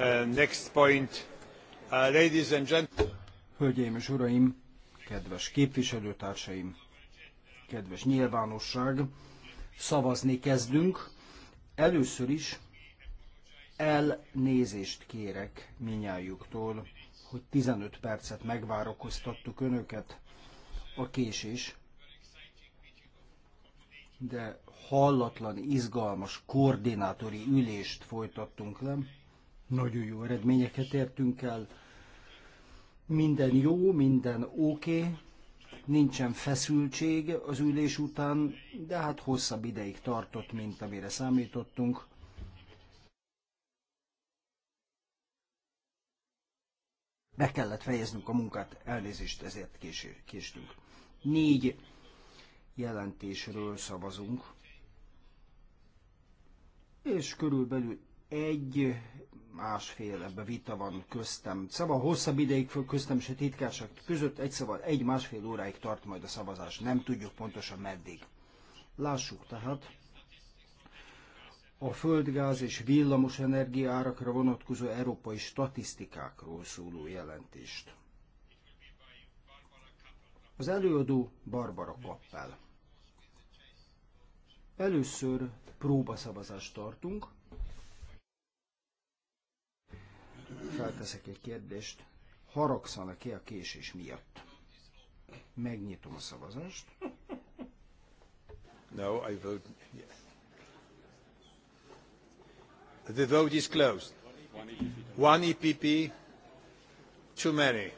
Uh, next point. Uh, ladies and gentlemen. Hölgyeim és uraim, kedves képviselőtársaim, kedves nyilvánosság, szavazni kezdünk. Először is elnézést kérek minnyájuktól, hogy 15 percet megvárakoztattuk önöket a késés, de hallatlan, izgalmas koordinátori ülést folytattunk le. Nagyon jó eredményeket értünk el. Minden jó, minden oké, okay. nincsen feszültség az ülés után, de hát hosszabb ideig tartott, mint amire számítottunk. Be kellett fejeznünk a munkát, elnézést ezért késő, késtünk. Négy jelentésről szavazunk, és körülbelül egy másfél ebbe vita van köztem. Szóval hosszabb ideig köztem és a titkárság között egy, szóval egy másfél óráig tart majd a szavazás. Nem tudjuk pontosan meddig. Lássuk tehát a földgáz és villamos energia árakra vonatkozó európai statisztikákról szóló jelentést. Az előadó Barbara Kappel. Először próbaszavazást tartunk. Felteszek egy kérdést. Haragszanak-e a késés miatt? Megnyitom a szavazást. No, I vote yes. The vote is closed. One EPP too many.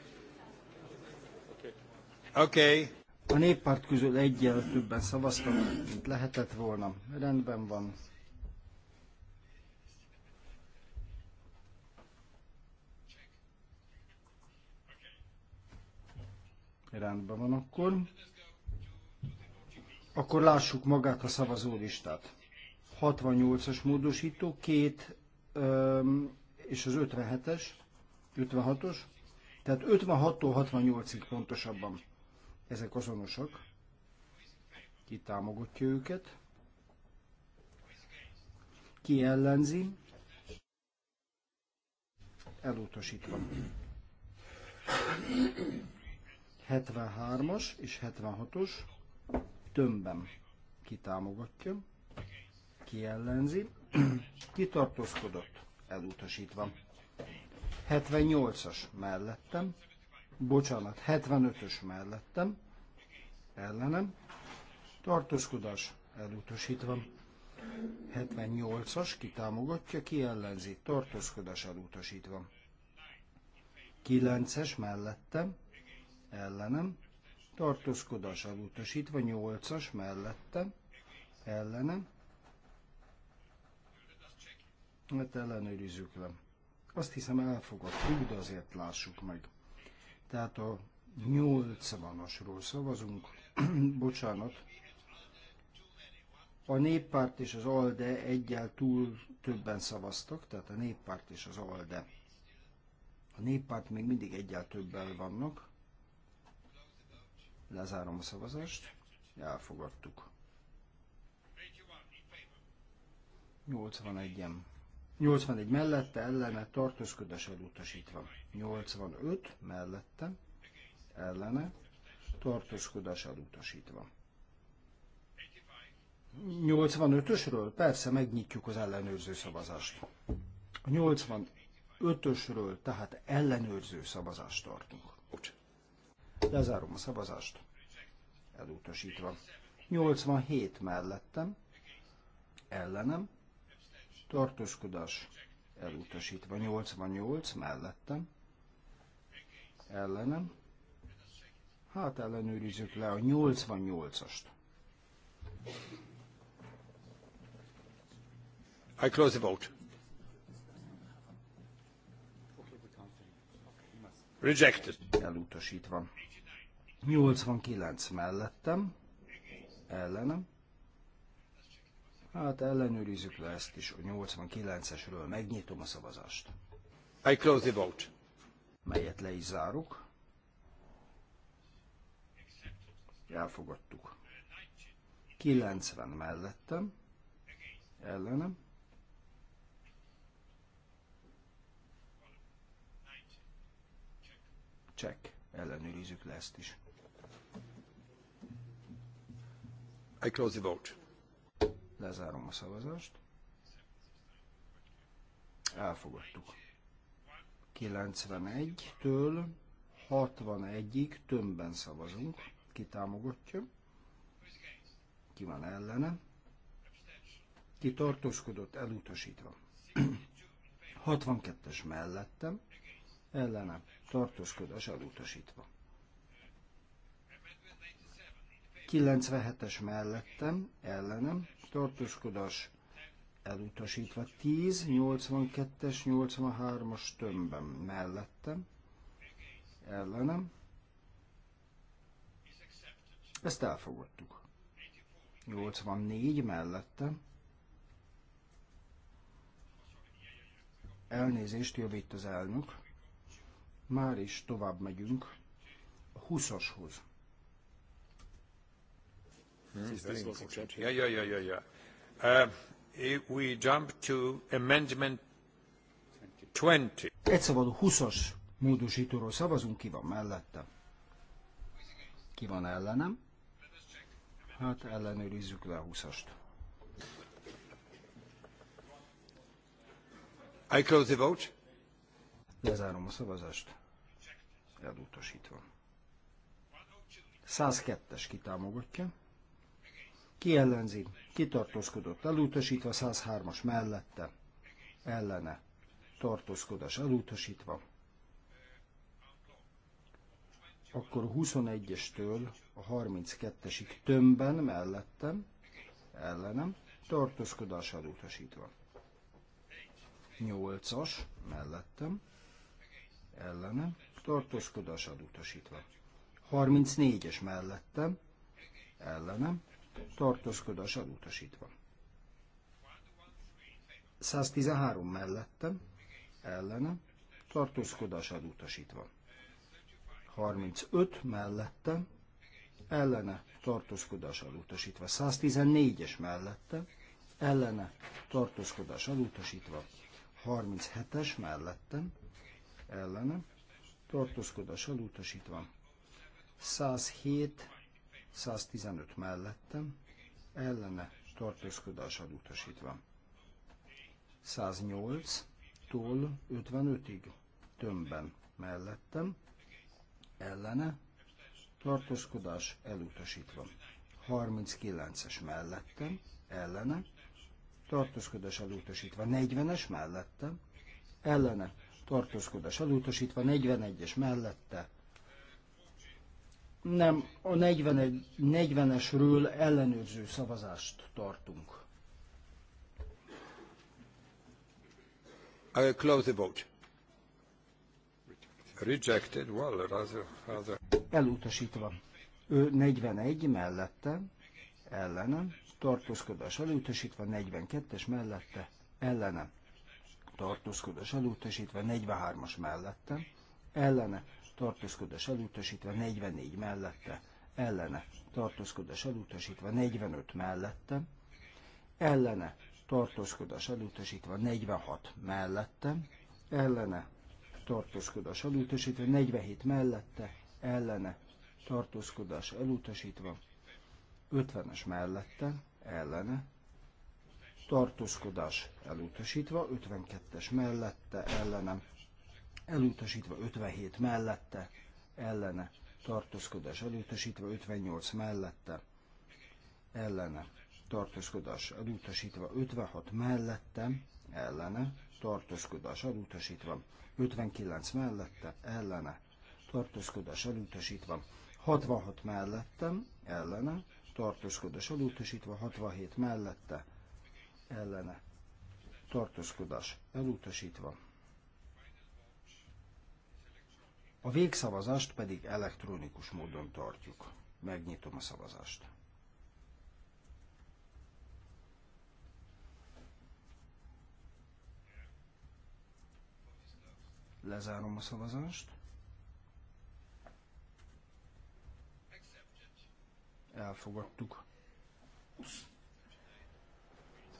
Okay. A néppárt közül egyel többen szavaztam, mint lehetett volna. Rendben van. Rendben van akkor. Akkor lássuk magát a szavazólistát. 68-as módosító, két öm, és az 57-es, 56-os, tehát 56-tól 68-ig pontosabban. Ezek azonosak. Ki támogatja őket? Ki ellenzi? Elutasítva. 73-as és 76-os tömbben ki támogatja, ki ellenzi, ki tartózkodott, elutasítva. 78-as mellettem, bocsánat, 75-ös mellettem, ellenem, tartózkodás elutasítva. 78-as kitámogatja, ki ellenzi, tartózkodás elutasítva. 9-es mellettem, ellenem, tartózkodás elutasítva, 8-as mellettem, ellenem, mert hát ellenőrizzük le. Azt hiszem elfogadtuk, de azért lássuk meg. Tehát a 80-asról szavazunk. Bocsánat. A néppárt és az ALDE egyel túl többen szavaztak, tehát a néppárt és az ALDE. A néppárt még mindig egyel többel vannak. Lezárom a szavazást. Elfogadtuk. 81-en 81 mellette ellene tartózkodás elutasítva. 85 mellette ellene tartózkodás elutasítva. 85-ösről? Persze, megnyitjuk az ellenőrző szavazást. A 85-ösről tehát ellenőrző szavazást tartunk. Lezárom a szavazást. Elutasítva. 87 mellettem, ellenem, tartózkodás elutasítva. 88 mellettem, ellenem, hát ellenőrizzük le a 88-ast. I close the vote. Rejected. Elutasítva. 89 mellettem, ellenem, Hát ellenőrizzük le ezt is, a 89-esről megnyitom a szavazást. I close the vote. Melyet le is zárok. Elfogadtuk. 90 mellettem, ellenem. Check. Ellenőrizzük le ezt is. I close the vote. Lezárom a szavazást. Elfogadtuk. 91-től 61-ig tömbben szavazunk. Ki támogatja? Ki van ellene? Ki tartózkodott elutasítva? 62-es mellettem, ellene tartózkodás elutasítva. 97-es mellettem, ellenem, tartózkodás elutasítva. 10, 82-es, 83-as tömbben mellettem, ellenem. Ezt elfogadtuk. 84 mellettem. Elnézést javít az elnök. Már is tovább megyünk a 20-ashoz. Hmm, Since Yeah, yeah, yeah, yeah, yeah. Uh, if we jump to amendment 20. Egyszabadú 20-as módosítóról szavazunk, ki van mellette? Ki van ellenem? Hát ellenőrizzük le a 20-ast. I close the vote. Lezárom a szavazást. Elutasítva. 102-es kitámogatja kiellenzi, Kitartózkodott elutasítva, 103-as mellette. Ellene. Tartózkodás elutasítva. Akkor a 21-estől a 32-esig tömbben mellettem, ellenem, tartózkodás elutasítva. 8-as mellettem, ellenem, tartózkodás elutasítva. 34-es mellettem, ellenem, tartózkodás utasítva. 113 mellettem, ellenem, tartózkodás utasítva. 35 mellettem, ellene tartózkodás utasítva. 114-es mellette, ellene tartózkodás utasítva. 37-es mellettem, ellene tartózkodás utasítva. 107 115 mellettem, ellene tartózkodással utasítva. 108-tól 55-ig tömbben mellettem, ellene tartózkodás elutasítva. 39-es mellettem, ellene tartózkodás elutasítva. 40-es mellettem, ellene tartózkodás elutasítva. 41-es mellette, nem, a 40-esről ellenőrző szavazást tartunk. I close the vote. Rejected, well, rather, rather. Elutasítva. Ő 41 mellette, ellenem, tartózkodás elutasítva, 42-es mellette, ellenem, tartózkodás elutasítva, 43-as mellette, ellene, tartózkodás elutasítva, 44 mellette, ellene, tartózkodás elutasítva, 45 mellette, ellene, tartózkodás elutasítva, 46 mellette, ellene, tartózkodás elutasítva, 47 mellette, ellene, tartózkodás elutasítva, 50-es mellette, ellene, tartózkodás elutasítva, 52-es mellette, ellenem, elutasítva 57 mellette, ellene tartózkodás elutasítva 58 mellette, ellene tartózkodás elutasítva 56 mellette, ellene tartózkodás elutasítva 59 mellette, ellene tartózkodás elutasítva 66 mellette, ellene tartózkodás elutasítva 67 mellette, ellene tartózkodás elutasítva A végszavazást pedig elektronikus módon tartjuk. Megnyitom a szavazást. Lezárom a szavazást. Elfogadtuk.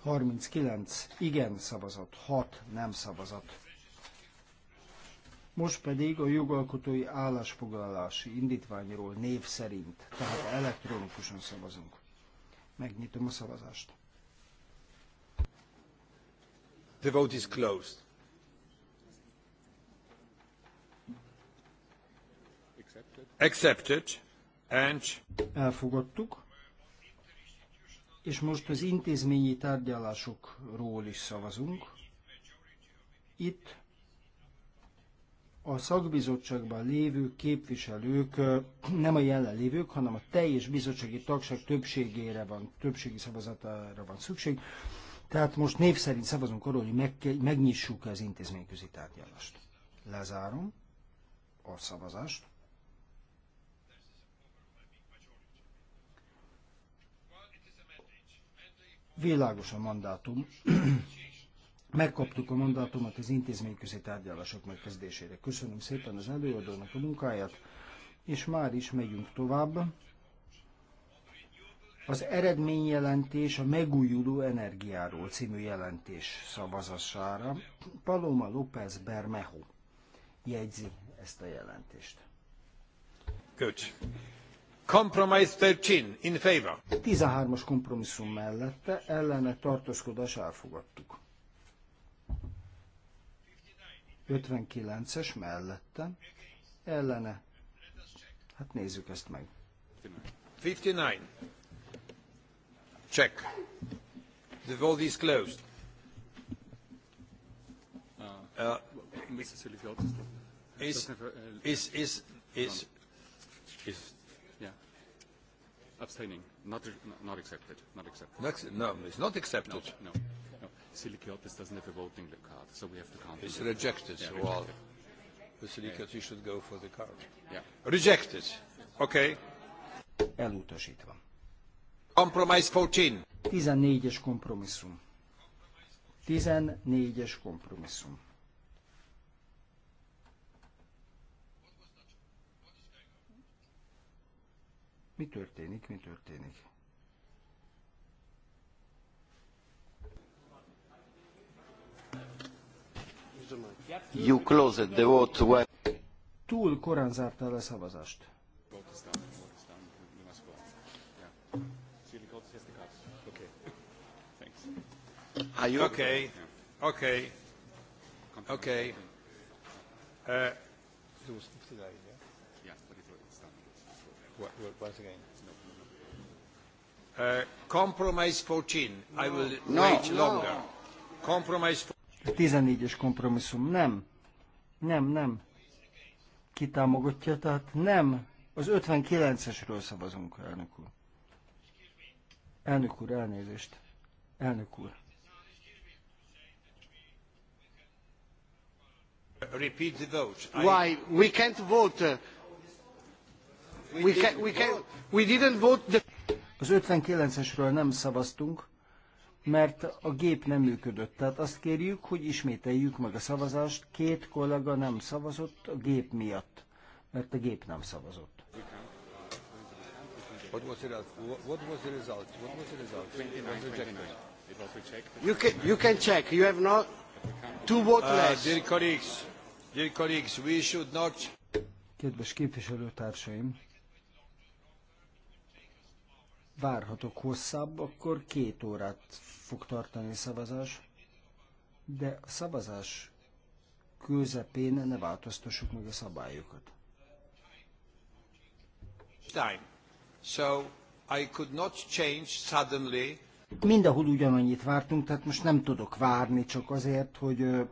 39 igen szavazat, 6 nem szavazat most pedig a jogalkotói állásfoglalási indítványról név szerint, tehát elektronikusan szavazunk. Megnyitom a szavazást. The vote is closed. Accepted and elfogadtuk, és most az intézményi tárgyalásokról is szavazunk. Itt a szakbizottságban lévő képviselők, nem a jelenlévők, hanem a teljes bizottsági tagság többségére van, többségi szavazatára van szükség. Tehát most név szerint szavazunk arról, hogy meg, megnyissuk az intézményközi tárgyalást. Lezárom a szavazást. Világos a mandátum megkaptuk a mandátumot az intézményközi tárgyalások megkezdésére. Köszönöm szépen az előadónak a munkáját, és már is megyünk tovább. Az eredményjelentés a megújuló energiáról című jelentés szavazására Paloma López Bermejo jegyzi ezt a jelentést. Köcs. Compromise 13 in favor. 13-as kompromisszum mellette ellene tartózkodás elfogadtuk. 59-es mellette, ellene. Hát nézzük ezt meg. 59. Check. The vote is closed. Ah. Uh, uh, is, is, is, is, is, yeah. Abstaining. Not, not accepted. Not accepted. No, it's not accepted. No. no. Silikiotis doesn't have a voting card, so we have to count. It's rejected, yeah, so rejected. all. The Silikiotis yeah. should go for the card. Yeah. Rejected. Okay. Elutasítva. Compromise 14. 14-es kompromisszum. 14-es kompromisszum. Mi történik, mi történik? You closed the vote. While... Túl korán zártál a szavazást. Oké, okay. oké, okay. Okay. Uh, once again. Uh, compromise 14. I will no, wait longer. No. Compromise a 14-es kompromisszum nem. Nem, nem. Kitámogatja, Tehát nem. Az 59-esről szavazunk, elnök úr. Elnök úr, elnézést. Elnök úr. Repeat the vote. I... Why? We can't vote. We, can, we, can, we didn't vote the... Az 59-esről nem szavaztunk, mert a gép nem működött. Tehát azt kérjük, hogy ismételjük meg a szavazást. Két kollega nem szavazott a gép miatt, mert a gép nem szavazott. What was the result? What was the result? What was the result? 29, You can, you can check. You have not two votes uh, less. dear colleagues, dear colleagues, we should not... Kedves képviselőtársaim, várhatok hosszabb, akkor két órát fog tartani a szavazás, de a szavazás közepén ne változtassuk meg a szabályokat. Time. So I could not change suddenly. Mindenhol ugyanannyit vártunk, tehát most nem tudok várni csak azért, hogy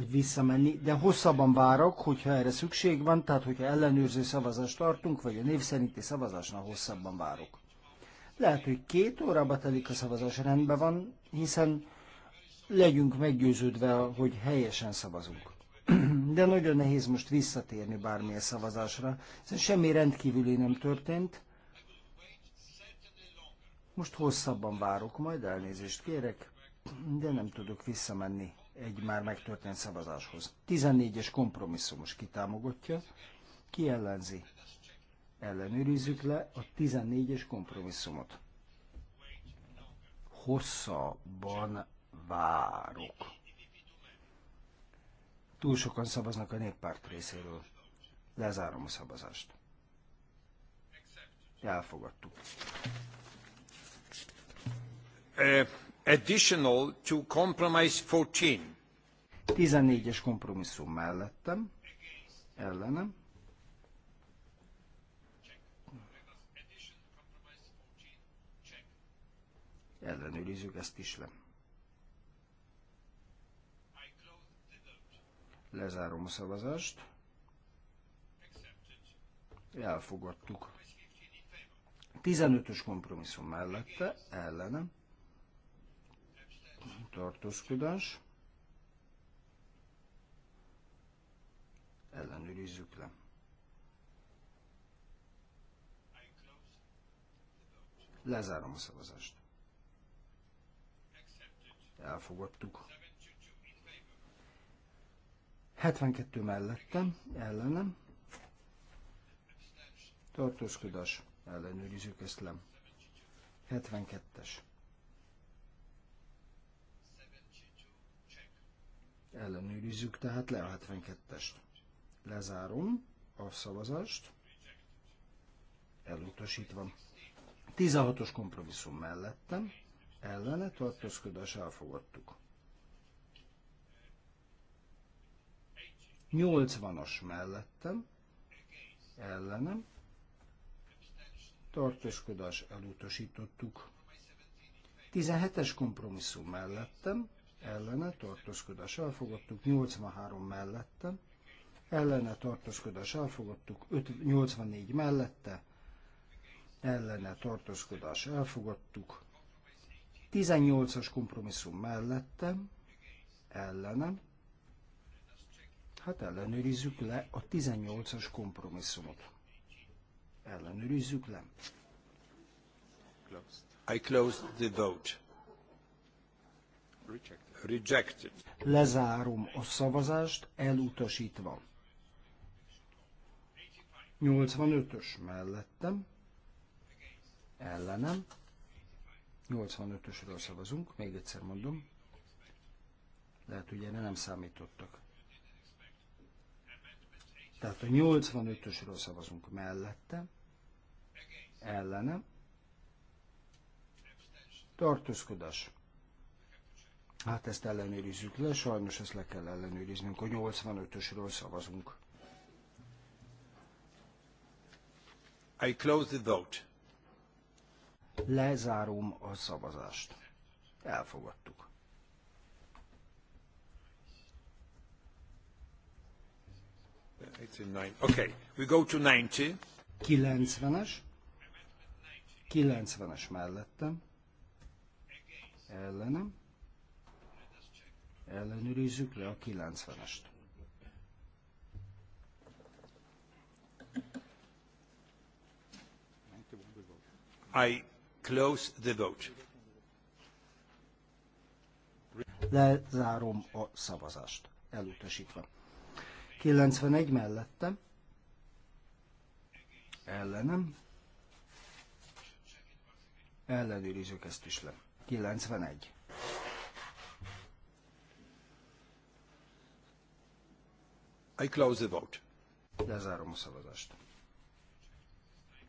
hogy visszamenni, de hosszabban várok, hogyha erre szükség van, tehát hogyha ellenőrző szavazást tartunk, vagy a név szerinti szavazásnál hosszabban várok. Lehet, hogy két órába telik a szavazás, rendben van, hiszen legyünk meggyőződve, hogy helyesen szavazunk. De nagyon nehéz most visszatérni bármilyen szavazásra, hiszen semmi rendkívüli nem történt. Most hosszabban várok, majd elnézést kérek, de nem tudok visszamenni egy már megtörtént szavazáshoz. 14-es kompromisszumos kitámogatja, ki ellenzi. Ellenőrizzük le a 14-es kompromisszumot. Hosszabban várok. Túl sokan szavaznak a néppárt részéről. Lezárom a szavazást. Elfogadtuk. Eh, additional to compromise 14. 14-es kompromisszum mellettem, ellenem. Ellenőrizzük ezt is le. Lezárom a szavazást. Elfogadtuk. 15-ös kompromisszum mellette, ellenem tartózkodás. Ellenőrizzük le. Lezárom a szavazást. Elfogadtuk. 72 mellettem, ellenem. Tartózkodás, ellenőrizzük ezt le. 72-es. ellenőrizzük, tehát le a 72-est. Lezárom a szavazást, elutasítva. 16-os kompromisszum mellettem, ellene tartózkodás elfogadtuk. 80-as mellettem, ellenem, tartózkodás elutasítottuk. 17-es kompromisszum mellettem, ellene tartózkodás elfogadtuk, 83 mellette, ellene tartózkodás elfogadtuk, 5, 84 mellette, ellene tartózkodás elfogadtuk, 18-as kompromisszum mellette, ellenem, hát ellenőrizzük le a 18-as kompromisszumot. Ellenőrizzük le. I closed the vote. Rejected. Rejected. Lezárom a szavazást, elutasítva. 85-ös mellettem, ellenem. 85-ösről szavazunk, még egyszer mondom. Lehet, hogy erre nem számítottak. Tehát a 85-ösről szavazunk mellette, ellenem. tartózkodás. Hát ezt ellenőrizzük le, sajnos ezt le kell ellenőriznünk. A 85-ösről szavazunk. I close the vote. Lezárom a szavazást. Elfogadtuk. Okay, we go to 90. 90-es. 90-es mellettem. Ellenem ellenőrizzük le a 90-est. I close the vote. Lezárom a szavazást. Elutasítva. 91 mellette. Ellenem. Ellenőrizzük ezt is le. 91. I close the vote. Lezárom a szavazást.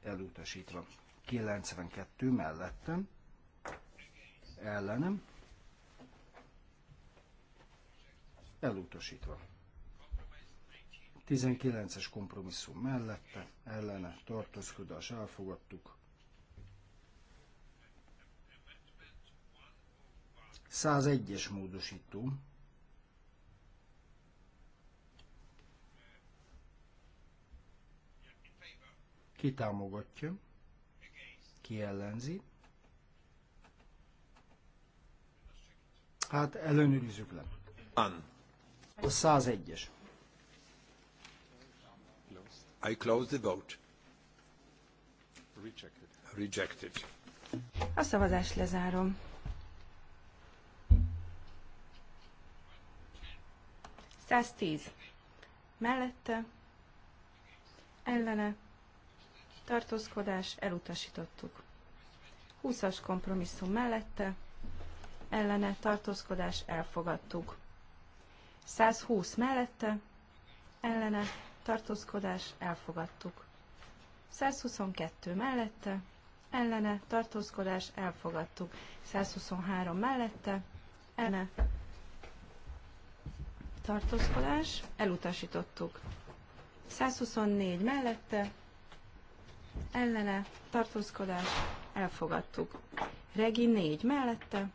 Elutasítva. 92 mellettem. Ellenem. Elutasítva. 19-es kompromisszum mellette, ellene, tartózkodás elfogadtuk. 101-es módosítunk. Ki támogatja? Ki ellenzi? Hát ellenőrizzük le. A 101-es. I close the vote. Rejected. Rejected. A szavazást lezárom. tíz. Mellette, ellene, tartózkodás, elutasítottuk. 20-as kompromisszum mellette, ellene tartózkodás, elfogadtuk. 120 mellette, ellene tartózkodás, elfogadtuk. 122 mellette, ellene tartózkodás, elfogadtuk. 123 mellette, ellene tartózkodás, elutasítottuk. 124 mellette, ellene, tartózkodás, elfogadtuk. Regi 4 mellette,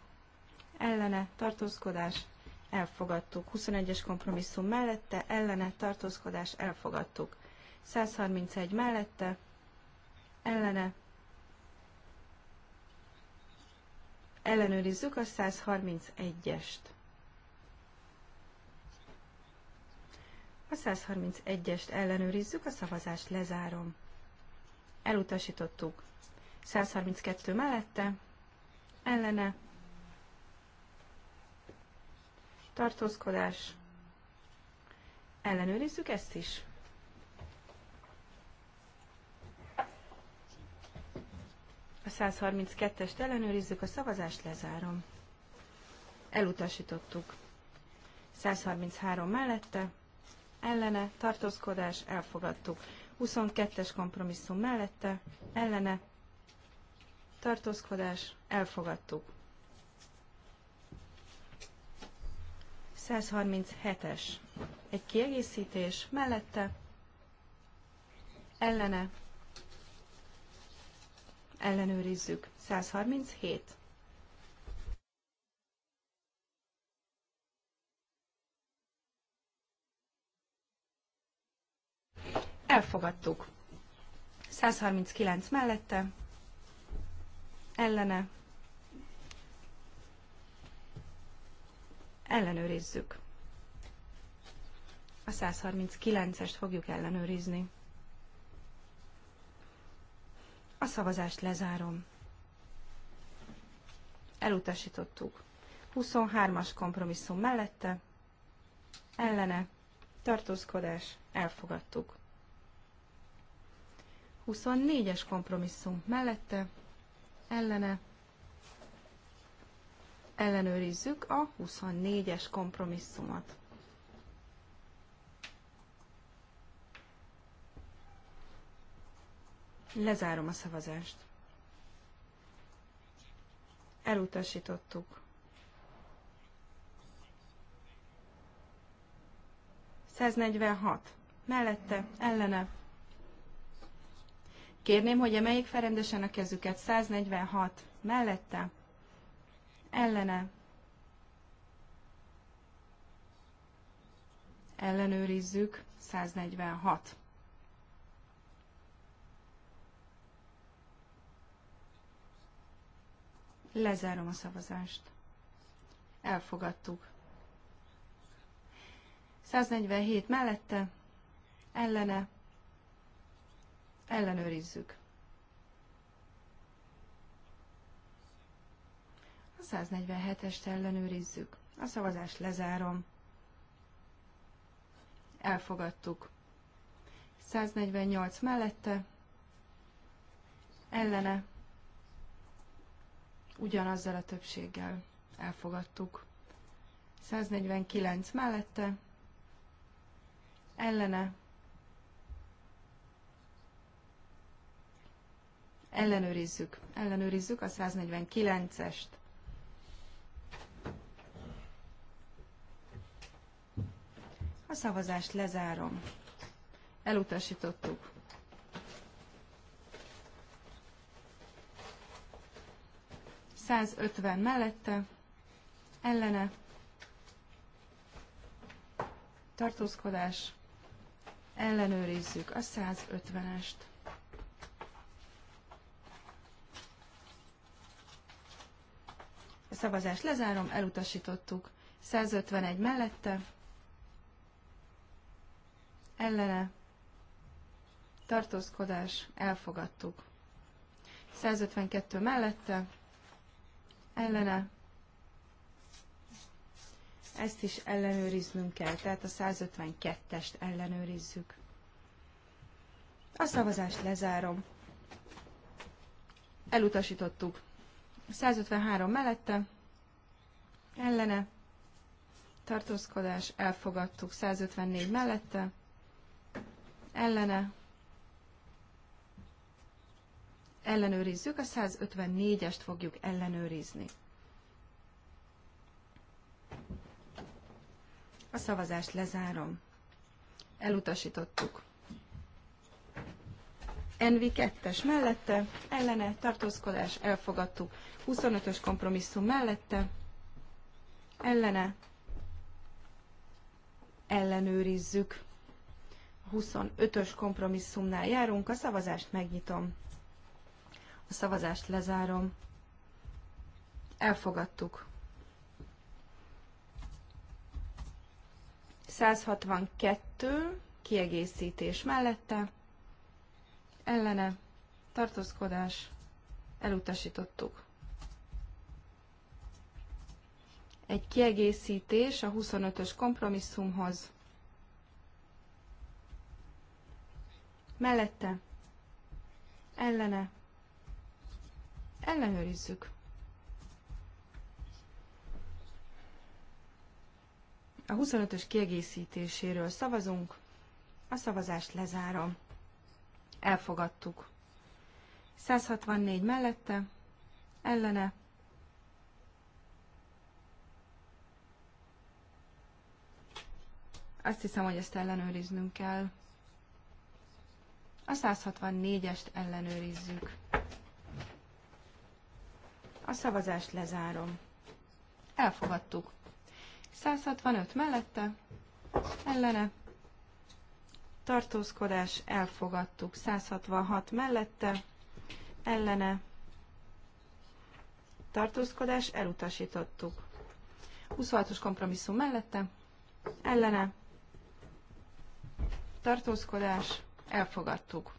ellene, tartózkodás, elfogadtuk. 21-es kompromisszum mellette, ellene, tartózkodás, elfogadtuk. 131 mellette, ellene, ellenőrizzük a 131-est. A 131-est ellenőrizzük, a szavazást lezárom elutasítottuk. 132 mellette, ellene, tartózkodás, ellenőrizzük ezt is. A 132-est ellenőrizzük, a szavazást lezárom. Elutasítottuk. 133 mellette, ellene, tartózkodás, elfogadtuk. 22-es kompromisszum mellette, ellene, tartózkodás, elfogadtuk. 137-es, egy kiegészítés mellette, ellene, ellenőrizzük, 137. Elfogadtuk. 139 mellette, ellene, ellenőrizzük. A 139-est fogjuk ellenőrizni. A szavazást lezárom. Elutasítottuk. 23-as kompromisszum mellette, ellene, tartózkodás, elfogadtuk. 24-es kompromisszum mellette, ellene, ellenőrizzük a 24-es kompromisszumot. Lezárom a szavazást. Elutasítottuk. 146. Mellette, ellene, Kérném, hogy emeljék fel rendesen a kezüket. 146 mellette, ellene, ellenőrizzük, 146. Lezárom a szavazást. Elfogadtuk. 147 mellette, ellene, Ellenőrizzük. A 147-est ellenőrizzük. A szavazást lezárom. Elfogadtuk. 148 mellette, ellene, ugyanazzal a többséggel elfogadtuk. 149 mellette, ellene, Ellenőrizzük. Ellenőrizzük a 149-est. A szavazást lezárom. Elutasítottuk. Százötven mellette, ellene, tartózkodás, ellenőrizzük a 150-est. Szavazást lezárom, elutasítottuk. 151 mellette, ellene, tartózkodás, elfogadtuk. 152 mellette, ellene, ezt is ellenőriznünk kell, tehát a 152-est ellenőrizzük. A szavazást lezárom. Elutasítottuk 153 mellette, ellene, tartózkodás, elfogadtuk. 154 mellette, ellene, ellenőrizzük, a 154-est fogjuk ellenőrizni. A szavazást lezárom. Elutasítottuk. Envi 2 es mellette, ellene tartózkodás elfogadtuk. 25-ös kompromisszum mellette, ellene ellenőrizzük. 25-ös kompromisszumnál járunk, a szavazást megnyitom. A szavazást lezárom. Elfogadtuk. 162 kiegészítés mellette ellene, tartózkodás, elutasítottuk. Egy kiegészítés a 25-ös kompromisszumhoz. Mellette, ellene, ellenőrizzük. A 25-ös kiegészítéséről szavazunk, a szavazást lezárom elfogadtuk. 164 mellette, ellene, azt hiszem, hogy ezt ellenőriznünk kell. A 164-est ellenőrizzük. A szavazást lezárom. Elfogadtuk. 165 mellette, ellene, tartózkodás, elfogadtuk. 166 mellette, ellene, tartózkodás, elutasítottuk. 26-os kompromisszum mellette, ellene, tartózkodás, elfogadtuk.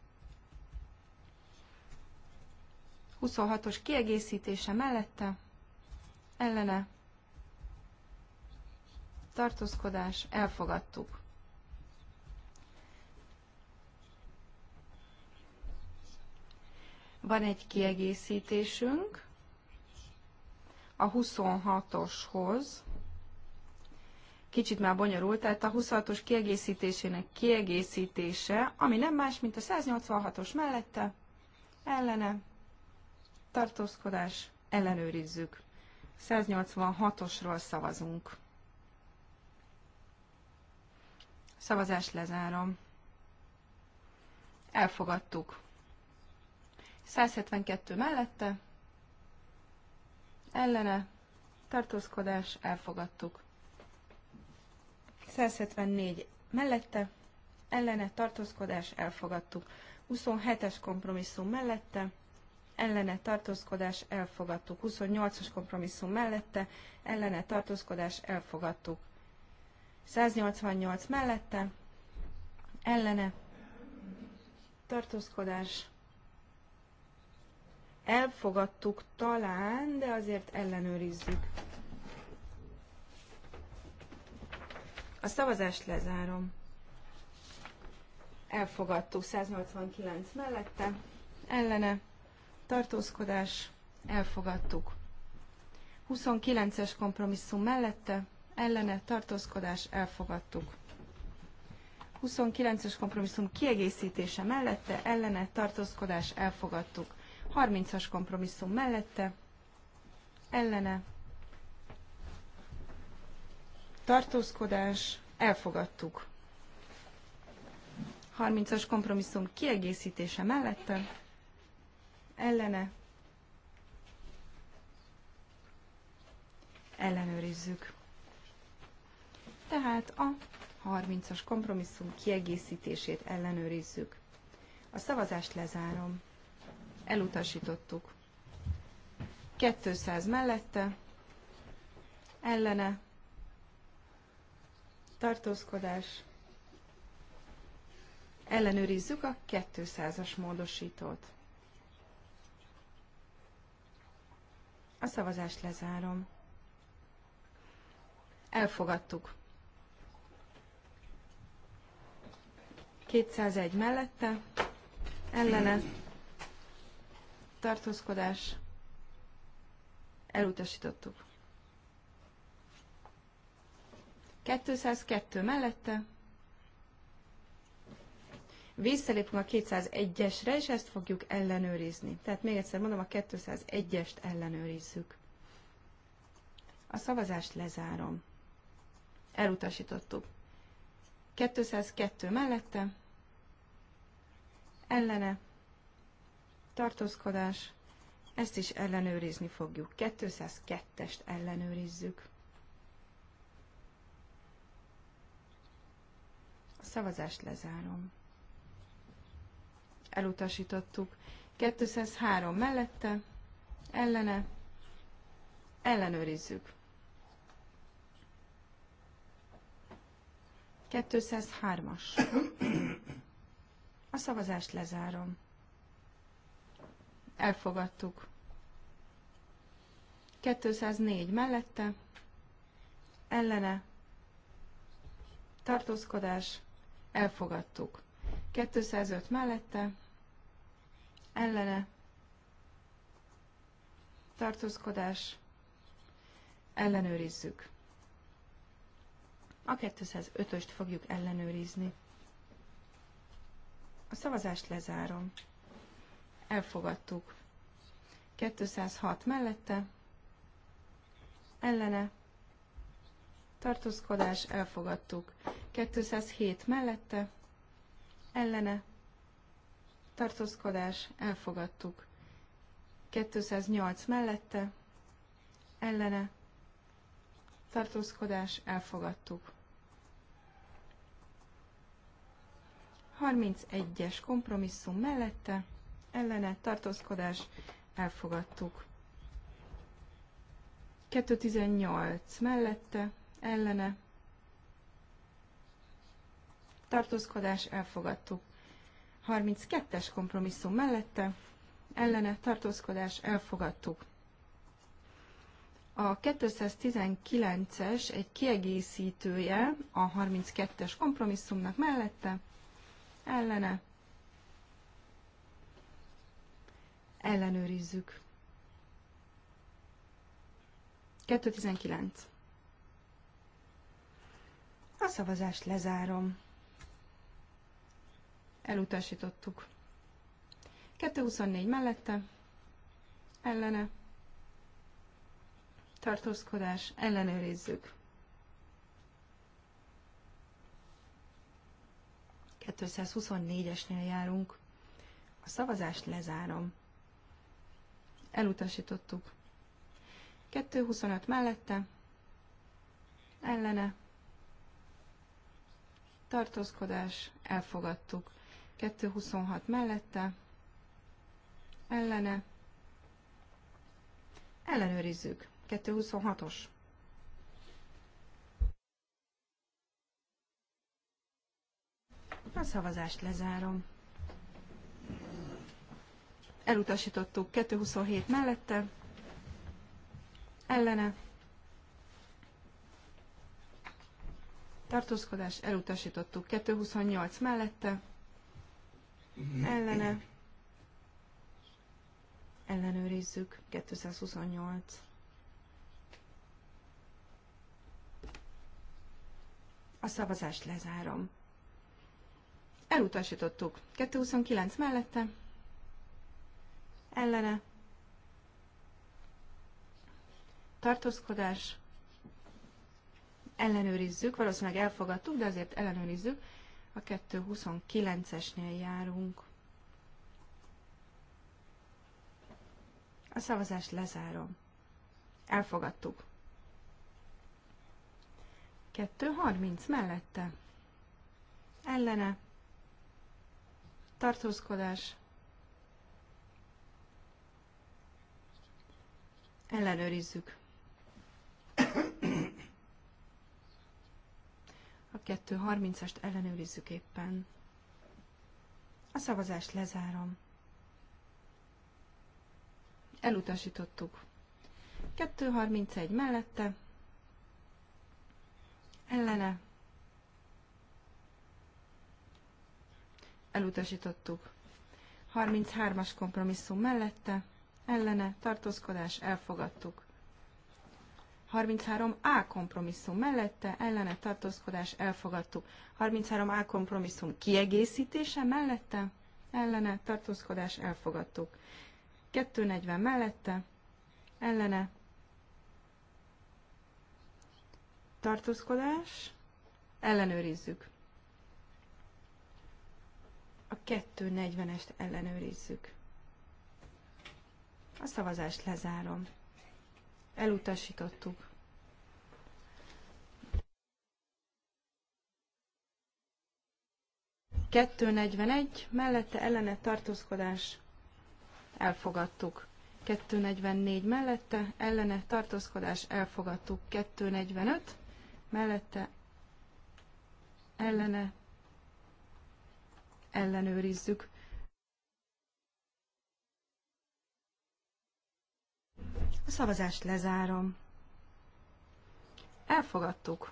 26-os kiegészítése mellette, ellene, tartózkodás, elfogadtuk. Van egy kiegészítésünk a 26-oshoz. Kicsit már bonyolult, tehát a 26-os kiegészítésének kiegészítése, ami nem más, mint a 186-os mellette, ellene, tartózkodás, ellenőrizzük. 186-osról szavazunk. Szavazást lezárom. Elfogadtuk. 172 mellette, ellene, tartózkodás, elfogadtuk. 174 mellette, ellene, tartózkodás, elfogadtuk. 27-es kompromisszum mellette, ellene tartózkodás elfogadtuk. 28-as kompromisszum mellette, ellene tartózkodás elfogadtuk. 188 mellette, ellene tartózkodás elfogadtuk talán, de azért ellenőrizzük. A szavazást lezárom. Elfogadtuk 189 mellette, ellene, tartózkodás, elfogadtuk. 29-es kompromisszum mellette, ellene, tartózkodás, elfogadtuk. 29-es kompromisszum kiegészítése mellette, ellene, tartózkodás, elfogadtuk. 30-as kompromisszum mellette, ellene, tartózkodás, elfogadtuk. 30-as kompromisszum kiegészítése mellette, ellene, ellenőrizzük. Tehát a 30-as kompromisszum kiegészítését ellenőrizzük. A szavazást lezárom elutasítottuk. 200 mellette, ellene, tartózkodás, ellenőrizzük a 200-as módosítót. A szavazást lezárom. Elfogadtuk. 201 mellette, ellene, tartózkodás, elutasítottuk. 202 mellette, visszalépünk a 201-esre, és ezt fogjuk ellenőrizni. Tehát még egyszer mondom, a 201-est ellenőrizzük. A szavazást lezárom. Elutasítottuk. 202 mellette, ellene, tartózkodás, ezt is ellenőrizni fogjuk. 202-est ellenőrizzük. A szavazást lezárom. Elutasítottuk. 203 mellette, ellene, ellenőrizzük. 203-as. A szavazást lezárom. Elfogadtuk. 204 mellette, ellene, tartózkodás, elfogadtuk. 205 mellette, ellene, tartózkodás, ellenőrizzük. A 205-öst fogjuk ellenőrizni. A szavazást lezárom elfogadtuk. 206 mellette, ellene, tartózkodás, elfogadtuk. 207 mellette, ellene, tartózkodás, elfogadtuk. 208 mellette, ellene, tartózkodás, elfogadtuk. 31-es kompromisszum mellette, ellene tartózkodás elfogadtuk. 218 mellette ellene tartózkodás elfogadtuk. 32-es kompromisszum mellette ellene tartózkodás elfogadtuk. A 219-es egy kiegészítője a 32-es kompromisszumnak mellette, ellene ellenőrizzük. 219. A szavazást lezárom. Elutasítottuk. 224 mellette, ellene, tartózkodás, ellenőrizzük. 224-esnél járunk. A szavazást lezárom. Elutasítottuk. 2.25 mellette, ellene, tartózkodás, elfogadtuk. 2.26 mellette, ellene, ellenőrizzük. 2.26-os. A szavazást lezárom elutasítottuk 227 mellette, ellene, tartózkodás, elutasítottuk 228 mellette, ellene, ellenőrizzük 228. A szavazást lezárom. Elutasítottuk 229 mellette, ellene tartózkodás, ellenőrizzük, valószínűleg elfogadtuk, de azért ellenőrizzük, a 229-esnél járunk. A szavazást lezárom. Elfogadtuk. 230 mellette. Ellene. Tartózkodás. ellenőrizzük. A 230 est ellenőrizzük éppen. A szavazást lezárom. Elutasítottuk. 2.31 mellette. Ellene. Elutasítottuk. 33-as kompromisszum mellette ellene tartózkodás elfogadtuk. 33A kompromisszum mellette ellene tartózkodás elfogadtuk. 33A kompromisszum kiegészítése mellette ellene tartózkodás elfogadtuk. 240 mellette ellene tartózkodás ellenőrizzük. A 240-est ellenőrizzük. A szavazást lezárom. Elutasítottuk. Kettő negyvenegy, mellette ellene tartózkodás elfogadtuk. 244 mellette, ellene tartózkodás elfogadtuk 245, mellette ellene ellenőrizzük. A szavazást lezárom. Elfogadtuk.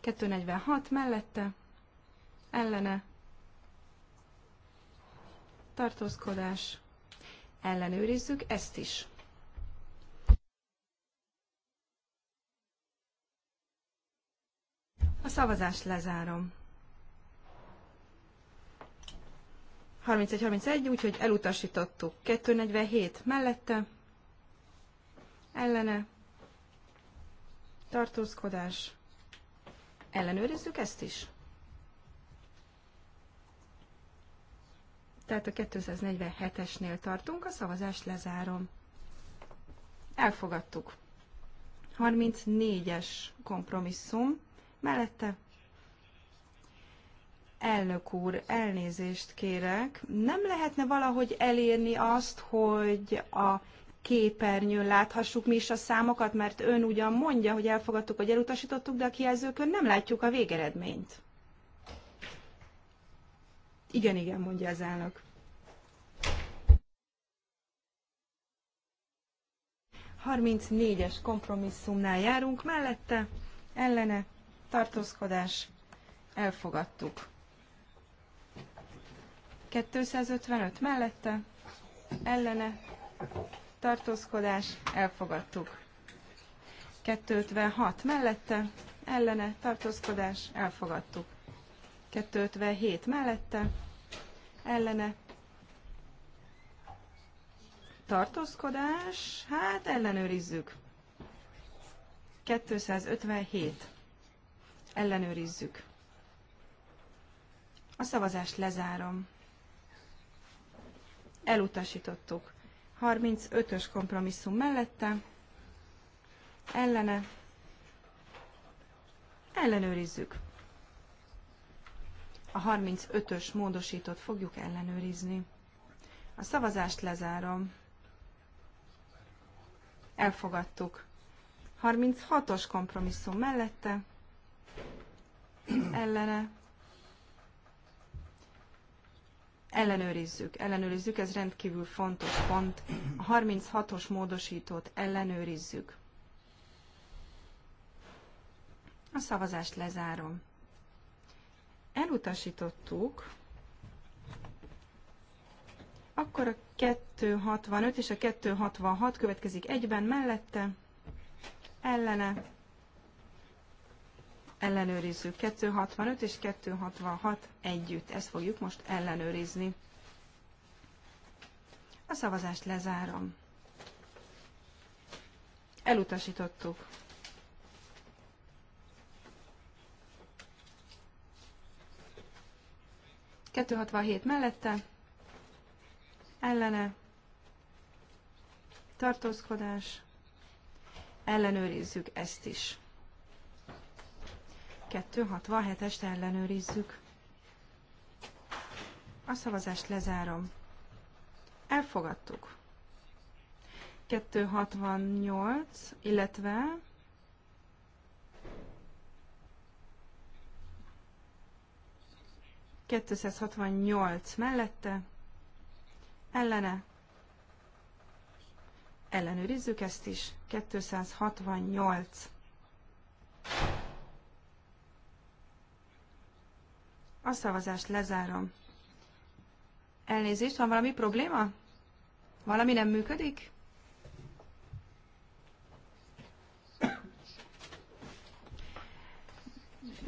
246 mellette, ellene, tartózkodás, ellenőrizzük ezt is. A szavazást lezárom. 31-31, úgyhogy elutasítottuk. 247 mellette, ellene, tartózkodás, ellenőrizzük ezt is. Tehát a 247-esnél tartunk, a szavazást lezárom. Elfogadtuk. 34-es kompromisszum mellette Elnök úr, elnézést kérek. Nem lehetne valahogy elérni azt, hogy a képernyőn láthassuk mi is a számokat, mert ön ugyan mondja, hogy elfogadtuk, hogy elutasítottuk, de a kijelzőkön nem látjuk a végeredményt. Igen, igen, mondja az elnök. es kompromisszumnál járunk, mellette, ellene, tartózkodás, elfogadtuk. 255 mellette, ellene, tartózkodás, elfogadtuk. 256 mellette, ellene, tartózkodás, elfogadtuk. 257 mellette, ellene, tartózkodás, hát ellenőrizzük. 257. Ellenőrizzük. A szavazást lezárom. Elutasítottuk. 35-ös kompromisszum mellette, ellene, ellenőrizzük. A 35-ös módosítót fogjuk ellenőrizni. A szavazást lezárom. Elfogadtuk. 36-os kompromisszum mellette, ellene, ellenőrizzük, ellenőrizzük, ez rendkívül fontos pont. A 36-os módosítót ellenőrizzük. A szavazást lezárom. Elutasítottuk. Akkor a 265 és a 266 következik egyben mellette, ellene, ellenőrizzük. 265 és 266 együtt. Ezt fogjuk most ellenőrizni. A szavazást lezárom. Elutasítottuk. Kettő mellette, ellene, tartózkodás, ellenőrizzük ezt is. 267-est ellenőrizzük. A szavazást lezárom. Elfogadtuk. 268, illetve ...268 mellette, ellene, ellenőrizzük ezt is, 268. A szavazást lezárom. Elnézést, van valami probléma? Valami nem működik?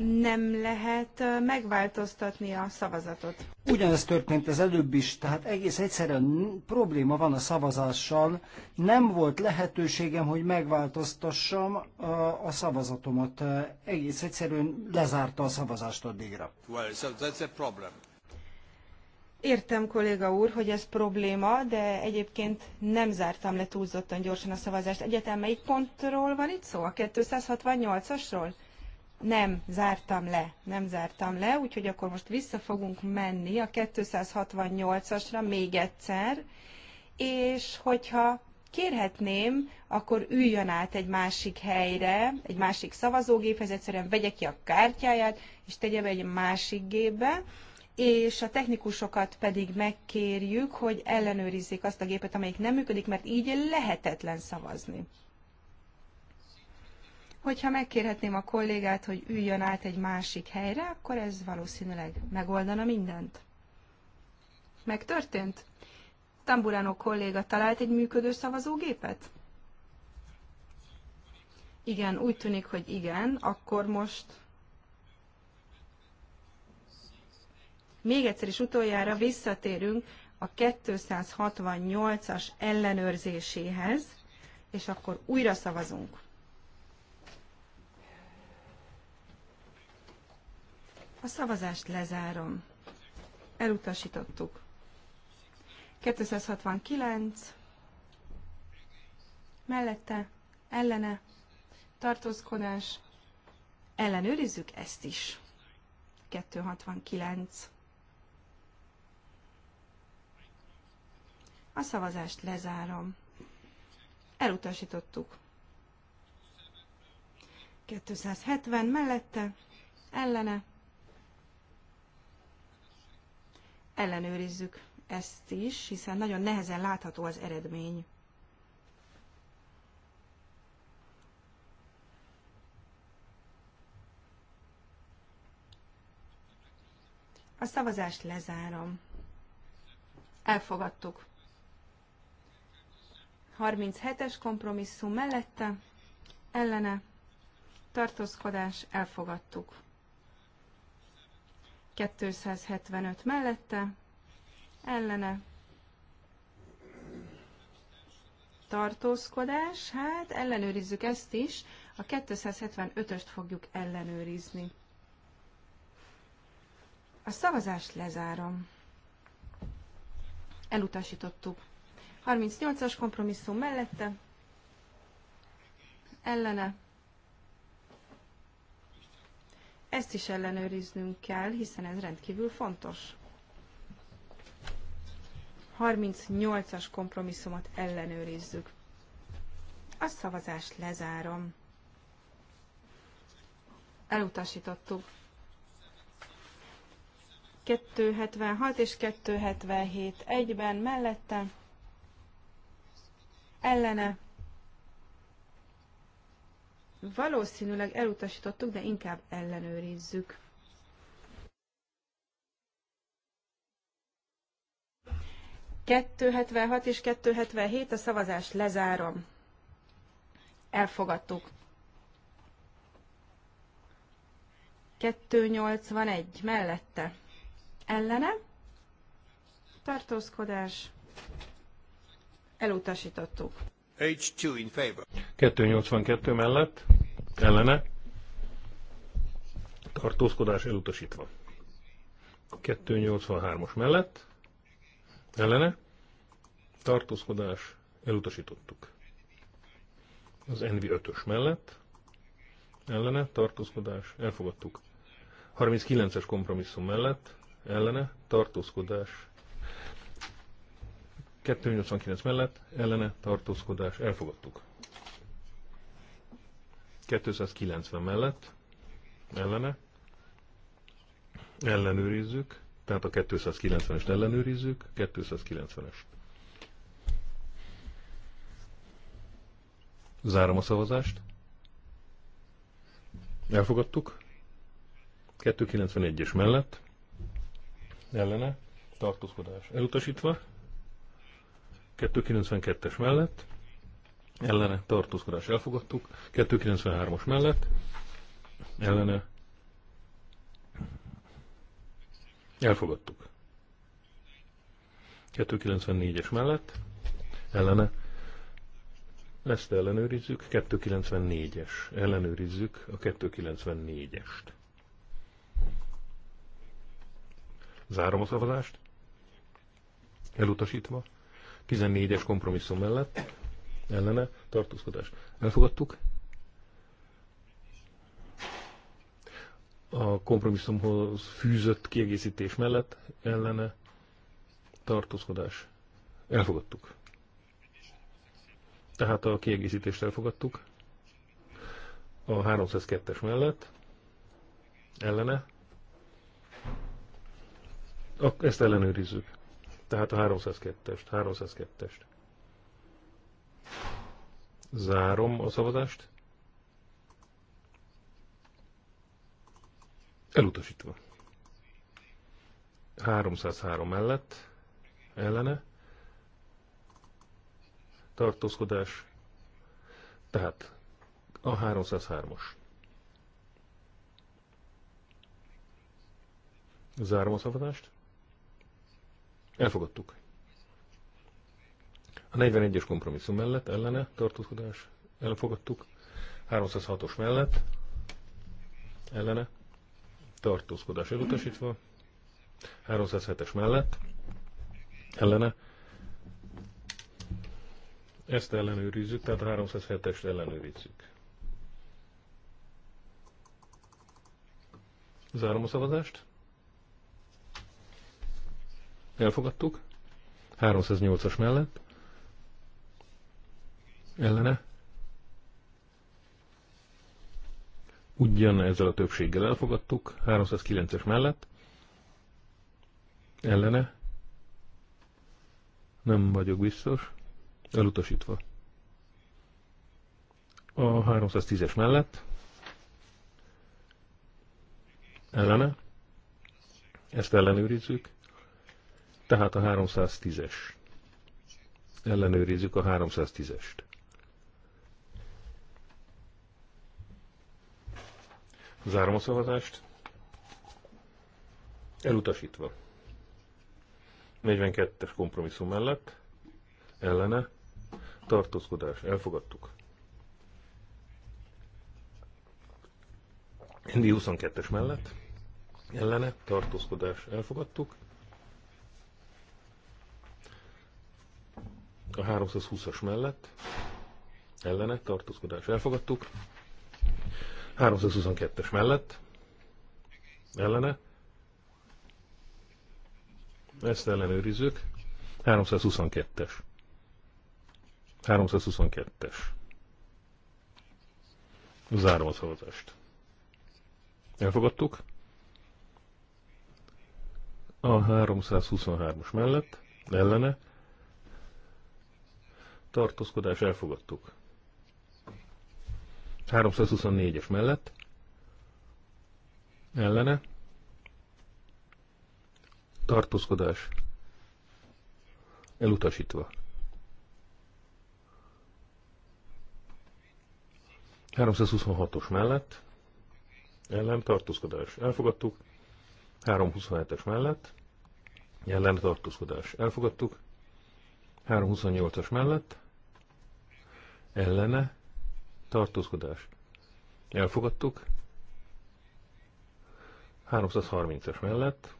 nem lehet megváltoztatni a szavazatot. Ugyanezt történt az előbb is, tehát egész egyszerűen probléma van a szavazással. Nem volt lehetőségem, hogy megváltoztassam a, a szavazatomat. Egész egyszerűen lezárta a szavazást addigra. Well, so that's a problem. Értem, kolléga úr, hogy ez probléma, de egyébként nem zártam le túlzottan gyorsan a szavazást. Egyetem melyik pontról van itt szó? A 268-asról? nem zártam le, nem zártam le, úgyhogy akkor most vissza fogunk menni a 268-asra még egyszer, és hogyha kérhetném, akkor üljön át egy másik helyre, egy másik szavazógéphez, egyszerűen vegye ki a kártyáját, és tegye be egy másik gépbe, és a technikusokat pedig megkérjük, hogy ellenőrizzék azt a gépet, amelyik nem működik, mert így lehetetlen szavazni. Hogyha megkérhetném a kollégát, hogy üljön át egy másik helyre, akkor ez valószínűleg megoldana mindent. Megtörtént? Tamburano kolléga talált egy működő szavazógépet? Igen, úgy tűnik, hogy igen. Akkor most még egyszer is utoljára visszatérünk a 268-as ellenőrzéséhez, és akkor újra szavazunk. A szavazást lezárom. Elutasítottuk. 269. Mellette, ellene, tartózkodás. Ellenőrizzük ezt is. 269. A szavazást lezárom. Elutasítottuk. 270 mellette, ellene, ellenőrizzük ezt is, hiszen nagyon nehezen látható az eredmény. A szavazást lezárom. Elfogadtuk. 37-es kompromisszum mellette, ellene, tartózkodás, elfogadtuk. 275 mellette, ellene, tartózkodás, hát ellenőrizzük ezt is, a 275-öst fogjuk ellenőrizni. A szavazást lezárom. Elutasítottuk. 38-as kompromisszum mellette, ellene, ezt is ellenőriznünk kell, hiszen ez rendkívül fontos. 38-as kompromisszumot ellenőrizzük. A szavazást lezárom. Elutasítottuk. 276 és 277 egyben mellette, ellene, Valószínűleg elutasítottuk, de inkább ellenőrizzük. ...276 és 277, a szavazást lezárom. Elfogadtuk. 281 mellette. Ellene? Tartózkodás. Elutasítottuk. 282 mellett, ellene, tartózkodás elutasítva. 283-as mellett, ellene, tartózkodás elutasítottuk. Az envi 5-ös mellett, ellene, tartózkodás elfogadtuk. 39-es kompromisszum mellett, ellene, tartózkodás 289 mellett ellene tartózkodás elfogadtuk. 290 mellett ellene ellenőrizzük, tehát a 290-est ellenőrizzük, 290-es. Zárom a szavazást. Elfogadtuk. 291-es mellett ellene tartózkodás elutasítva, 292-es mellett, ellene tartózkodás elfogadtuk, 293 os mellett, ellene elfogadtuk. 294-es mellett, ellene, ezt ellenőrizzük, 294-es, ellenőrizzük a 294-est. Zárom a szavazást, elutasítva, 14-es kompromisszum mellett ellene tartózkodás. Elfogadtuk. A kompromisszumhoz fűzött kiegészítés mellett ellene tartózkodás. Elfogadtuk. Tehát a kiegészítést elfogadtuk. A 302-es mellett ellene. Ezt ellenőrizzük. Tehát a 302-est, 302-est. Zárom a szavazást. Elutasítva. 303 mellett, ellene. Tartózkodás. Tehát a 303-os. Zárom a szavazást. Elfogadtuk. A 41-es kompromisszum mellett ellene tartózkodás elfogadtuk. 306-os mellett ellene tartózkodás elutasítva. 307-es mellett ellene. Ezt ellenőrizzük, tehát 307-est ellenőrizzük. Zárom a szavazást. Elfogadtuk. 308-as mellett. Ellene. Ugyan ezzel a többséggel elfogadtuk. 309-es mellett. Ellene. Nem vagyok biztos. Elutasítva. A 310-es mellett. Ellene. Ezt ellenőrizzük. Tehát a 310-es. Ellenőrizzük a 310-est. Zárom a szavazást. Elutasítva. 42-es kompromisszum mellett. Ellene. Tartózkodás. Elfogadtuk. Indi 22-es mellett. Ellene. Tartózkodás. Elfogadtuk. a 320-as mellett, ellene, tartózkodás elfogadtuk, 322-es mellett, ellene, ezt ellenőrizzük, 322-es. 322-es. Zárom a szavazást. Elfogadtuk. A 323-as mellett, ellene, tartózkodás elfogadtuk. 324-es mellett ellene tartózkodás elutasítva. 326-os mellett ellen tartózkodás elfogadtuk, 327-es mellett ellen tartózkodás elfogadtuk, 328-as mellett ellene tartózkodás. Elfogadtuk. 330-as mellett.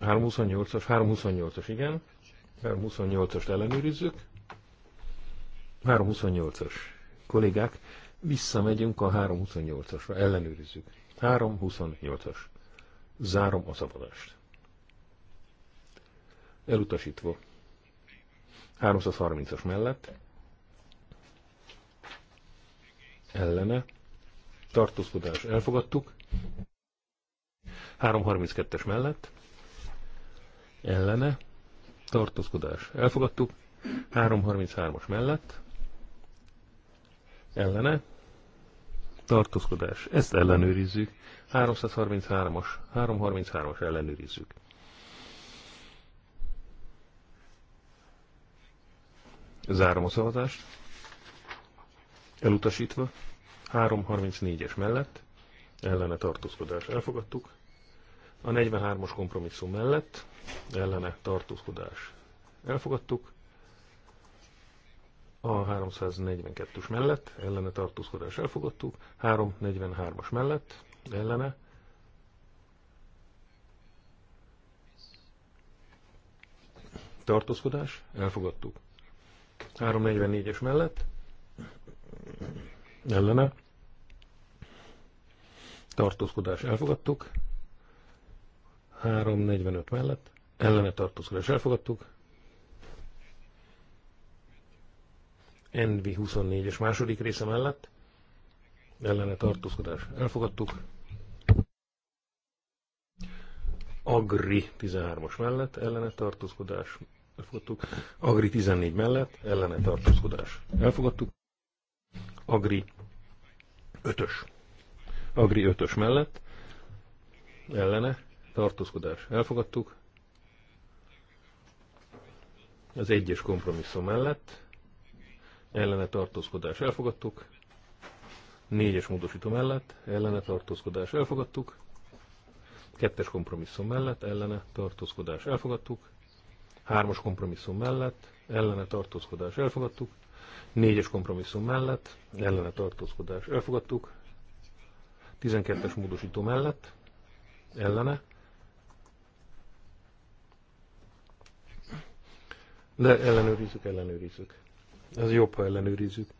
328-as, 328-as, igen. 328-ast ellenőrizzük. 328-as. Kollégák, visszamegyünk a 328-asra, ellenőrizzük. 328-as. Zárom a szavazást elutasítva. 330-as mellett ellene tartózkodás elfogadtuk. 332-es mellett ellene tartózkodás elfogadtuk. 333-as mellett ellene tartózkodás. Ezt ellenőrizzük. 333-as, 333-as ellenőrizzük. Zárom a szavazást. Elutasítva. 334-es mellett. Ellene tartózkodás. Elfogadtuk. A 43-as kompromisszum mellett. Ellene tartózkodás. Elfogadtuk. A 342-es mellett. Ellene tartózkodás. Elfogadtuk. 343-as mellett. Ellene. Tartózkodás. Elfogadtuk. 344-es mellett ellene tartózkodás elfogadtuk, 345 mellett ellene tartózkodás elfogadtuk, NV 24-es második része mellett ellene tartózkodás elfogadtuk, Agri 13-as mellett ellene tartózkodás elfogadtuk. Agri 14 mellett, ellene tartózkodás. Elfogadtuk. Agri 5-ös. Agri 5-ös mellett, ellene tartózkodás. Elfogadtuk. Az egyes kompromisszum mellett, ellene tartózkodás. Elfogadtuk. Négyes módosító mellett, ellene tartózkodás. Elfogadtuk. Kettes kompromisszum mellett, ellene tartózkodás. Elfogadtuk Hármas kompromisszum mellett ellene tartózkodás elfogadtuk. Négyes kompromisszum mellett ellene tartózkodás elfogadtuk. Tizenkettes módosító mellett ellene. De ellenőrizzük, ellenőrizzük. Ez jobb, ha ellenőrizzük.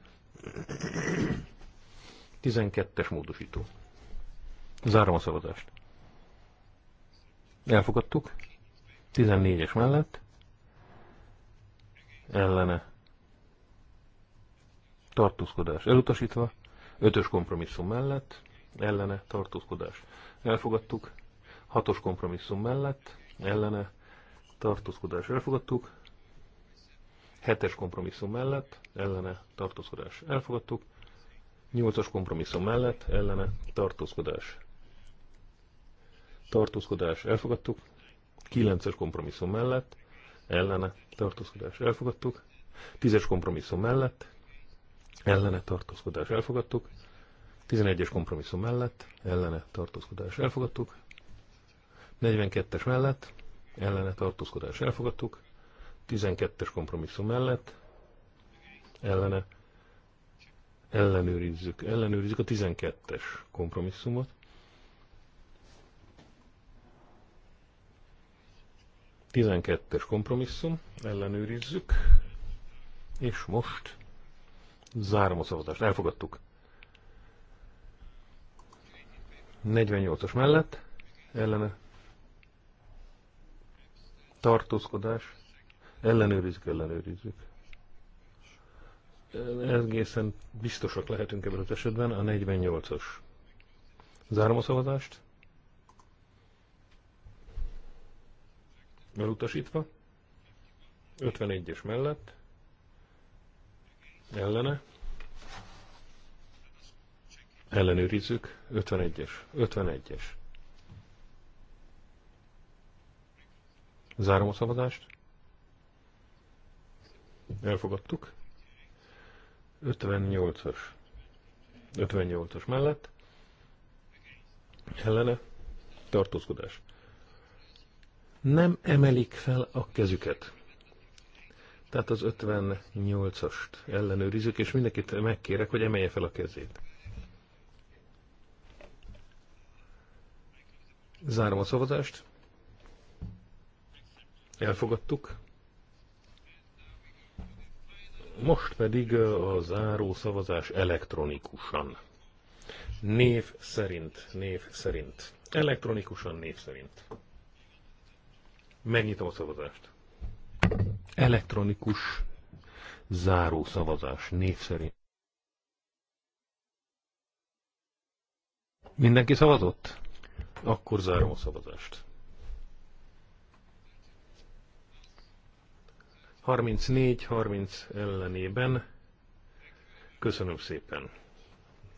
12-es módosító. Zárom a szavazást. Elfogadtuk. 14-es mellett ellene tartózkodás elutasítva, ötös kompromisszum mellett, ellene tartózkodás elfogadtuk, hatos kompromisszum mellett, ellene tartózkodás elfogadtuk, hetes kompromisszum mellett, ellene tartózkodás elfogadtuk, nyolcas kompromisszum mellett, ellene tartózkodás tartózkodás elfogadtuk, kilences kompromisszum mellett, ellene tartózkodás elfogadtuk, tízes kompromisszum mellett, ellene tartózkodás elfogadtuk, 11-es kompromisszum mellett, ellene tartózkodás elfogadtuk, 42-es mellett, ellene tartózkodás elfogadtuk, 12-es kompromisszum mellett, ellene ellenőrizzük, ellenőrizzük a 12-es kompromisszumot, 12-es kompromisszum, ellenőrizzük, és most zárom a szavazást, elfogadtuk. 48-as mellett, ellene tartózkodás, ellenőrizzük, ellenőrizzük. Egészen biztosak lehetünk ebben az esetben a 48-as. Zárom a szavazást. elutasítva, 51-es mellett, ellene, ellenőrizzük, 51-es, 51-es. Zárom a szavazást. Elfogadtuk. 58-as. 58-as mellett. Ellene. Tartózkodás nem emelik fel a kezüket. Tehát az 58-ast ellenőrizzük, és mindenkit megkérek, hogy emelje fel a kezét. Zárom a szavazást. Elfogadtuk. Most pedig a záró szavazás elektronikusan. Név szerint, név szerint. Elektronikusan név szerint. Megnyitom a szavazást. Elektronikus záró szavazás név szerint. Mindenki szavazott? Akkor zárom a szavazást. 34-30 ellenében. Köszönöm szépen.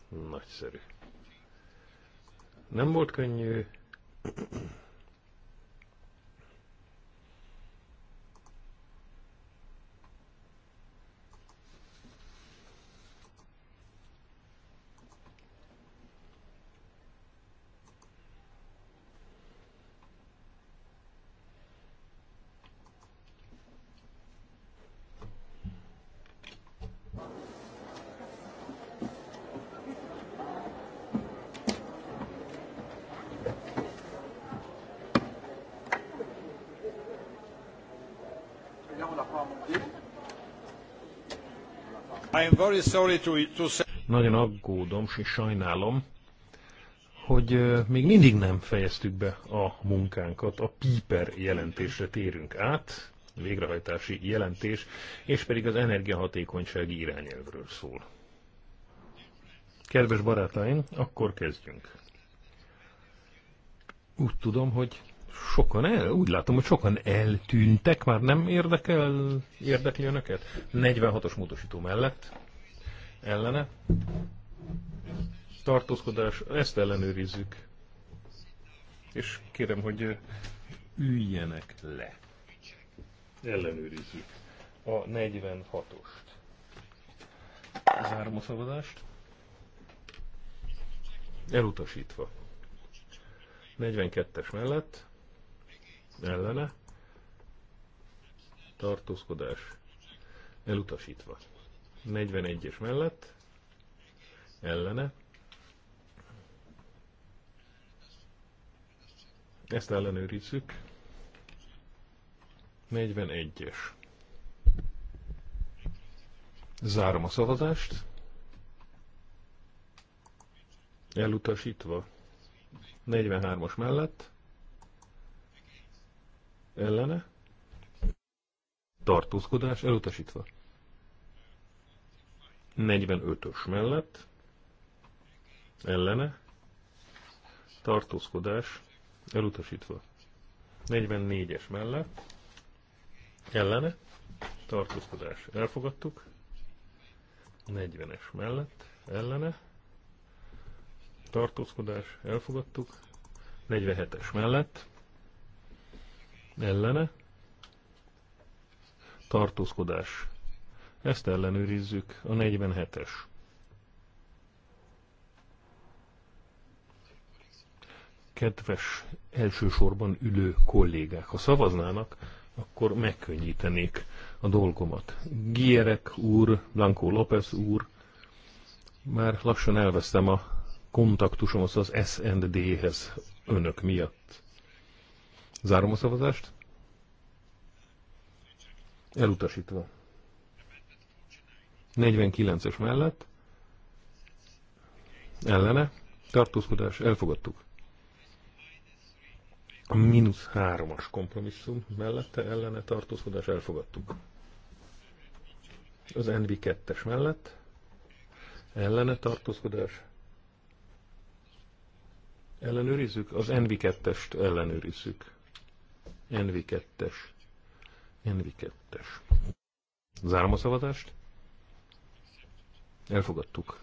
Nagyszerű. Nem volt könnyű. Nagyon aggódom, és sajnálom, hogy még mindig nem fejeztük be a munkánkat. A PIPER jelentésre térünk át, végrehajtási jelentés, és pedig az energiahatékonysági irányelvről szól. Kedves barátaim, akkor kezdjünk. Úgy tudom, hogy sokan el, úgy látom, hogy sokan eltűntek, már nem érdekel, érdekli önöket. 46-os módosító mellett, ellene. Tartózkodás, ezt ellenőrizzük. És kérem, hogy üljenek le. Ellenőrizzük a 46-ost. Zárom a szavazást. Elutasítva. 42-es mellett ellene, tartózkodás elutasítva. 41-es mellett, ellene, ezt ellenőrizzük, 41-es. Zárom a szavazást. Elutasítva. 43-as mellett ellene, tartózkodás elutasítva. 45-ös mellett, ellene, tartózkodás elutasítva. 44-es mellett, ellene, tartózkodás elfogadtuk, 40-es mellett, ellene, tartózkodás elfogadtuk, 47-es mellett, ellene, tartózkodás. Ezt ellenőrizzük, a 47-es. Kedves elsősorban ülő kollégák, ha szavaznának, akkor megkönnyítenék a dolgomat. Gierek úr, Blanco López úr, már lassan elvesztem a kontaktusomhoz az SND-hez önök miatt. Zárom a szavazást. Elutasítva. 49-es mellett. Ellene. Tartózkodás. Elfogadtuk. A mínusz hármas kompromisszum mellette ellene tartózkodás elfogadtuk. Az NV2-es mellett ellene tartózkodás ellenőrizzük? Az NV2-est ellenőrizzük. Envi 2 es NV2-es. Zárom a szavazást. Elfogadtuk.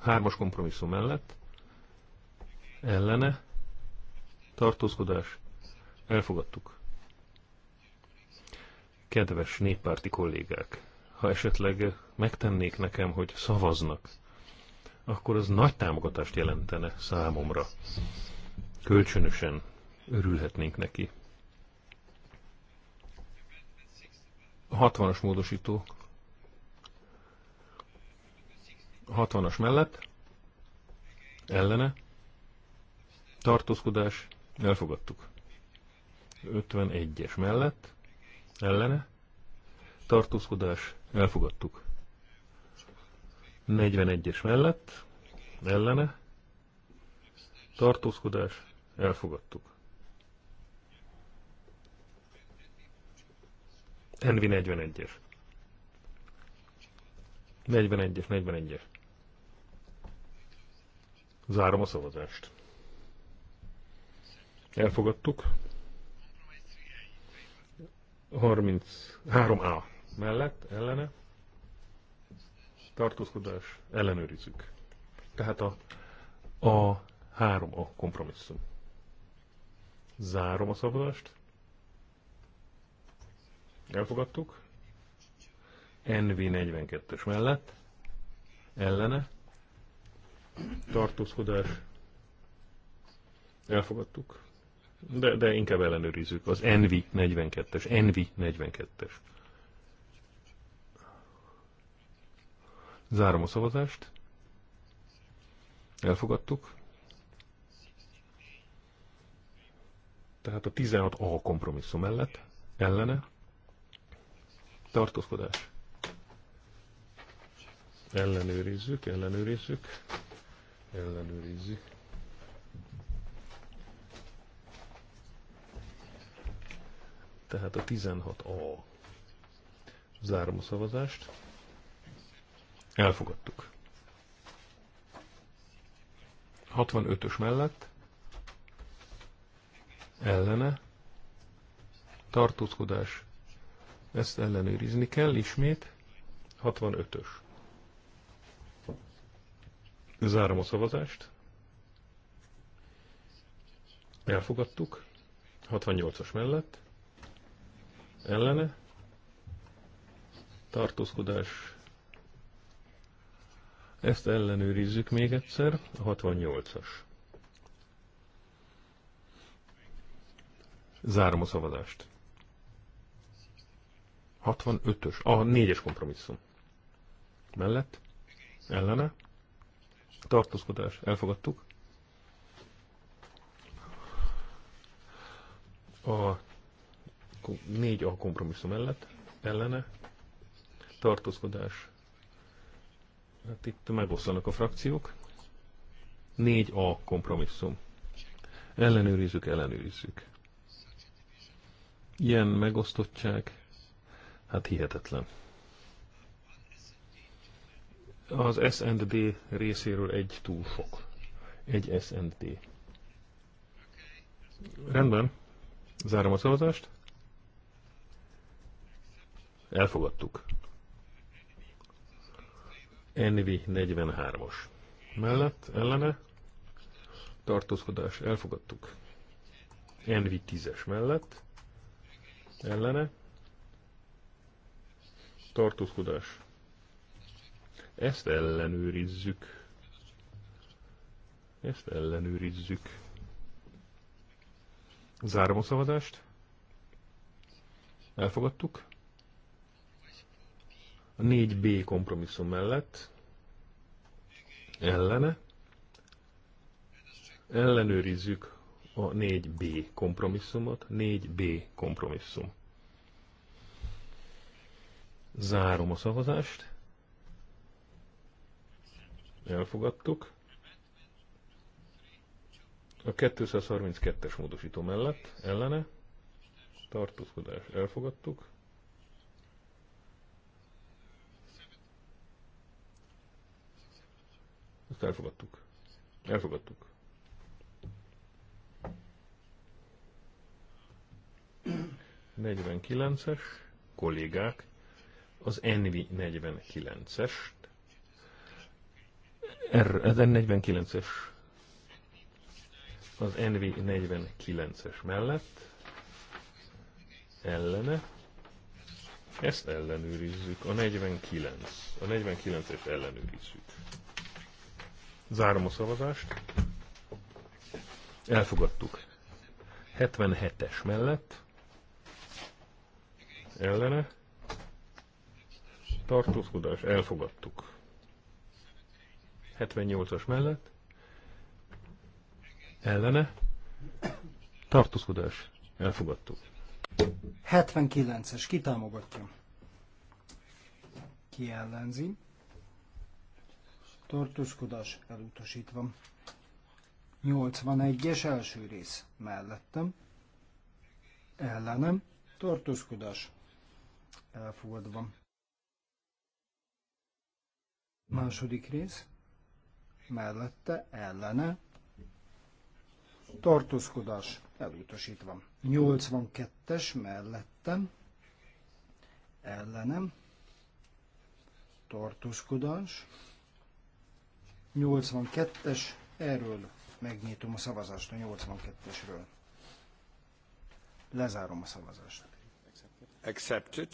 Hármas kompromisszum mellett. Ellene. Tartózkodás. Elfogadtuk. Kedves néppárti kollégák, ha esetleg megtennék nekem, hogy szavaznak, akkor az nagy támogatást jelentene számomra. Kölcsönösen örülhetnénk neki. 60-as módosító. 60-as mellett. Ellene. Tartózkodás. Elfogadtuk. 51-es mellett. Ellene. Tartózkodás. Elfogadtuk. 41-es mellett. Ellene. Tartózkodás. Elfogadtuk. Envi 41-es. 41-es, 41-es. Zárom a szavazást. Elfogadtuk. 33A mellett, ellene. Tartózkodás, ellenőrizzük. Tehát a, a 3 a kompromisszum. Zárom a szavazást elfogadtuk. NV42-es mellett, ellene, tartózkodás, elfogadtuk. De, de inkább ellenőrizzük. Az NV42-es, NV42-es. Zárom a szavazást. Elfogadtuk. Tehát a 16A kompromisszum mellett, ellene, tartózkodás. Ellenőrizzük, ellenőrizzük, ellenőrizzük. Tehát a 16A. Zárom a szavazást. Elfogadtuk. 65-ös mellett ellene tartózkodás ezt ellenőrizni kell ismét. 65-ös. Zárom a szavazást. Elfogadtuk. 68-as mellett. Ellene. Tartózkodás. Ezt ellenőrizzük még egyszer. A 68-as. Zárom a szavazást. 65-ös, a 4-es kompromisszum. Mellett, ellene, tartózkodás, elfogadtuk. A 4A kompromisszum mellett, ellene, tartózkodás. Hát itt megoszlanak a frakciók. 4A kompromisszum. Ellenőrizzük, ellenőrizzük. Ilyen megosztottság Hát hihetetlen. Az SND részéről egy túl sok. Egy SND. Rendben. Zárom a szavazást. Elfogadtuk. Envi 43-os. Mellett, ellene, tartózkodás, elfogadtuk. Envi 10-es mellett, ellene, tartózkodás. Ezt ellenőrizzük. Ezt ellenőrizzük. Zárom a szavazást. Elfogadtuk. A 4B kompromisszum mellett ellene. Ellenőrizzük a 4B kompromisszumot. 4B kompromisszum. Zárom a szavazást. Elfogadtuk. A 232-es módosító mellett ellene tartózkodás elfogadtuk. Ezt elfogadtuk. Elfogadtuk. Negyvenkilences kollégák az NV 49-es, er, az N49-es, az NV 49-es mellett, ellene, ezt ellenőrizzük, a 49, a 49-est ellenőrizzük. Zárom a szavazást. Elfogadtuk. 77-es mellett. Ellene tartózkodás, elfogadtuk. 78-as mellett, ellene, tartózkodás, elfogadtuk. 79-es, ki támogatja? Ki ellenzi? Tartózkodás elutasítva. 81-es első rész mellettem, ellenem, tartózkodás elfogadva. Második rész. Mellette, ellene. Tartózkodás elutasítva. 82-es mellettem. Ellenem. Tartózkodás. 82-es. Erről megnyitom a szavazást a 82-esről. Lezárom a szavazást. Accepted.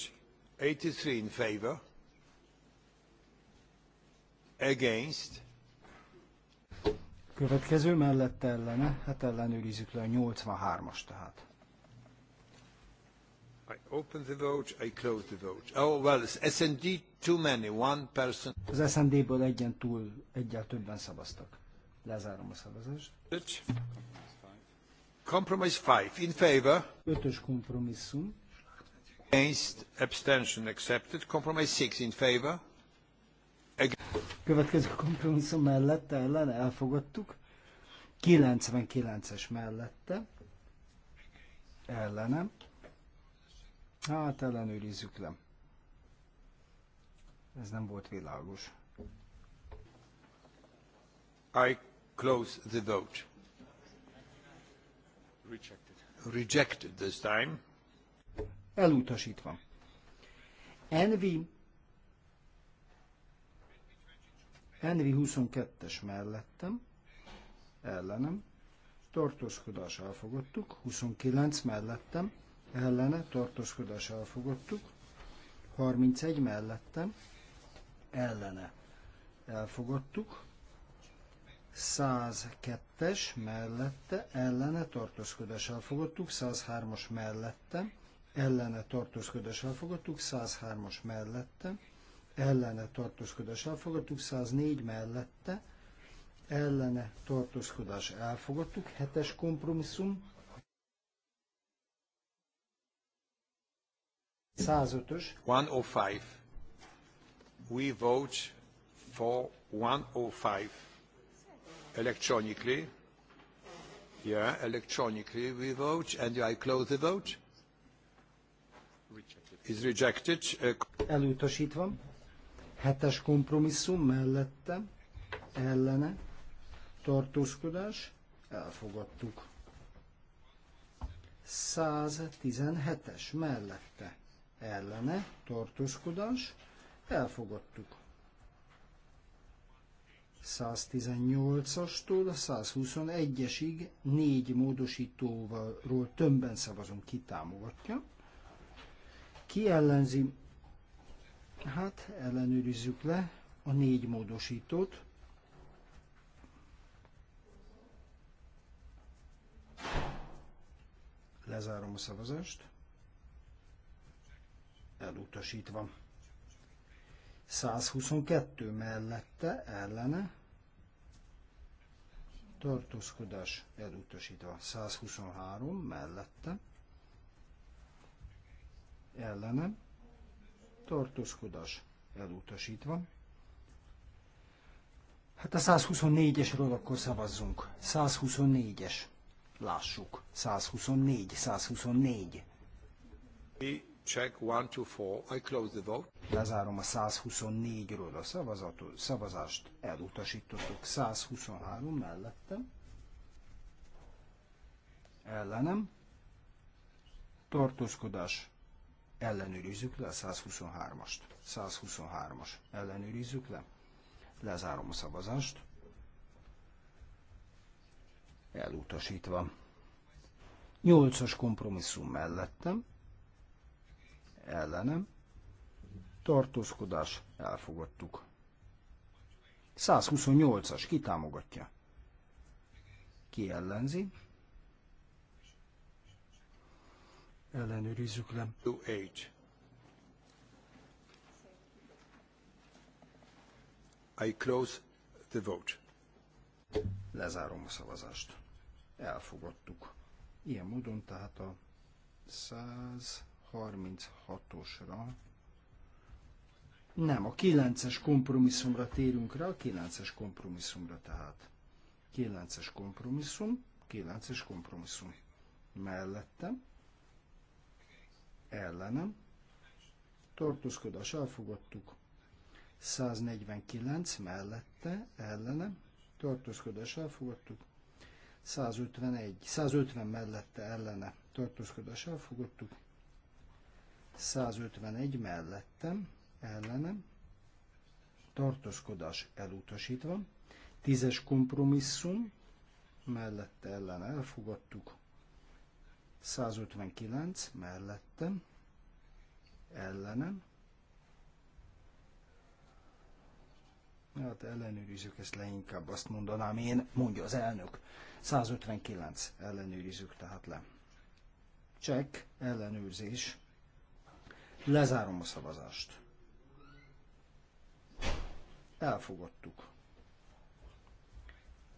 83 in favor. Against. Következő mellette ellene, hát ellenőrizzük le a 83-as tehát. I open the vote, I close the vote. Oh, well, it's SND too many, one person. Az SND-ből egyen túl, egyel többen szavaztak. Lezárom a szavazást. Compromise 5 in favor. Ötös kompromisszum. Against abstention accepted. Compromise 6 in favor. Következő kompromisszum mellette ellen elfogadtuk. 99-es mellette ellenem. Hát ellenőrizzük le. Ez nem volt világos. I close the vote. Rejected. Rejected this time. Elutasítva. Envi Henry 22-es mellettem, ellenem, tartózkodás elfogadtuk, 29 mellettem, ellene, tartózkodás elfogadtuk, 31 mellettem, ellene, elfogadtuk, 102-es mellette, ellene, tartózkodás elfogadtuk, 103-as mellette, ellene tartózkodás elfogadtuk, 103-as mellette, ellene tartózkodás elfogadtuk, 104 mellette ellene tartózkodás elfogadtuk, hetes kompromisszum, 105-ös. 105. We vote for 105 electronically. Yeah, electronically we vote and I close the vote. Is rejected. Uh, Elutasítva. Hetes kompromisszum mellette, ellene, tartózkodás, elfogadtuk. 117-es mellette, ellene, tartózkodás, elfogadtuk. 118-astól a 121-esig négy módosítóval többen szavazunk, ki támogatja, ki ellenzi, Hát ellenőrizzük le a négy módosítót. Lezárom a szavazást. Elutasítva. 122 mellette ellene tartózkodás elutasítva 123 mellette Ellene tartózkodás elutasítva. Hát a 124-esről akkor szavazzunk. 124-es. Lássuk. 124, 124. Check one, two, four. I close the vote. Lezárom a 124-ről a szavazatot, szavazást, elutasítottuk 123 mellettem, ellenem, tartózkodás ellenőrizzük le a 123-ast. 123-as ellenőrizzük le. Lezárom a szavazást. Elutasítva. 8-as kompromisszum mellettem. Ellenem. Tartózkodás. Elfogadtuk. 128-as kitámogatja. Ki ellenzi? ellenőrizzük le. I close the vote. Lezárom a szavazást. Elfogadtuk. Ilyen módon tehát a 136-osra nem, a 9-es kompromisszumra térünk rá, a 9-es kompromisszumra tehát. 9-es kompromisszum, 9-es kompromisszum. Mellettem ellenem, tartózkodás elfogadtuk, 149 mellette, ellenem, tartózkodás elfogadtuk, 151, 150 mellette, ellene, tartózkodás elfogadtuk, 151 mellettem, ellenem, tartózkodás elutasítva, tízes kompromisszum, mellette ellen elfogadtuk, 159 mellettem, ellenem. Hát ellenőrizzük ezt le, inkább azt mondanám én, mondja az elnök. 159 ellenőrizzük tehát le. Check. ellenőrzés. Lezárom a szavazást. Elfogadtuk.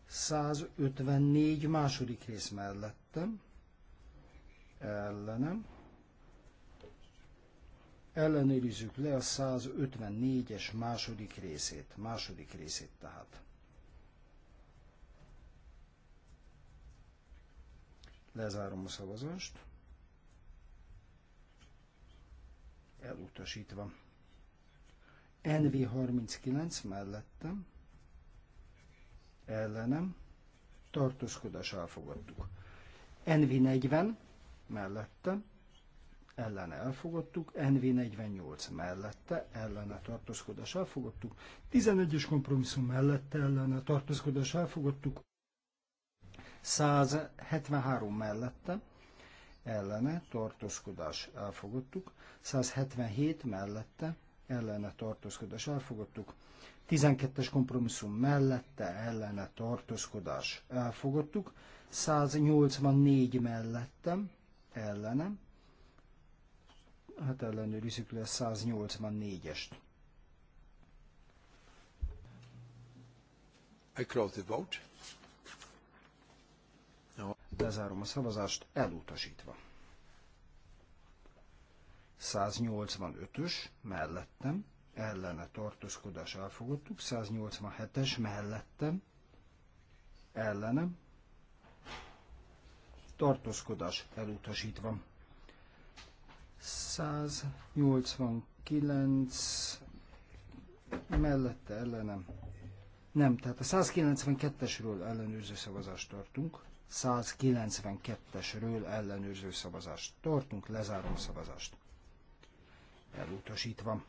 154 második rész mellettem, ellenem. Ellenőrizzük le a 154-es második részét, második részét tehát. Lezárom a szavazást. Elutasítva. NV39 mellettem, ellenem, tartózkodás elfogadtuk. NV40 mellette, ellene elfogadtuk, NV48 mellette, ellene tartózkodás elfogadtuk, 11-es kompromisszum mellette, ellene tartózkodás elfogadtuk, 173 mellette, ellene tartózkodás elfogadtuk, 177 mellette, ellene tartózkodás elfogadtuk, 12-es kompromisszum mellette ellene tartózkodás elfogadtuk, 184 mellettem ellenem. Hát ellenőrizzük le a 184-est. I close the vote. No. Lezárom a szavazást, elutasítva. 185-ös mellettem, ellene tartózkodás elfogadtuk, 187-es mellettem, ellenem, tartózkodás elutasítva. 189 mellette ellenem. Nem, tehát a 192-esről ellenőrző szavazást tartunk. 192-esről ellenőrző szavazást tartunk, lezárom a szavazást. Elutasítva.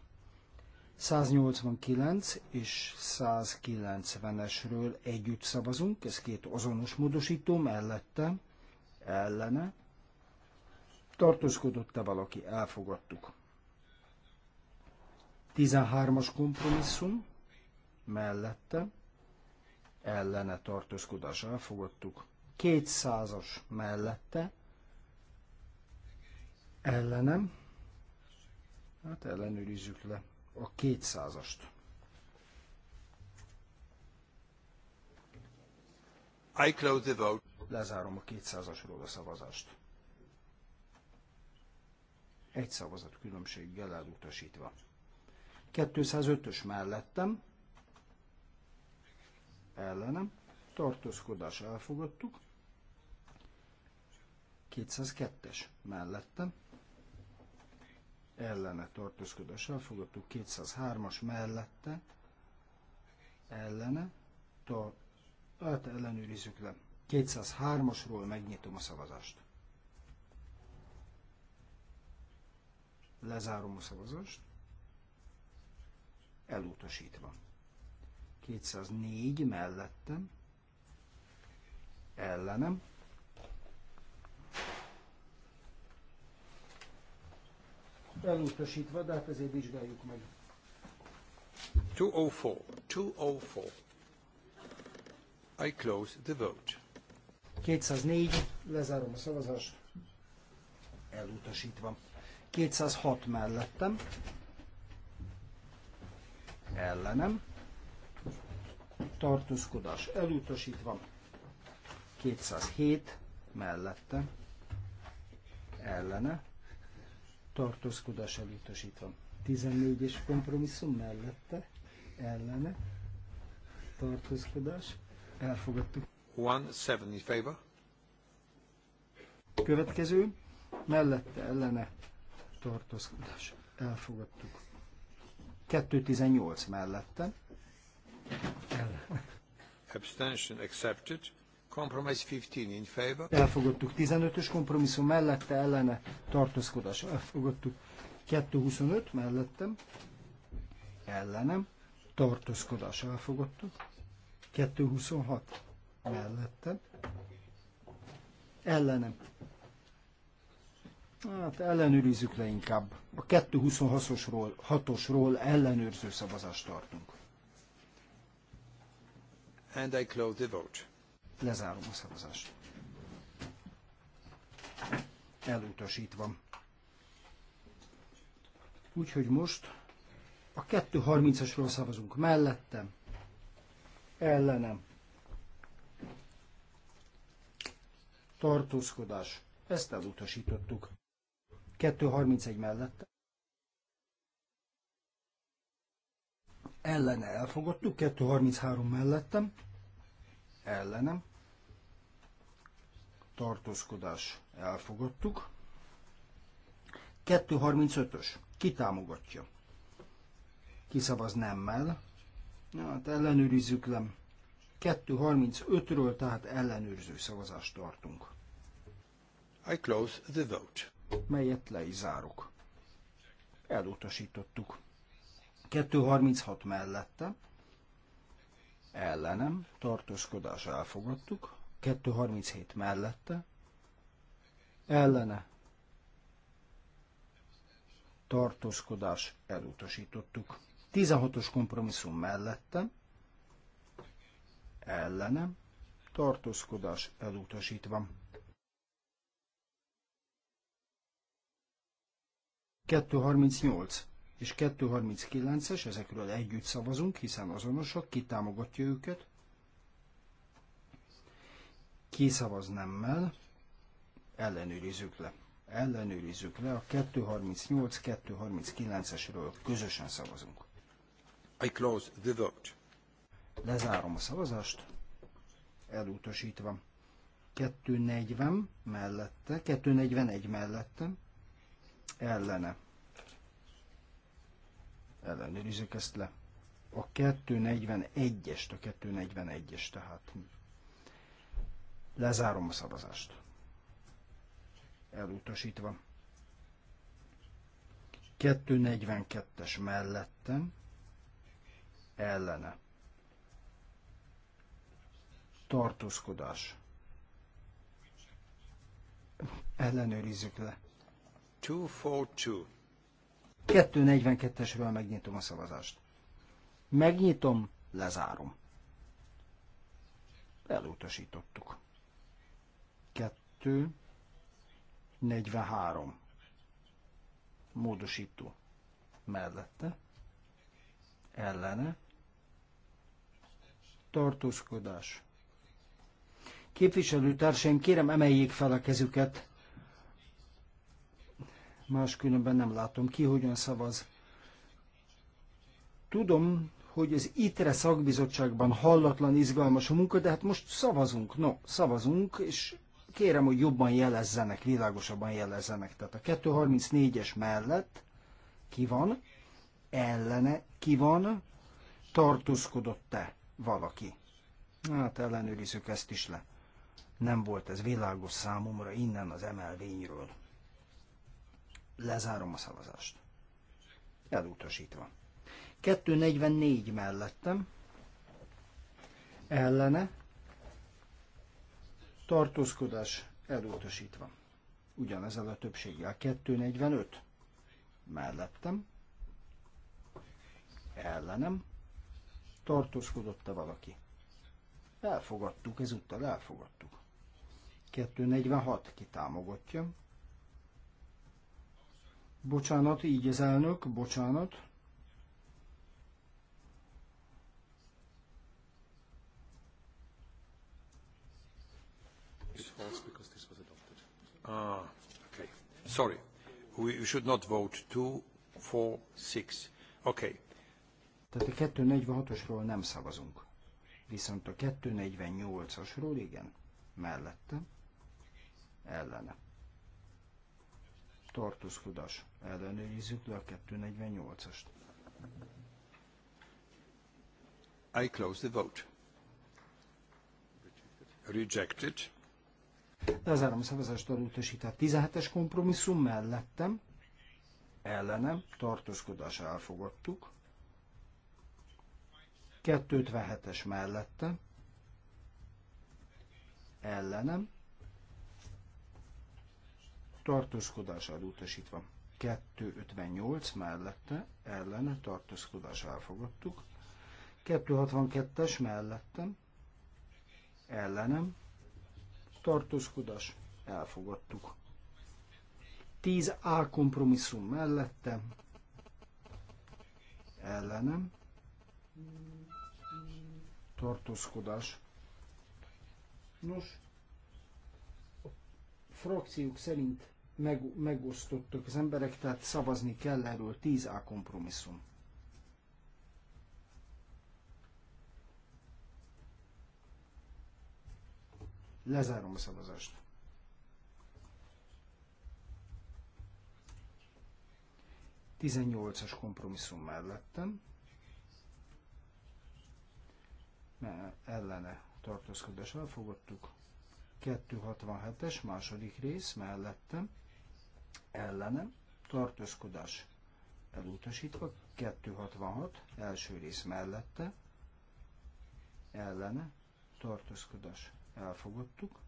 189 és 190-esről együtt szavazunk, ez két azonos módosító mellette, ellene, tartózkodott-e valaki, elfogadtuk. 13-as kompromisszum, mellette, ellene tartózkodás elfogadtuk. 200-as mellette, ellenem, hát ellenőrizzük le a 200-ast. I close the vote lezárom a 200-asról a szavazást. Egy szavazat különbséggel elutasítva. 205-ös mellettem, ellenem, tartózkodás elfogadtuk, 202-es mellettem, ellene tartózkodás elfogadtuk, 203-as mellette, ellene, tehát ellenőrizzük le. 203-asról megnyitom a szavazást. Lezárom a szavazást. Elutasítva. 204 mellettem. Ellenem. Elutasítva, de hát ezért vizsgáljuk meg. 204. 204. I close the vote. 204, lezárom a szavazást, elutasítva. 206 mellettem, ellenem, tartózkodás elutasítva, 207 mellettem, ellene, tartózkodás elutasítva. 14-es kompromisszum mellette, ellene, tartózkodás, elfogadtuk. 1.7 in favor. Következő, mellette ellene tartózkodás. Elfogadtuk. 2.18 mellette. Ellen. Abstention accepted. Compromise 15 in favor. Elfogadtuk 15-ös kompromisszum mellette ellene tartózkodás. Elfogadtuk 225 mellettem ellenem tartózkodás. Elfogadtuk 226 mellette. Ellenem. Hát ellenőrizzük le inkább. A 226-osról, 6-osról ellenőrző szavazást tartunk. And I close the vote. Lezárom a szavazást. Elutasítva. Úgyhogy most a 230-asról szavazunk mellettem, ellenem, tartózkodás. Ezt elutasítottuk. 2.31 mellette. Ellene elfogadtuk, 2.33 mellettem. Ellenem. Tartózkodás elfogadtuk. 2.35-ös. Kitámogatja. Kiszavaz nemmel. Hát ellenőrizzük le. 2.35-ről, tehát ellenőrző szavazást tartunk. I close the vote. Melyet le is zárok. Elutasítottuk. 2.36 mellette. Ellenem. Tartózkodás elfogadtuk. 2.37 mellette. Ellene. Tartózkodás elutasítottuk. 16-os kompromisszum mellette ellenem, tartózkodás elutasítva. 238 és 239-es, ezekről együtt szavazunk, hiszen azonosak, ki támogatja őket, ki szavaz nemmel, ellenőrizzük le. Ellenőrizzük le, a 238-239-esről közösen szavazunk. I close the vote. Lezárom a szavazást. Elutasítva. 240 mellette, 241 mellette, ellene. Ellenőrizzük ezt le. A 241-est, a 241-es tehát. Lezárom a szavazást. Elutasítva. 242-es mellettem, ellene tartózkodás. Ellenőrizzük le. 242. 242-esről megnyitom a szavazást. Megnyitom, lezárom. Elutasítottuk. 2, 43. Módosító. Mellette. Ellene. Tartózkodás. 2.43. Képviselőtársaim, kérem emeljék fel a kezüket. Máskülönben nem látom ki, hogyan szavaz. Tudom, hogy az ITRE szakbizottságban hallatlan izgalmas a munka, de hát most szavazunk. No, szavazunk, és kérem, hogy jobban jelezzenek, világosabban jelezzenek. Tehát a 234-es mellett ki van, ellene ki van, tartózkodott-e valaki. Hát ellenőrizzük ezt is le. Nem volt ez világos számomra innen az emelvényről. Lezárom a szavazást. Elutasítva. 244 mellettem. Ellene. Tartózkodás elutasítva. Ugyanezzel a többséggel. 245 mellettem. Ellenem. Tartózkodott-e valaki? Elfogadtuk, ezúttal elfogadtuk. 246 kitámogatja. Bocsánat, így az elnök, bocsánat. Ah, okay. Sorry, we should not vote Two, four, six. Okay. Tehát a 246-osról nem szavazunk. Viszont a 248-asról igen, mellette ellene. Tartózkodás. Ellenőrizzük le a 248-ast. I close the vote. Rejected. Lezárom a szavazást elutasítás. 17-es kompromisszum mellettem, ellenem, tartózkodás elfogadtuk. 257-es mellettem, ellenem, tartózkodás elutasítva. 258 mellette ellene tartózkodás elfogadtuk. 262-es mellettem ellenem tartózkodás elfogadtuk. 10A kompromisszum mellette ellenem tartózkodás. Nos, a frakciók szerint meg, megosztottak az emberek, tehát szavazni kell erről 10A kompromisszum. Lezárom a szavazást. Tizennyolcas kompromisszum mellettem. Mert ellene tartózkodás elfogadtuk. 267-es második rész mellettem ellenem, tartózkodás elutasítva, 266 első rész mellette, ellene, tartózkodás elfogadtuk,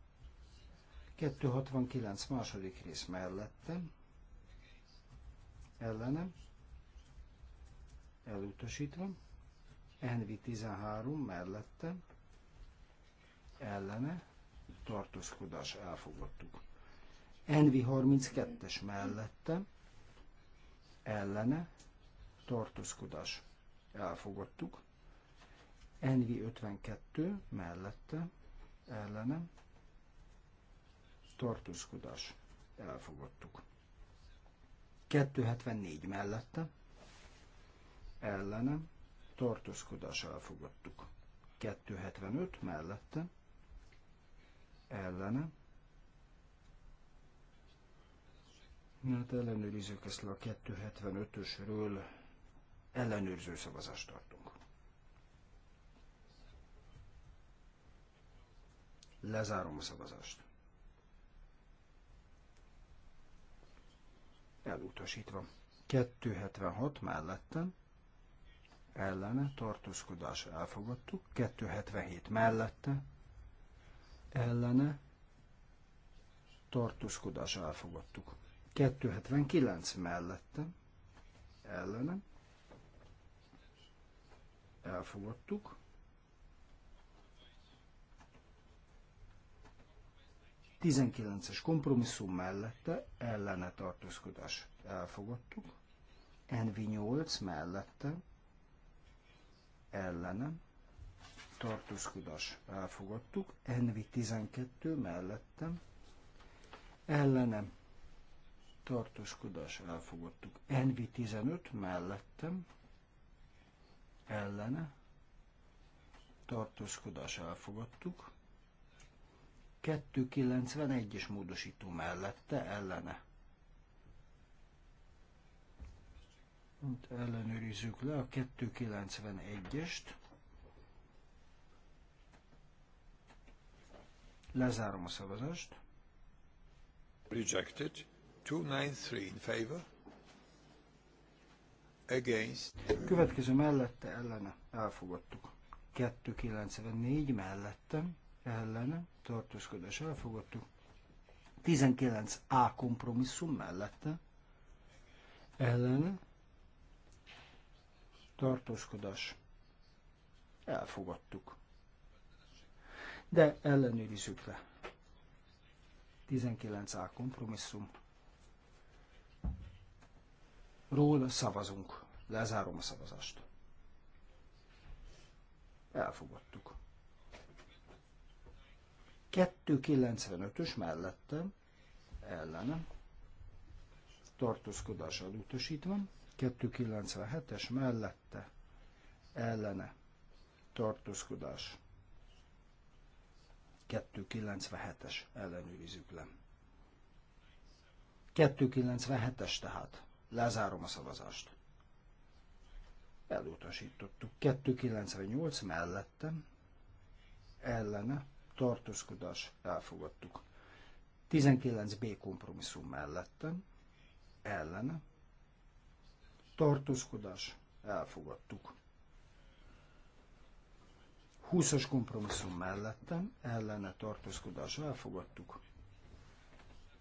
269 második rész mellette, ellenem, elutasítva, Envi 13 mellette, ellene, tartózkodás elfogadtuk. Envi 32 es mellette ellene tartózkodás elfogadtuk. Envi 52 mellette ellene tartózkodás elfogadtuk. 274 mellette ellene tartózkodás elfogadtuk. 275 mellette ellene Hát ellenőrizzük ezt a 275-ösről, ellenőrző szavazást tartunk. Lezárom a szavazást. Elutasítva. 276 mellettem, ellene tartózkodás elfogadtuk, 277 mellette, ellene tartózkodás elfogadtuk. 279 mellette ellenem elfogadtuk. Tizenkilences kompromisszum mellette ellene tartózkodás elfogadtuk. NV8 mellette ellene tartózkodás elfogadtuk. NV12 mellettem ellenem tartózkodás elfogadtuk. Envi 15 mellettem, ellene, tartózkodás elfogadtuk. 291-es módosító mellette, ellene. Itt ellenőrizzük le a 291-est. Lezárom a szavazást. Rejected. 293 in favor. Against. Következő mellette ellene elfogadtuk. 294 mellettem ellene tartózkodás elfogadtuk. 19A kompromisszum mellette ellene tartózkodás elfogadtuk. De ellenőrizzük le. 19A kompromisszum ról szavazunk. Lezárom a szavazást. Elfogadtuk. 295-ös mellettem, ellenem, tartózkodással utasítva, 297-es mellette, ellene, tartózkodás, 297-es ellenőrizzük le. 297-es tehát. Lezárom a szavazást. Elutasítottuk. 298 mellettem, ellene, tartózkodás, elfogadtuk. 19B kompromisszum mellettem, ellene, tartózkodás, elfogadtuk. 20-as kompromisszum mellettem, ellene tartózkodás elfogadtuk.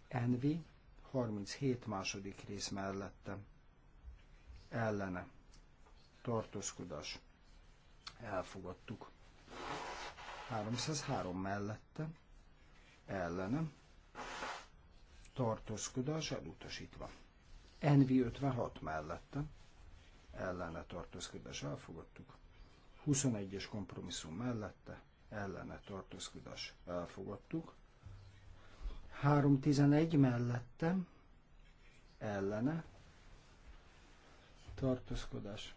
Envi 37 második rész mellette ellene tartózkodás elfogadtuk. 303 mellette ellene tartózkodás elutasítva. Envi 56 mellette ellene tartózkodás elfogadtuk. 21-es kompromisszum mellette ellene tartózkodás elfogadtuk. 311 mellettem, ellene, tartózkodás.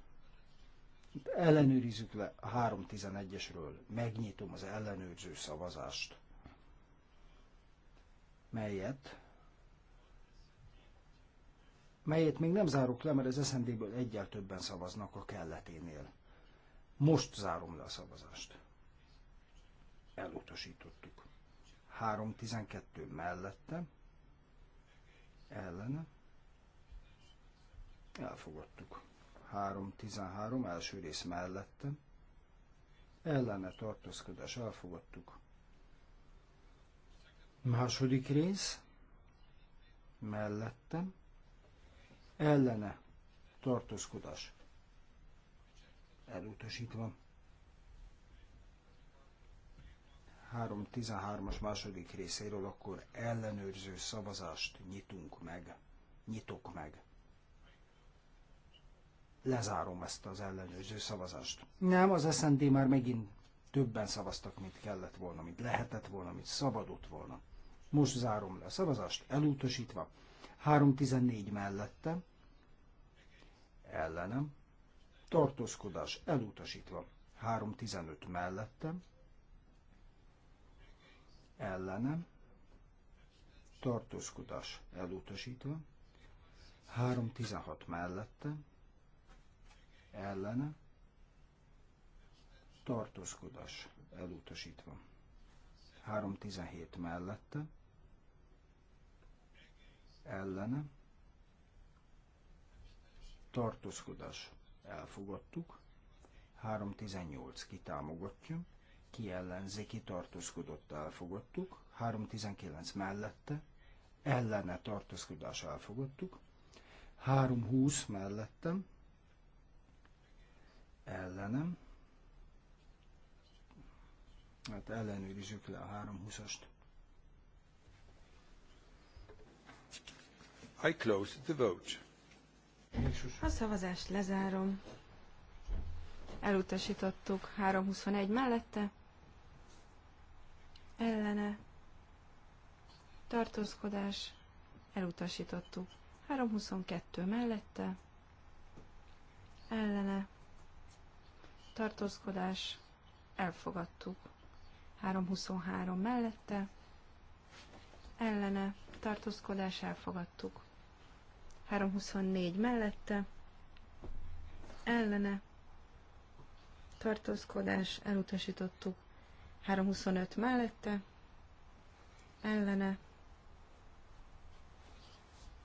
Ellenőrizzük le a 311-esről, megnyitom az ellenőrző szavazást, melyet melyet még nem zárok le, mert az SZND-ből egyel többen szavaznak a kelleténél. Most zárom le a szavazást. Elutasítottuk. 312 mellette, ellene, elfogadtuk. 313 első rész mellette, ellene tartózkodás, elfogadtuk. Második rész, mellette, ellene tartózkodás, elutasítva. 3.13-as második részéről, akkor ellenőrző szavazást nyitunk meg. Nyitok meg. Lezárom ezt az ellenőrző szavazást. Nem, az SND már megint többen szavaztak, mint kellett volna, mint lehetett volna, mint szabadott volna. Most zárom le a szavazást, elutasítva. 3.14 mellette, ellenem, tartózkodás elutasítva. 3.15 mellettem, ellenem, tartózkodás elutasítva, 316 mellette, ellene, tartózkodás elutasítva, 317 mellette, ellene, tartózkodás elfogadtuk, 318 kitámogatja, ki ellenzéki tartózkodott, elfogadtuk, 319 mellette, ellene tartózkodás elfogadtuk, 320 mellettem, ellenem, hát ellenőrizzük le a 320-ast. I close the vote. A szavazást lezárom. Elutasítottuk 321 mellette, ellene tartózkodás elutasítottuk. 322 mellette ellene tartózkodás elfogadtuk. 323 mellette ellene tartózkodás elfogadtuk. 324 mellette ellene tartózkodás elutasítottuk. 325 mellette, ellene,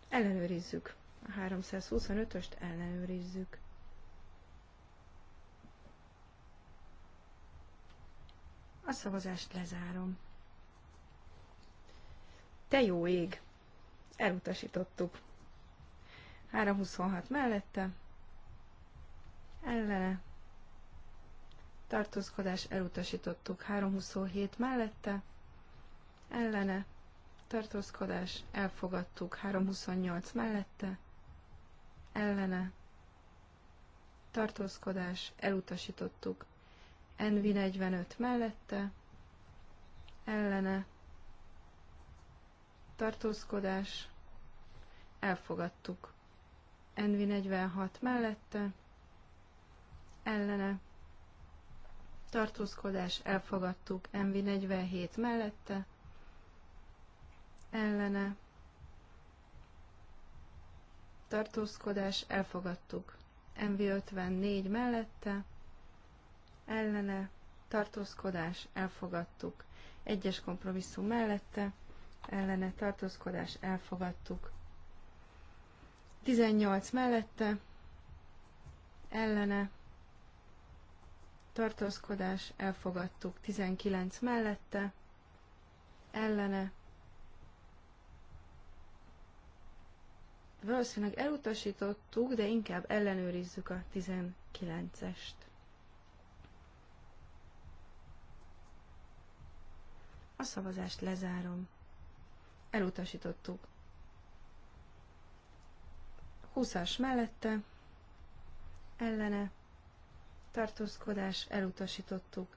ellenőrizzük. A 325-öst ellenőrizzük. A szavazást lezárom. Te jó ég! Elutasítottuk. 326 mellette, ellene, tartózkodás elutasítottuk 327 mellette, ellene, tartózkodás elfogadtuk 328 mellette, ellene, tartózkodás elutasítottuk NV45 mellette, ellene, tartózkodás elfogadtuk NV46 mellette, ellene, tartózkodás, elfogadtuk, MV47 mellette, ellene, tartózkodás, elfogadtuk, MV54 mellette, ellene, tartózkodás, elfogadtuk, egyes kompromisszum mellette, ellene, tartózkodás, elfogadtuk, 18 mellette, ellene, tartózkodás, elfogadtuk 19 mellette, ellene, valószínűleg elutasítottuk, de inkább ellenőrizzük a 19-est. A szavazást lezárom. Elutasítottuk. 20-as mellette, ellene, tartózkodás, elutasítottuk.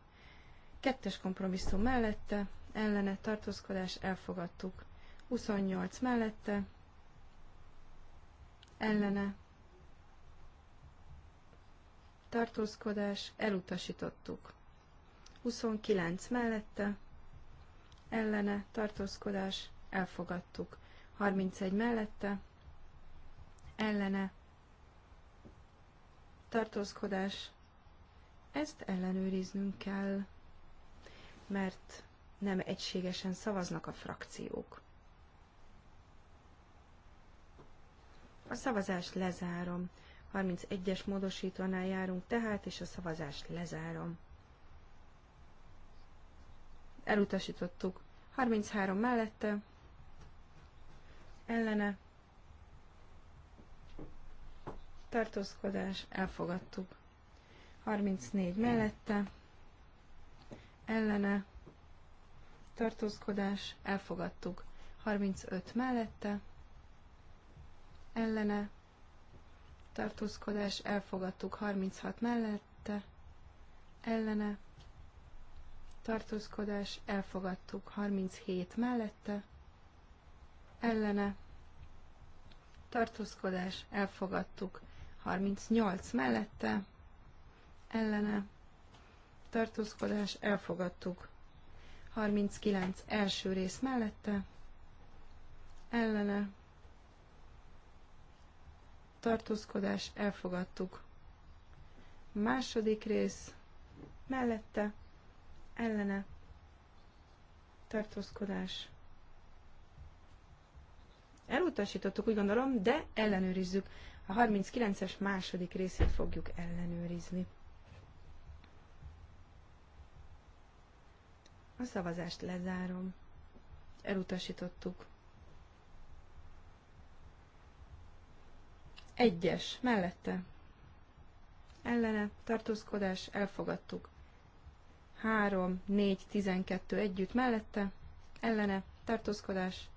Kettes kompromisszum mellette, ellene tartózkodás, elfogadtuk. 28 mellette, ellene tartózkodás, elutasítottuk. 29 mellette, ellene tartózkodás, elfogadtuk. 31 mellette, ellene tartózkodás, ezt ellenőriznünk kell, mert nem egységesen szavaznak a frakciók. A szavazást lezárom. 31-es módosítónál járunk tehát, és a szavazást lezárom. Elutasítottuk. 33 mellette, ellene, tartózkodás, elfogadtuk. 34 mellette, ellene, tartózkodás, elfogadtuk. 35 mellette, ellene, tartózkodás, elfogadtuk. 36 mellette, ellene, tartózkodás, elfogadtuk. 37 mellette, ellene, tartózkodás, elfogadtuk. 38 mellette, ellene tartózkodás elfogadtuk. 39 első rész mellette ellene tartózkodás elfogadtuk. Második rész mellette ellene tartózkodás. Elutasítottuk, úgy gondolom, de ellenőrizzük. A 39-es második részét fogjuk ellenőrizni. A szavazást lezárom. Elutasítottuk. Egyes, mellette. Ellene, tartózkodás, elfogadtuk. 3, 4, 12 együtt mellette, ellene, tartózkodás,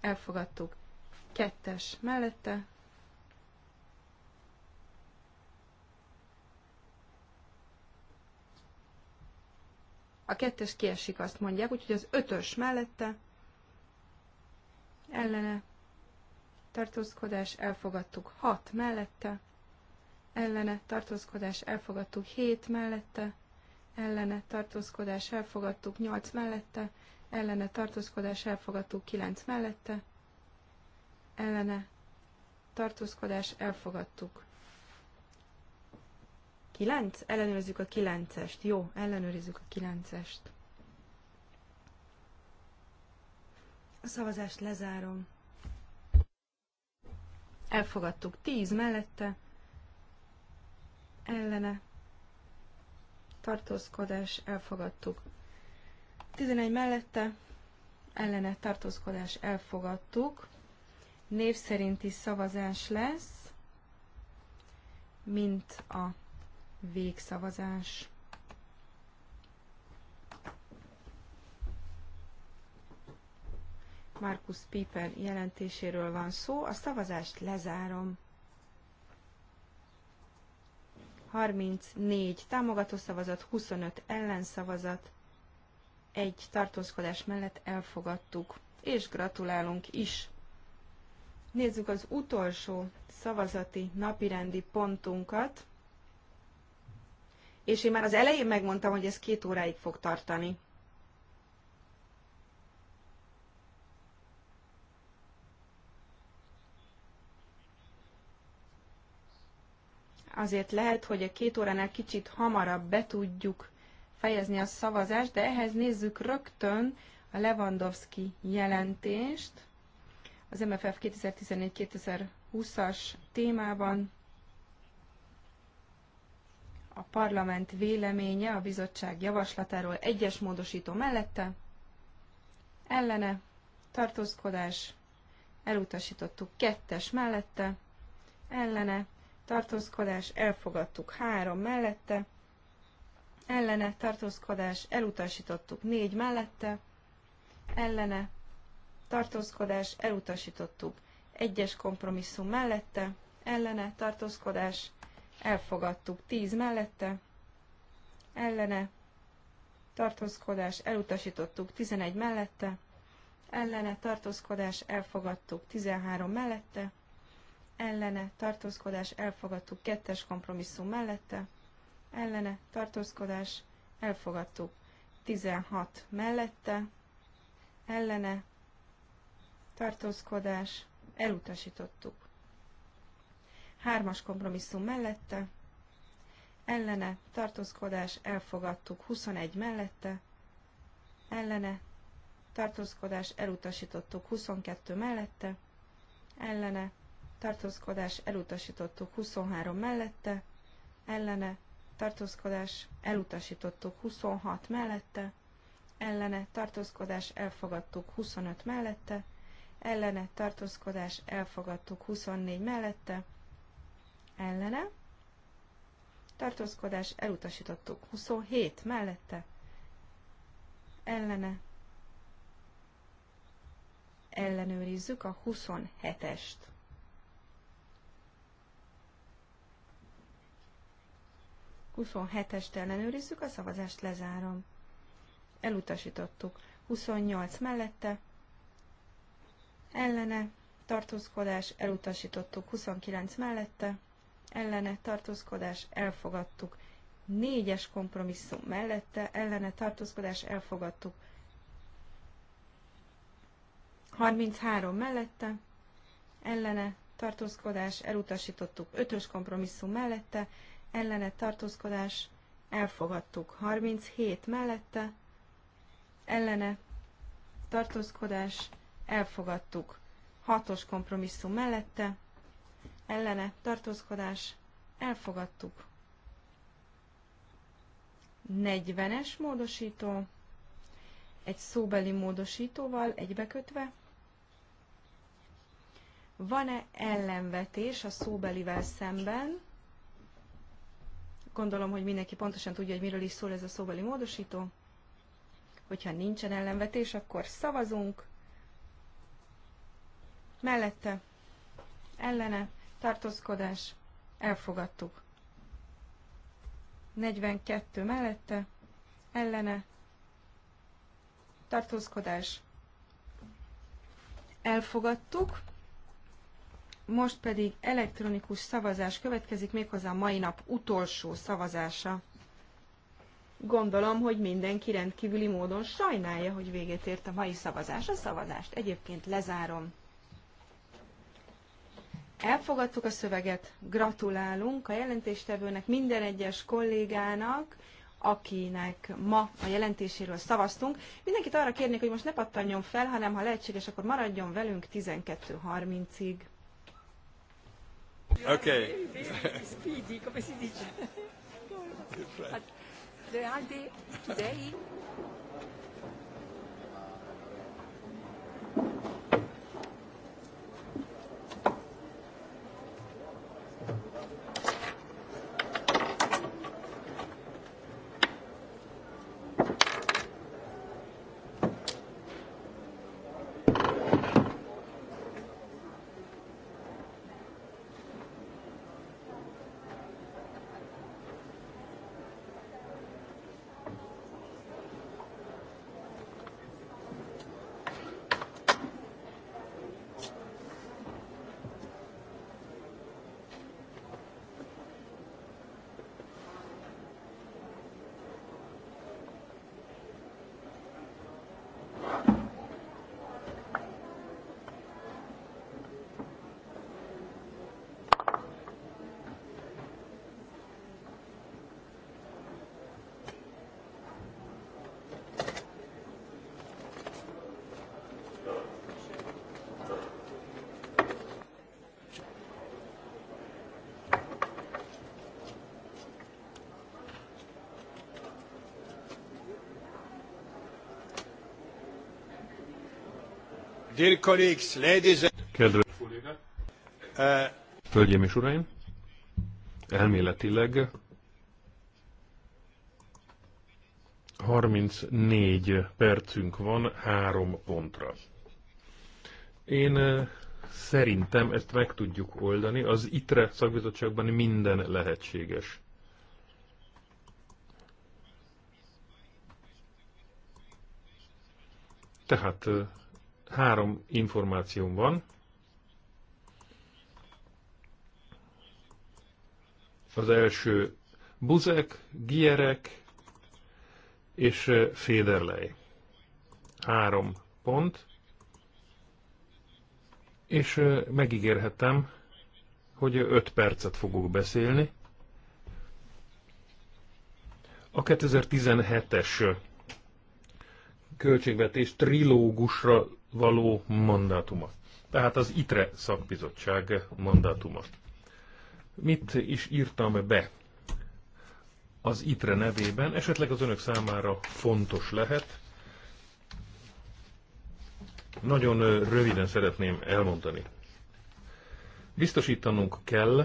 elfogadtuk. Kettes mellette, A kettes kiesik, azt mondják, úgyhogy az ötös mellette ellene tartózkodás elfogadtuk hat mellette, ellene tartózkodás elfogadtuk hét mellette, ellene tartózkodás elfogadtuk nyolc mellette, ellene tartózkodás elfogadtuk kilenc mellette, ellene tartózkodás elfogadtuk kilenc Ellenőrizzük a kilencest Jó, ellenőrizzük a kilencest A szavazást lezárom. Elfogadtuk tíz mellette, ellene, tartózkodás, elfogadtuk. tizenegy mellette, ellene, tartózkodás, elfogadtuk. Név szerinti szavazás lesz, mint a végszavazás. Markus Piper jelentéséről van szó. A szavazást lezárom. 34 támogató szavazat, 25 ellenszavazat, egy tartózkodás mellett elfogadtuk, és gratulálunk is. Nézzük az utolsó szavazati napirendi pontunkat és én már az elején megmondtam, hogy ez két óráig fog tartani. Azért lehet, hogy a két óránál kicsit hamarabb be tudjuk fejezni a szavazást, de ehhez nézzük rögtön a Lewandowski jelentést az MFF 2014-2020-as témában a parlament véleménye a bizottság javaslatáról egyes módosító mellette, ellene, tartózkodás, elutasítottuk kettes mellette, ellene, tartózkodás, elfogadtuk három mellette, ellene, tartózkodás, elutasítottuk négy mellette, ellene, tartózkodás, elutasítottuk egyes kompromisszum mellette, ellene, tartózkodás, elfogadtuk. 10 mellette, ellene, tartózkodás, elutasítottuk. 11 mellette, ellene, tartózkodás, elfogadtuk. 13 mellette, ellene, tartózkodás, elfogadtuk. Kettes kompromisszum mellette, ellene, tartózkodás, elfogadtuk. 16 mellette, ellene, tartózkodás, elutasítottuk. Hármas kompromisszum mellette, ellene, tartózkodás, elfogadtuk. 21 mellette, ellene, tartózkodás, elutasítottuk. 22 mellette, ellene, tartózkodás, elutasítottuk. 23 mellette, ellene, tartózkodás, elutasítottuk 26 mellette, ellene tartózkodás, elfogadtuk 25 mellette, ellene tartózkodás, elfogadtuk 24 mellette, ellene, tartózkodás elutasítottuk. 27 mellette, ellene, ellenőrizzük a 27-est. Huszonhetest ellenőrizzük, a szavazást lezárom. Elutasítottuk. 28 mellette, ellene, tartózkodás, elutasítottuk. 29 mellette, ellene tartózkodás elfogadtuk. Négyes kompromisszum mellette ellene tartózkodás elfogadtuk. 33 mellette ellene tartózkodás elutasítottuk. Ötös kompromisszum mellette ellene tartózkodás elfogadtuk. 37 mellette ellene tartózkodás elfogadtuk. Hatos kompromisszum mellette ellene tartózkodás elfogadtuk. 40-es módosító, egy szóbeli módosítóval egybekötve. Van-e ellenvetés a szóbelivel szemben? Gondolom, hogy mindenki pontosan tudja, hogy miről is szól ez a szóbeli módosító. Hogyha nincsen ellenvetés, akkor szavazunk. Mellette, ellene, tartózkodás, elfogadtuk. 42 mellette, ellene, tartózkodás, elfogadtuk. Most pedig elektronikus szavazás következik, méghozzá a mai nap utolsó szavazása. Gondolom, hogy mindenki rendkívüli módon sajnálja, hogy véget ért a mai szavazás. A szavazást egyébként lezárom. Elfogadtuk a szöveget, gratulálunk a jelentéstevőnek, minden egyes kollégának, akinek ma a jelentéséről szavaztunk. Mindenkit arra kérnék, hogy most ne pattanjon fel, hanem ha lehetséges, akkor maradjon velünk 12.30-ig. Okay. Speedy, today Dear colleagues, ladies and... Kedves kollégák! Hölgyeim és uraim! Elméletileg 34 percünk van három pontra. Én eh, szerintem ezt meg tudjuk oldani, az ITRE szakbizottságban minden lehetséges. Tehát eh, Három információm van. Az első Buzek, Gierek és Féderlej. Három pont. És megígérhetem, hogy öt percet fogok beszélni. A 2017-es költségvetés trilógusra való mandátuma. Tehát az ITRE szakbizottság mandátuma. Mit is írtam be az ITRE nevében, esetleg az önök számára fontos lehet. Nagyon röviden szeretném elmondani. Biztosítanunk kell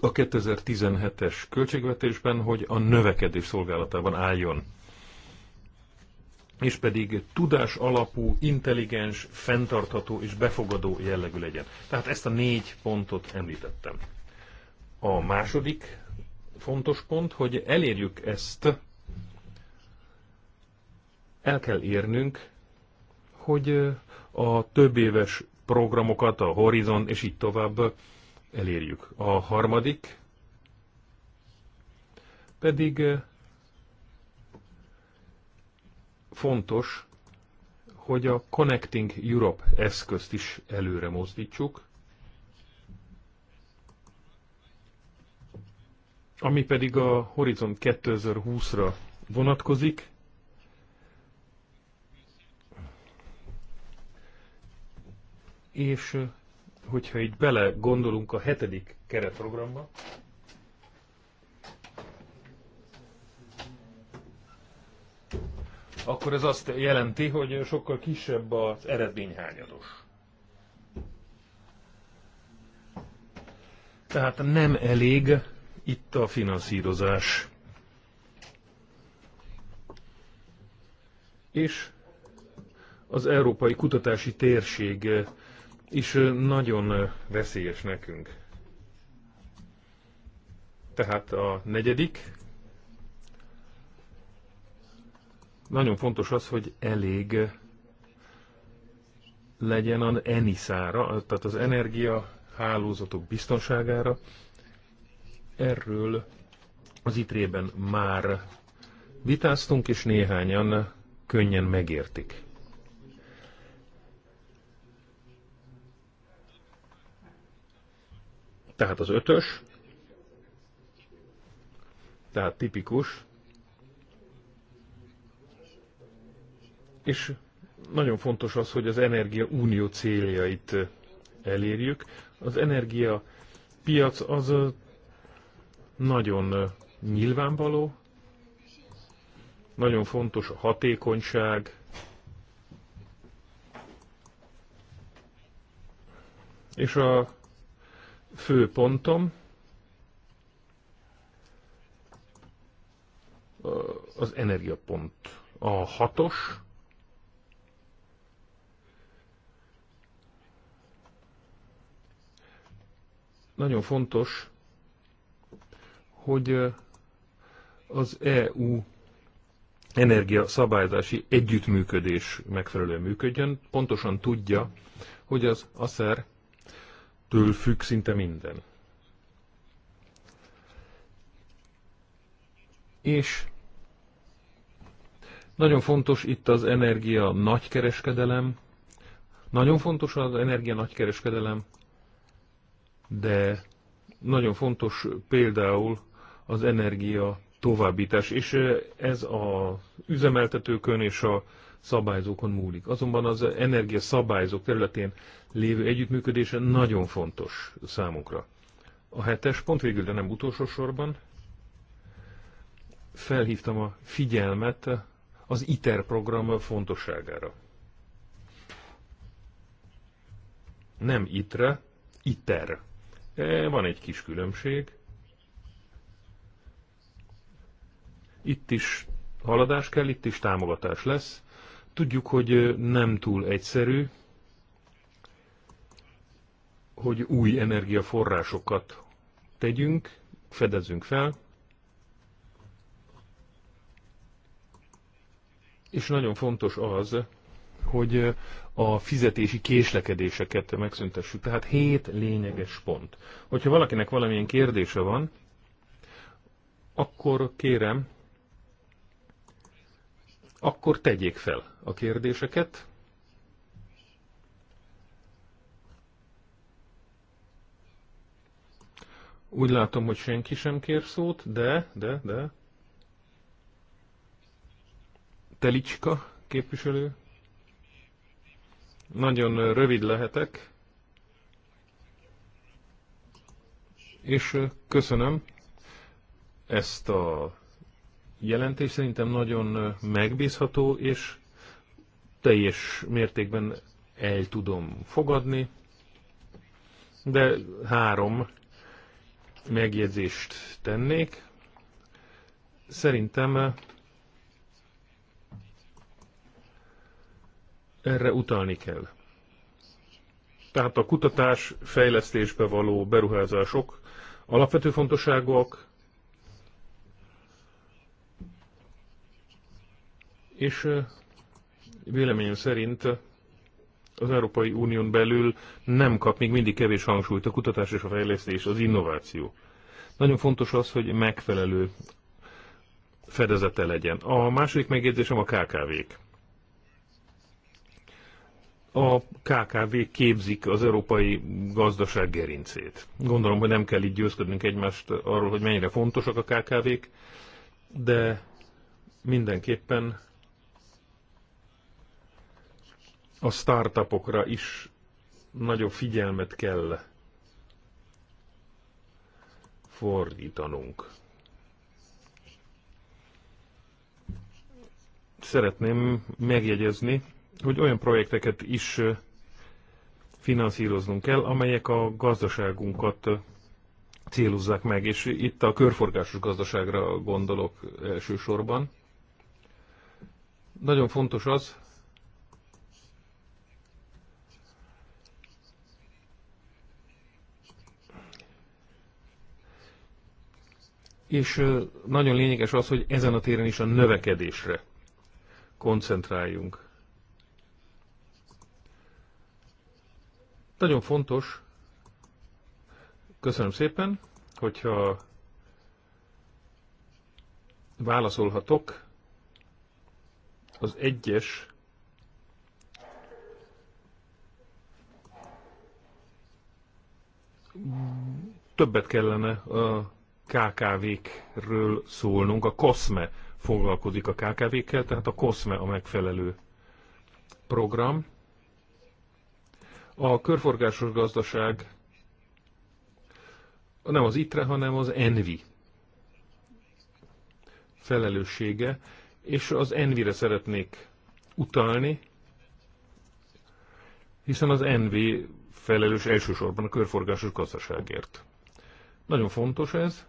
a 2017-es költségvetésben, hogy a növekedés szolgálatában álljon és pedig tudás alapú, intelligens, fenntartható és befogadó jellegű legyen. Tehát ezt a négy pontot említettem. A második fontos pont, hogy elérjük ezt, el kell érnünk, hogy a több éves programokat, a Horizon és így tovább elérjük. A harmadik pedig fontos, hogy a Connecting Europe eszközt is előre mozdítsuk, ami pedig a Horizon 2020-ra vonatkozik. És hogyha így bele gondolunk a hetedik keretprogramba, akkor ez azt jelenti, hogy sokkal kisebb az eredményhányados. Tehát nem elég itt a finanszírozás. És az európai kutatási térség is nagyon veszélyes nekünk. Tehát a negyedik Nagyon fontos az, hogy elég legyen az eniszára, tehát az energia hálózatok biztonságára. Erről az itrében már vitáztunk, és néhányan könnyen megértik. Tehát az ötös, tehát tipikus, És nagyon fontos az, hogy az Energia Unió céljait elérjük. Az energia piac az nagyon nyilvánvaló, nagyon fontos a hatékonyság, és a fő pontom az energiapont. A hatos, nagyon fontos, hogy az EU energia szabályzási együttműködés megfelelően működjön. Pontosan tudja, hogy az ASZER től függ szinte minden. És nagyon fontos itt az energia nagykereskedelem, nagyon fontos az energia nagykereskedelem, de nagyon fontos például az energia továbbítás, és ez az üzemeltetőkön és a szabályzókon múlik. Azonban az energia szabályzók területén lévő együttműködése nagyon fontos számunkra. A hetes pont végül, de nem utolsó sorban, felhívtam a figyelmet az ITER program fontosságára. Nem ITRE, ITER de van egy kis különbség. Itt is haladás kell, itt is támogatás lesz. Tudjuk, hogy nem túl egyszerű, hogy új energiaforrásokat tegyünk, fedezünk fel, és nagyon fontos az, hogy a fizetési késlekedéseket megszüntessük. Tehát hét lényeges pont. Hogyha valakinek valamilyen kérdése van, akkor kérem, akkor tegyék fel a kérdéseket. Úgy látom, hogy senki sem kér szót, de, de, de. Telicska képviselő. Nagyon rövid lehetek, és köszönöm ezt a jelentést. Szerintem nagyon megbízható, és teljes mértékben el tudom fogadni, de három megjegyzést tennék. Szerintem erre utalni kell. Tehát a kutatás, fejlesztésbe való beruházások alapvető fontosságúak, és véleményem szerint az Európai Unión belül nem kap még mindig kevés hangsúlyt a kutatás és a fejlesztés, az innováció. Nagyon fontos az, hogy megfelelő fedezete legyen. A második megjegyzésem a KKV-k a KKV képzik az európai gazdaság gerincét. Gondolom, hogy nem kell így győzködnünk egymást arról, hogy mennyire fontosak a KKV-k, de mindenképpen a startupokra is nagyobb figyelmet kell fordítanunk. Szeretném megjegyezni, hogy olyan projekteket is finanszíroznunk kell, amelyek a gazdaságunkat célozzák meg, és itt a körforgásos gazdaságra gondolok elsősorban. Nagyon fontos az, és nagyon lényeges az, hogy ezen a téren is a növekedésre koncentráljunk. Nagyon fontos, köszönöm szépen, hogyha válaszolhatok az egyes többet kellene a KKV-kről szólnunk. A COSME foglalkozik a KKV-kkel, tehát a COSME a megfelelő program. A körforgásos gazdaság nem az ITRE, hanem az ENVI felelőssége, és az ENVI-re szeretnék utalni, hiszen az ENVI felelős elsősorban a körforgásos gazdaságért. Nagyon fontos ez,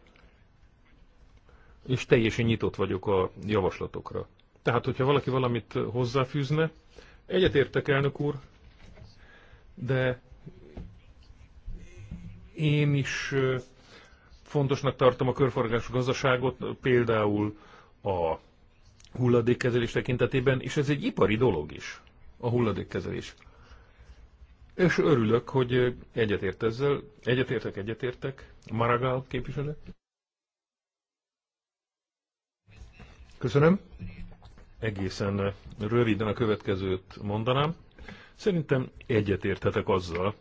és teljesen nyitott vagyok a javaslatokra. Tehát, hogyha valaki valamit hozzáfűzne, egyetértek elnök úr, de én is fontosnak tartom a körforgás gazdaságot, például a hulladékkezelés tekintetében, és ez egy ipari dolog is, a hulladékkezelés. És örülök, hogy egyetért ezzel, egyetértek, egyetértek, Maragall képviselő. Köszönöm. Egészen röviden a következőt mondanám. Szerintem egyetérthetek azzal,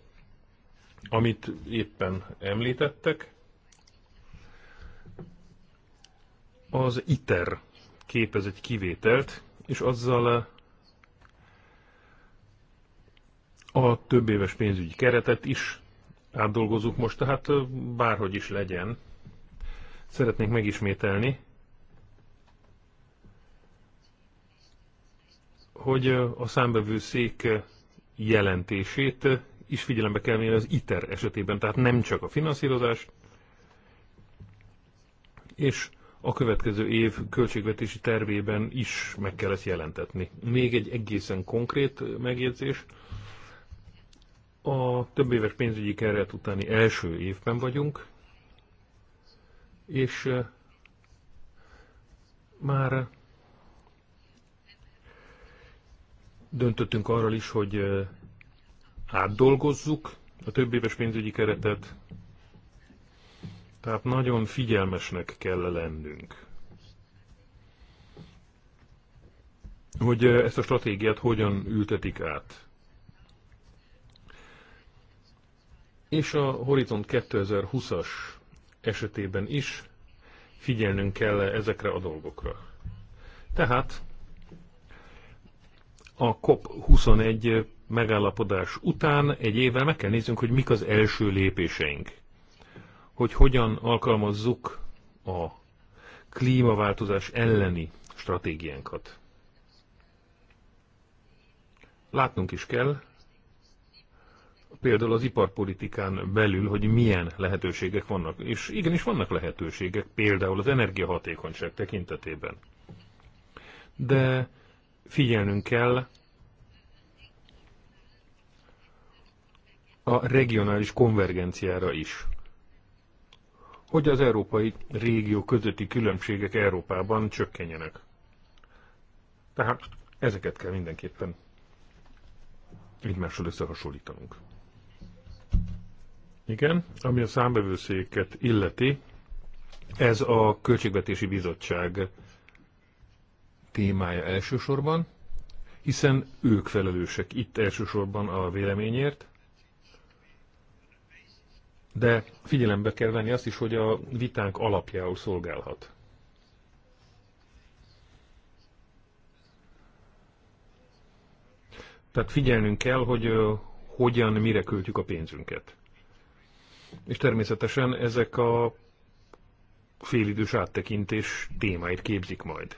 amit éppen említettek. Az ITER képez egy kivételt, és azzal eh, a több éves pénzügyi keretet is átdolgozunk most, tehát eh, bárhogy is legyen. Szeretnék megismételni, hogy eh, a számbevőszék jelentését is figyelembe kell venni az ITER esetében, tehát nem csak a finanszírozás, és a következő év költségvetési tervében is meg kell ezt jelentetni. Még egy egészen konkrét megjegyzés. A több éves pénzügyi keret utáni első évben vagyunk, és eh, már Döntöttünk arról is, hogy átdolgozzuk a több éves pénzügyi keretet, tehát nagyon figyelmesnek kell lennünk. Hogy ezt a stratégiát hogyan ültetik át. És a Horizont 2020-as esetében is figyelnünk kell ezekre a dolgokra. Tehát a COP21 megállapodás után egy évvel meg kell néznünk, hogy mik az első lépéseink. Hogy hogyan alkalmazzuk a klímaváltozás elleni stratégiánkat. Látnunk is kell, például az iparpolitikán belül, hogy milyen lehetőségek vannak. És igenis vannak lehetőségek, például az energiahatékonyság tekintetében. De figyelnünk kell a regionális konvergenciára is. Hogy az európai régió közötti különbségek Európában csökkenjenek. Tehát ezeket kell mindenképpen egymással összehasonlítanunk. Igen, ami a számbevőszéket illeti, ez a Költségvetési Bizottság témája elsősorban, hiszen ők felelősek itt elsősorban a véleményért, de figyelembe kell venni azt is, hogy a vitánk alapjául szolgálhat. Tehát figyelnünk kell, hogy hogyan, mire költjük a pénzünket. És természetesen ezek a félidős áttekintés témáit képzik majd.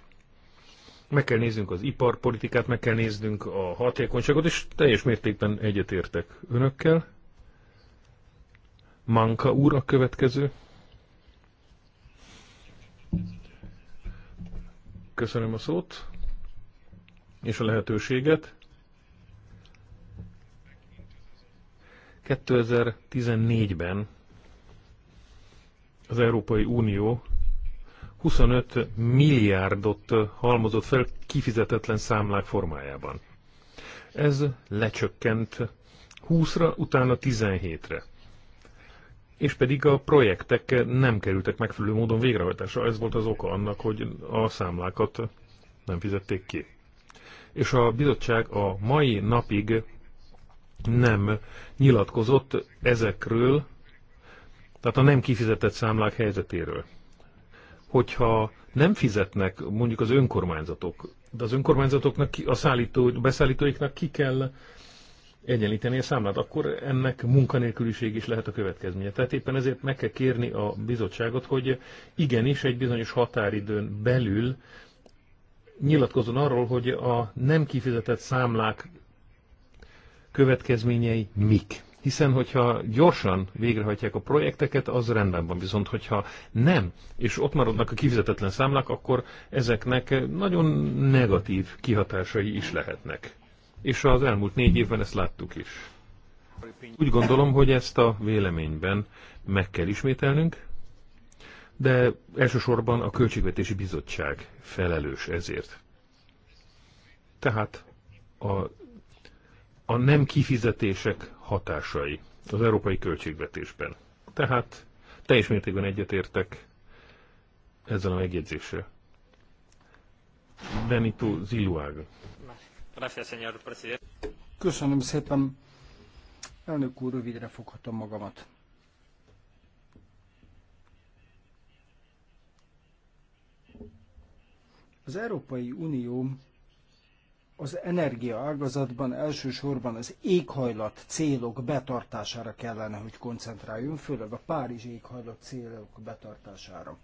Meg kell néznünk az iparpolitikát, meg kell néznünk a hatékonyságot, és teljes mértékben egyetértek önökkel. Manka úr a következő. Köszönöm a szót és a lehetőséget. 2014-ben az Európai Unió 25 milliárdot halmozott fel kifizetetlen számlák formájában. Ez lecsökkent 20-ra, utána 17-re. És pedig a projektek nem kerültek megfelelő módon végrehajtásra. Ez volt az oka annak, hogy a számlákat nem fizették ki. És a bizottság a mai napig nem nyilatkozott ezekről, tehát a nem kifizetett számlák helyzetéről hogyha nem fizetnek mondjuk az önkormányzatok, de az önkormányzatoknak, a szállító, a beszállítóiknak ki kell egyenlíteni a számlát, akkor ennek munkanélküliség is lehet a következménye. Tehát éppen ezért meg kell kérni a bizottságot, hogy igenis egy bizonyos határidőn belül nyilatkozzon arról, hogy a nem kifizetett számlák következményei mik. Hiszen, hogyha gyorsan végrehajtják a projekteket, az rendben van. Viszont, hogyha nem, és ott maradnak a kifizetetlen számlák, akkor ezeknek nagyon negatív kihatásai is lehetnek. És az elmúlt négy évben ezt láttuk is. Úgy gondolom, hogy ezt a véleményben meg kell ismételnünk, de elsősorban a Költségvetési Bizottság felelős ezért. Tehát a, a nem kifizetések hatásai az európai költségvetésben. Tehát teljes mértékben egyetértek ezzel a megjegyzéssel. Benito Ziluaga. Köszönöm szépen. Elnök úr, rövidre foghatom magamat. Az Európai Unió az energiaágazatban elsősorban az éghajlat célok betartására kellene, hogy koncentráljon, főleg a Párizs éghajlat célok betartására.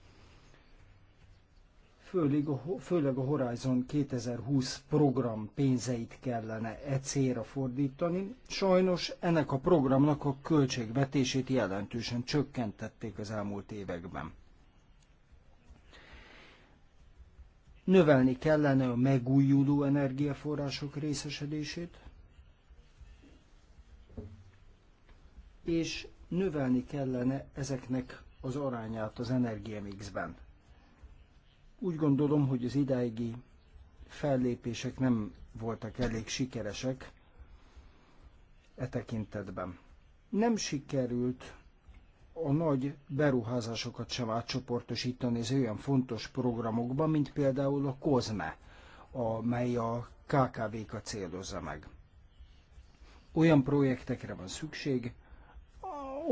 Főleg a, főleg a Horizon 2020 program pénzeit kellene e célra fordítani. Sajnos ennek a programnak a költségvetését jelentősen csökkentették az elmúlt években. növelni kellene a megújuló energiaforrások részesedését, és növelni kellene ezeknek az arányát az energiamixben. Úgy gondolom, hogy az idáigi fellépések nem voltak elég sikeresek e tekintetben. Nem sikerült a nagy beruházásokat sem átcsoportosítani az olyan fontos programokban mint például a COSME, amely a KKV-kat célozza meg. Olyan projektekre van szükség,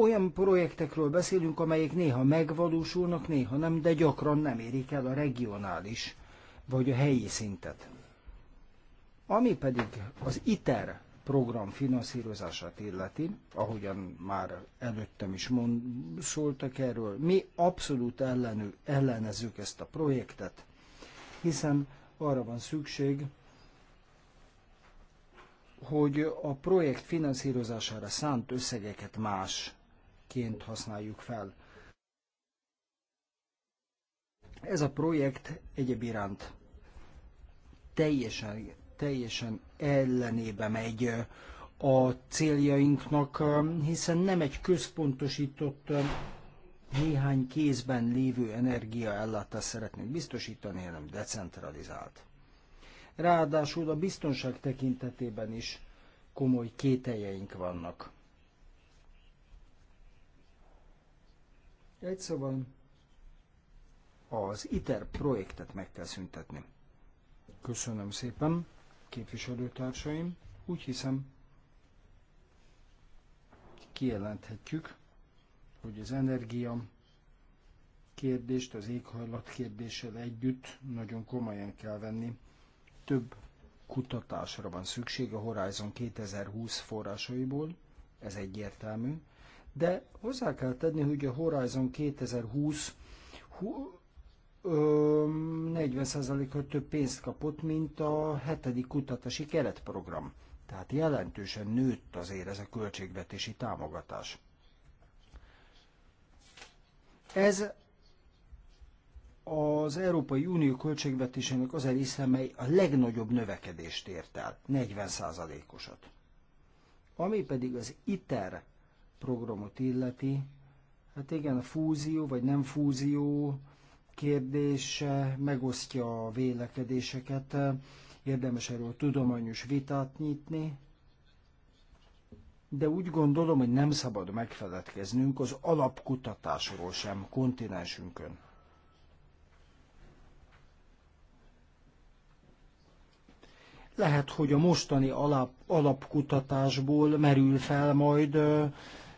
olyan projektekről beszélünk, amelyek néha megvalósulnak, néha nem, de gyakran nem érik el a regionális vagy a helyi szintet. Ami pedig az ITER program finanszírozását illeti, ahogyan már előttem is mond, szóltak erről, mi abszolút ellenő, ellenezzük ezt a projektet, hiszen arra van szükség, hogy a projekt finanszírozására szánt összegeket másként használjuk fel. Ez a projekt egyéb iránt teljesen teljesen ellenébe megy a céljainknak, hiszen nem egy központosított néhány kézben lévő energiaellátást szeretnénk biztosítani, hanem decentralizált. Ráadásul a biztonság tekintetében is komoly kételjeink vannak. Egy szóval az ITER projektet meg kell szüntetni. Köszönöm szépen képviselőtársaim, úgy hiszem, kijelenthetjük, hogy az energia kérdést az éghajlat kérdéssel együtt nagyon komolyan kell venni. Több kutatásra van szükség a Horizon 2020 forrásaiból, ez egyértelmű, de hozzá kell tenni, hogy a Horizon 2020 40%-kal több pénzt kapott, mint a hetedik kutatási keretprogram. Tehát jelentősen nőtt azért ez a költségvetési támogatás. Ez az Európai Unió költségvetésének az a része, mely a legnagyobb növekedést ért el, 40%-osat. Ami pedig az ITER programot illeti, hát igen, a fúzió vagy nem fúzió kérdése megosztja a vélekedéseket, érdemes erről tudományos vitát nyitni, de úgy gondolom, hogy nem szabad megfeledkeznünk az alapkutatásról sem kontinensünkön. Lehet, hogy a mostani alap, alapkutatásból merül fel majd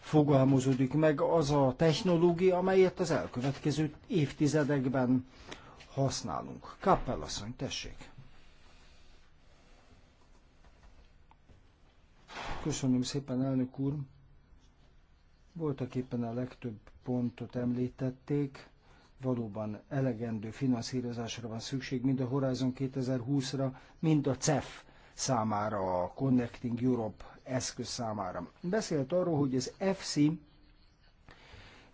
fogalmazódik meg az a technológia, amelyet az elkövetkező évtizedekben használunk. Kappellasszony, tessék! Köszönöm szépen, elnök úr! Voltak éppen a legtöbb pontot említették, valóban elegendő finanszírozásra van szükség, mind a Horizon 2020-ra, mind a CEF számára a Connecting Europe eszköz számára. Beszélt arról, hogy az FC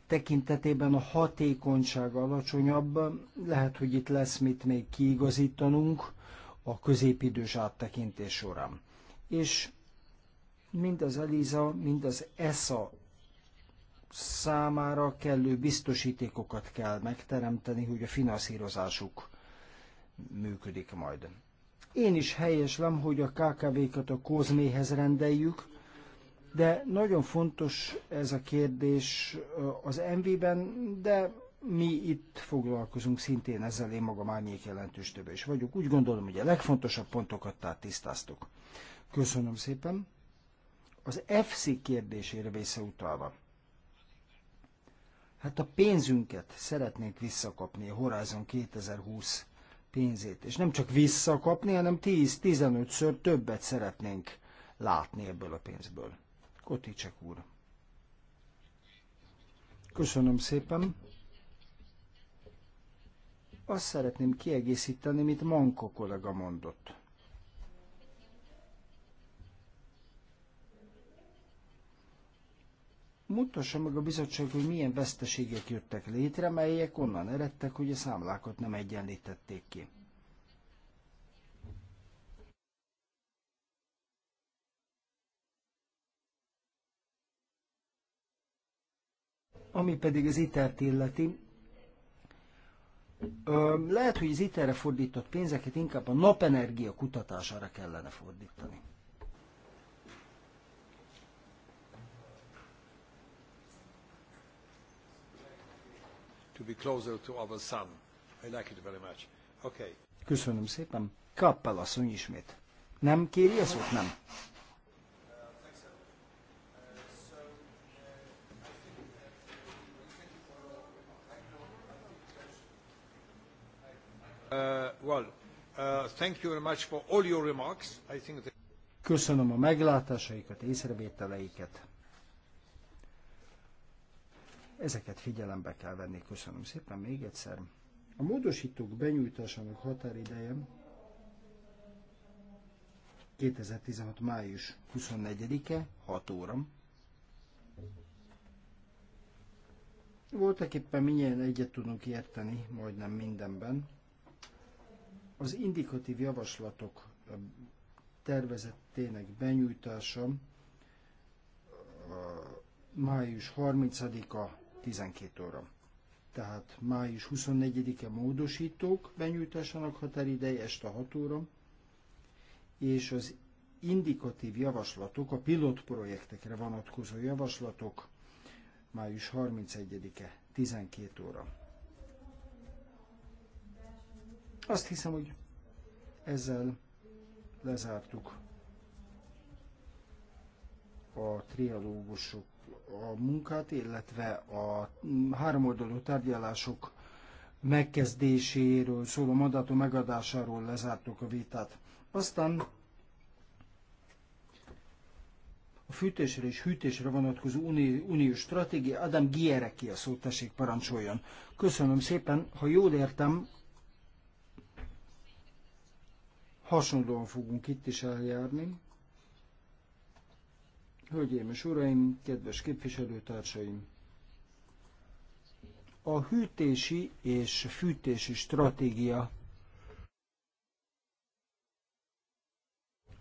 tekintetében a hatékonyság alacsonyabb, lehet, hogy itt lesz mit még kiigazítanunk a középidős áttekintés során. És mind az Eliza, mind az ESA számára kellő biztosítékokat kell megteremteni, hogy a finanszírozásuk működik majd. Én is helyeslem, hogy a KKV-kat a kozméhez rendeljük, de nagyon fontos ez a kérdés az MV-ben, de mi itt foglalkozunk szintén ezzel, én magam árnyék jelentős többé is vagyok. Úgy gondolom, hogy a legfontosabb pontokat tehát tisztáztuk. Köszönöm szépen. Az FC kérdésére visszautalva. Hát a pénzünket szeretnénk visszakapni a Horizon 2020 pénzét. És nem csak visszakapni, hanem 10-15-ször többet szeretnénk látni ebből a pénzből. Koticsek úr. Köszönöm szépen. Azt szeretném kiegészíteni, amit Manko kollega mondott. mutassa meg a bizottság, hogy milyen veszteségek jöttek létre, melyek onnan eredtek, hogy a számlákat nem egyenlítették ki. Ami pedig az itert illeti, lehet, hogy az iterre fordított pénzeket inkább a napenergia kutatására kellene fordítani. to be closer to our sun. I like it very much. Okay. Köszönöm szépen. Kappel asszony ismét. Nem kéri a szót? Nem. Uh, well, uh, thank you very much for all your remarks. I think that... Köszönöm a meglátásaikat, észrevételeiket. Ezeket figyelembe kell venni. Köszönöm szépen még egyszer. A módosítók benyújtásának határideje 2016. május 24-e, 6 óra. Voltak éppen minél egyet tudunk érteni, majdnem mindenben. Az indikatív javaslatok tervezettének benyújtása május 30-a 12 óra. Tehát május 24-e módosítók benyújtásának határideje este 6 óra, és az indikatív javaslatok, a pilotprojektekre vonatkozó javaslatok május 31-e 12 óra. Azt hiszem, hogy ezzel lezártuk a trialógusok a munkát, illetve a háromoldalú tárgyalások megkezdéséről szóló mandátum megadásáról lezártuk a vitát. Aztán a fűtésre és hűtésre vonatkozó uni, uniós stratégia. Adam Giereki a szót, tessék parancsoljon. Köszönöm szépen, ha jól értem, hasonlóan fogunk itt is eljárni. Hölgyeim és Uraim, kedves képviselőtársaim! A hűtési és fűtési stratégia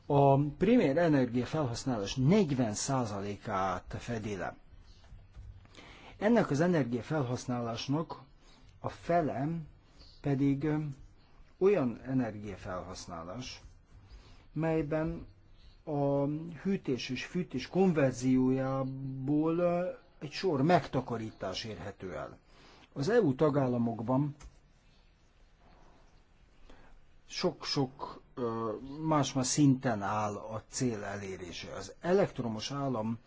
a primér energia felhasználás 40%-át fedi le. Ennek az energiafelhasználásnak a felem pedig olyan energiafelhasználás, melyben a hűtés és fűtés konverziójából egy sor megtakarítás érhető el. Az EU tagállamokban sok-sok más-más szinten áll a cél elérése. Az elektromos állam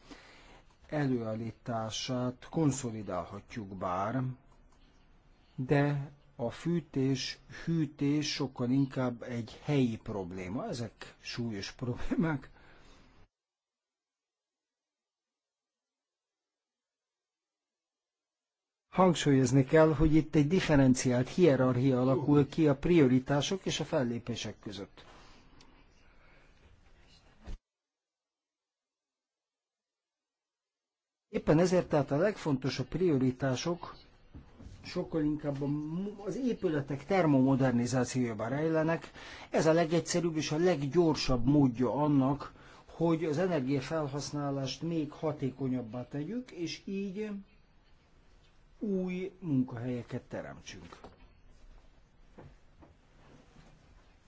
előállítását konszolidálhatjuk bár, de a fűtés, hűtés sokkal inkább egy helyi probléma. Ezek súlyos problémák. Hangsúlyozni kell, hogy itt egy differenciált hierarchia alakul ki a prioritások és a fellépések között. Éppen ezért tehát a legfontosabb prioritások sokkal inkább az épületek termomodernizációba rejlenek. Ez a legegyszerűbb és a leggyorsabb módja annak, hogy az energiafelhasználást még hatékonyabbá tegyük, és így új munkahelyeket teremtsünk.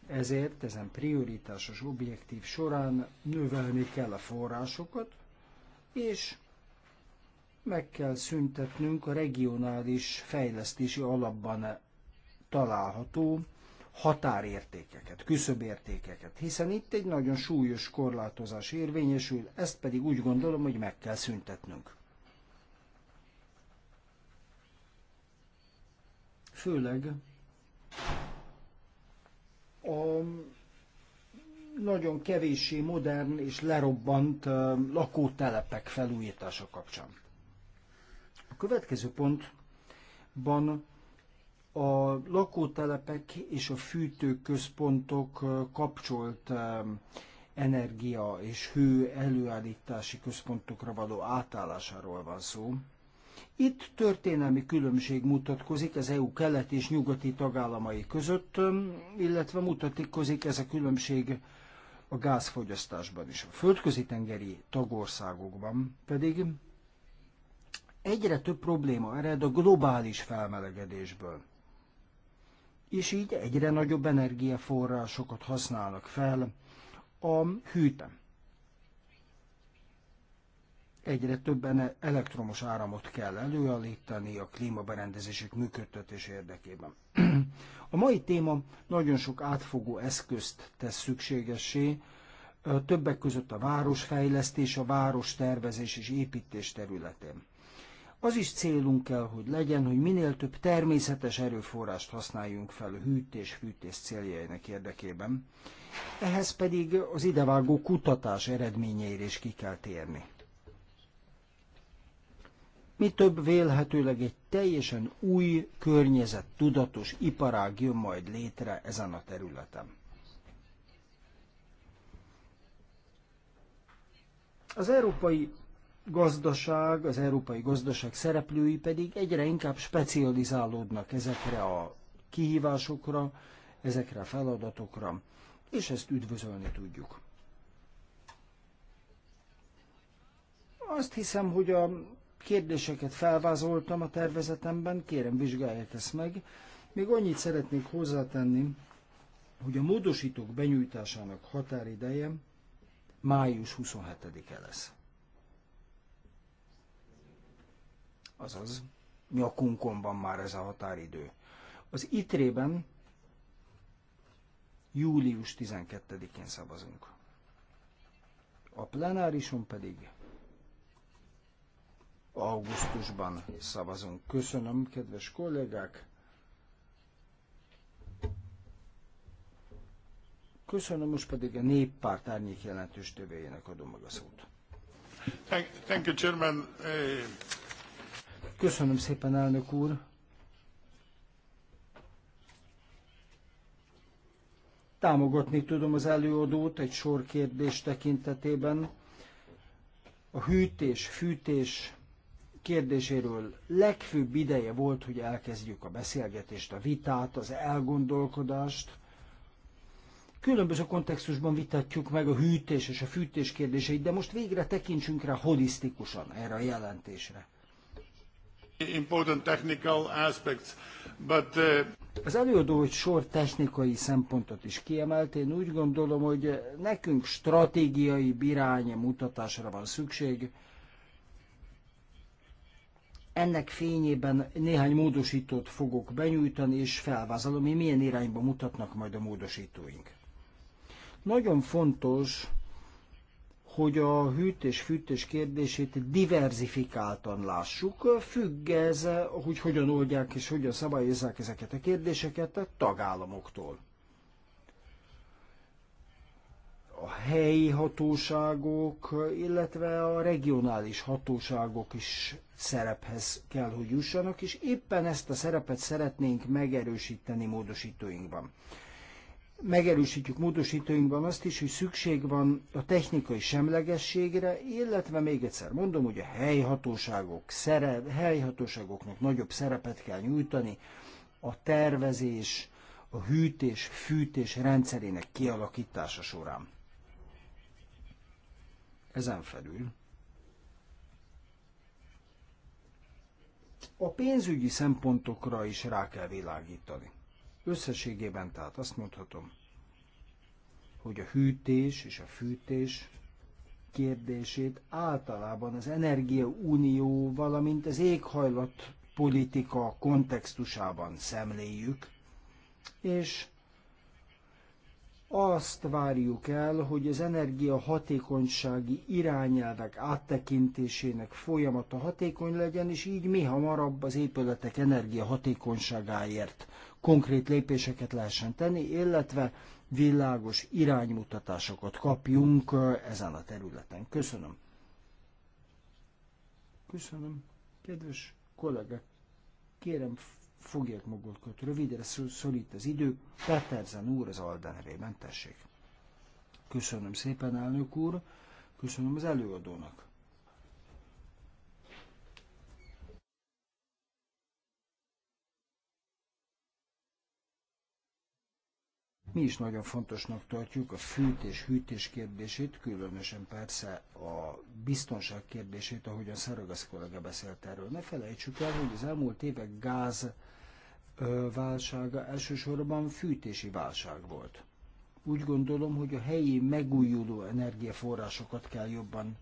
Ezért ezen prioritásos objektív során növelni kell a forrásokat, és meg kell szüntetnünk a regionális fejlesztési alapban található határértékeket, küszöbértékeket, hiszen itt egy nagyon súlyos korlátozás érvényesül, ezt pedig úgy gondolom, hogy meg kell szüntetnünk. Főleg a nagyon kevéssé modern és lerobbant lakótelepek felújítása kapcsán következő pontban a lakótelepek és a fűtőközpontok kapcsolt energia és hő előállítási központokra való átállásáról van szó. Itt történelmi különbség mutatkozik az EU keleti és nyugati tagállamai között, illetve mutatkozik ez a különbség a gázfogyasztásban is. A földközi tengeri tagországokban pedig egyre több probléma ered a globális felmelegedésből. És így egyre nagyobb energiaforrásokat használnak fel a hűtem. Egyre több elektromos áramot kell előállítani a klímaberendezések működtetés érdekében. A mai téma nagyon sok átfogó eszközt tesz szükségessé, többek között a városfejlesztés, a város tervezés és építés területén. Az is célunk kell, hogy legyen, hogy minél több természetes erőforrást használjunk fel hűtés, fűtés céljainak érdekében. Ehhez pedig az idevágó kutatás eredményeire is ki kell térni. Mi több vélhetőleg egy teljesen új, környezet tudatos iparág jön majd létre ezen a területen. Az Európai gazdaság, az európai gazdaság szereplői pedig egyre inkább specializálódnak ezekre a kihívásokra, ezekre a feladatokra, és ezt üdvözölni tudjuk. Azt hiszem, hogy a kérdéseket felvázoltam a tervezetemben, kérem vizsgálják ezt meg. Még annyit szeretnék hozzátenni, hogy a módosítók benyújtásának határideje május 27-e lesz. azaz nyakunkon van már ez a határidő. Az ITRE-ben július 12-én szavazunk. A plenárison pedig augusztusban szavazunk. Köszönöm, kedves kollégák! Köszönöm, most pedig a néppárt árnyék jelentős tövőjének adom meg a szót. Thank, thank you, Chairman. Uh... Köszönöm szépen, elnök úr. Támogatni tudom az előadót egy sor kérdés tekintetében. A hűtés, fűtés kérdéséről legfőbb ideje volt, hogy elkezdjük a beszélgetést, a vitát, az elgondolkodást. Különböző kontextusban vitatjuk meg a hűtés és a fűtés kérdéseit, de most végre tekintsünk rá holisztikusan erre a jelentésre important technical aspects, but uh... Az előadó egy sor technikai szempontot is kiemelt. Én úgy gondolom, hogy nekünk stratégiai birány mutatásra van szükség. Ennek fényében néhány módosítót fogok benyújtani, és felvázolom, hogy milyen irányba mutatnak majd a módosítóink. Nagyon fontos, hogy a hűtés-fűtés kérdését diverzifikáltan lássuk. Függ ez, hogy hogyan oldják és hogyan szabályozzák ezeket a kérdéseket a tagállamoktól. A helyi hatóságok, illetve a regionális hatóságok is szerephez kell, hogy jussanak, és éppen ezt a szerepet szeretnénk megerősíteni módosítóinkban megerősítjük módosítóinkban azt is, hogy szükség van a technikai semlegességre, illetve még egyszer mondom, hogy a helyhatóságok szerep, helyhatóságoknak nagyobb szerepet kell nyújtani a tervezés, a hűtés, fűtés rendszerének kialakítása során. Ezen felül a pénzügyi szempontokra is rá kell világítani Összességében tehát azt mondhatom, hogy a hűtés és a fűtés kérdését általában az energiaunió, valamint az éghajlat politika kontextusában szemléljük, és azt várjuk el, hogy az energia hatékonysági irányelvek áttekintésének folyamata hatékony legyen, és így mi hamarabb az épületek energia hatékonyságáért konkrét lépéseket lehessen tenni, illetve világos iránymutatásokat kapjunk ezen a területen. Köszönöm. Köszönöm, kedves kollega. Kérem, fogják magukat. Rövidre szorít az idő. Peterzen úr az Alda nevében, tessék. Köszönöm szépen, elnök úr. Köszönöm az előadónak Mi is nagyon fontosnak tartjuk a fűtés-hűtés kérdését, különösen persze a biztonság kérdését, a Szaragasz kollega beszélt erről. Ne felejtsük el, hogy az elmúlt évek gáz válsága elsősorban fűtési válság volt. Úgy gondolom, hogy a helyi megújuló energiaforrásokat kell jobban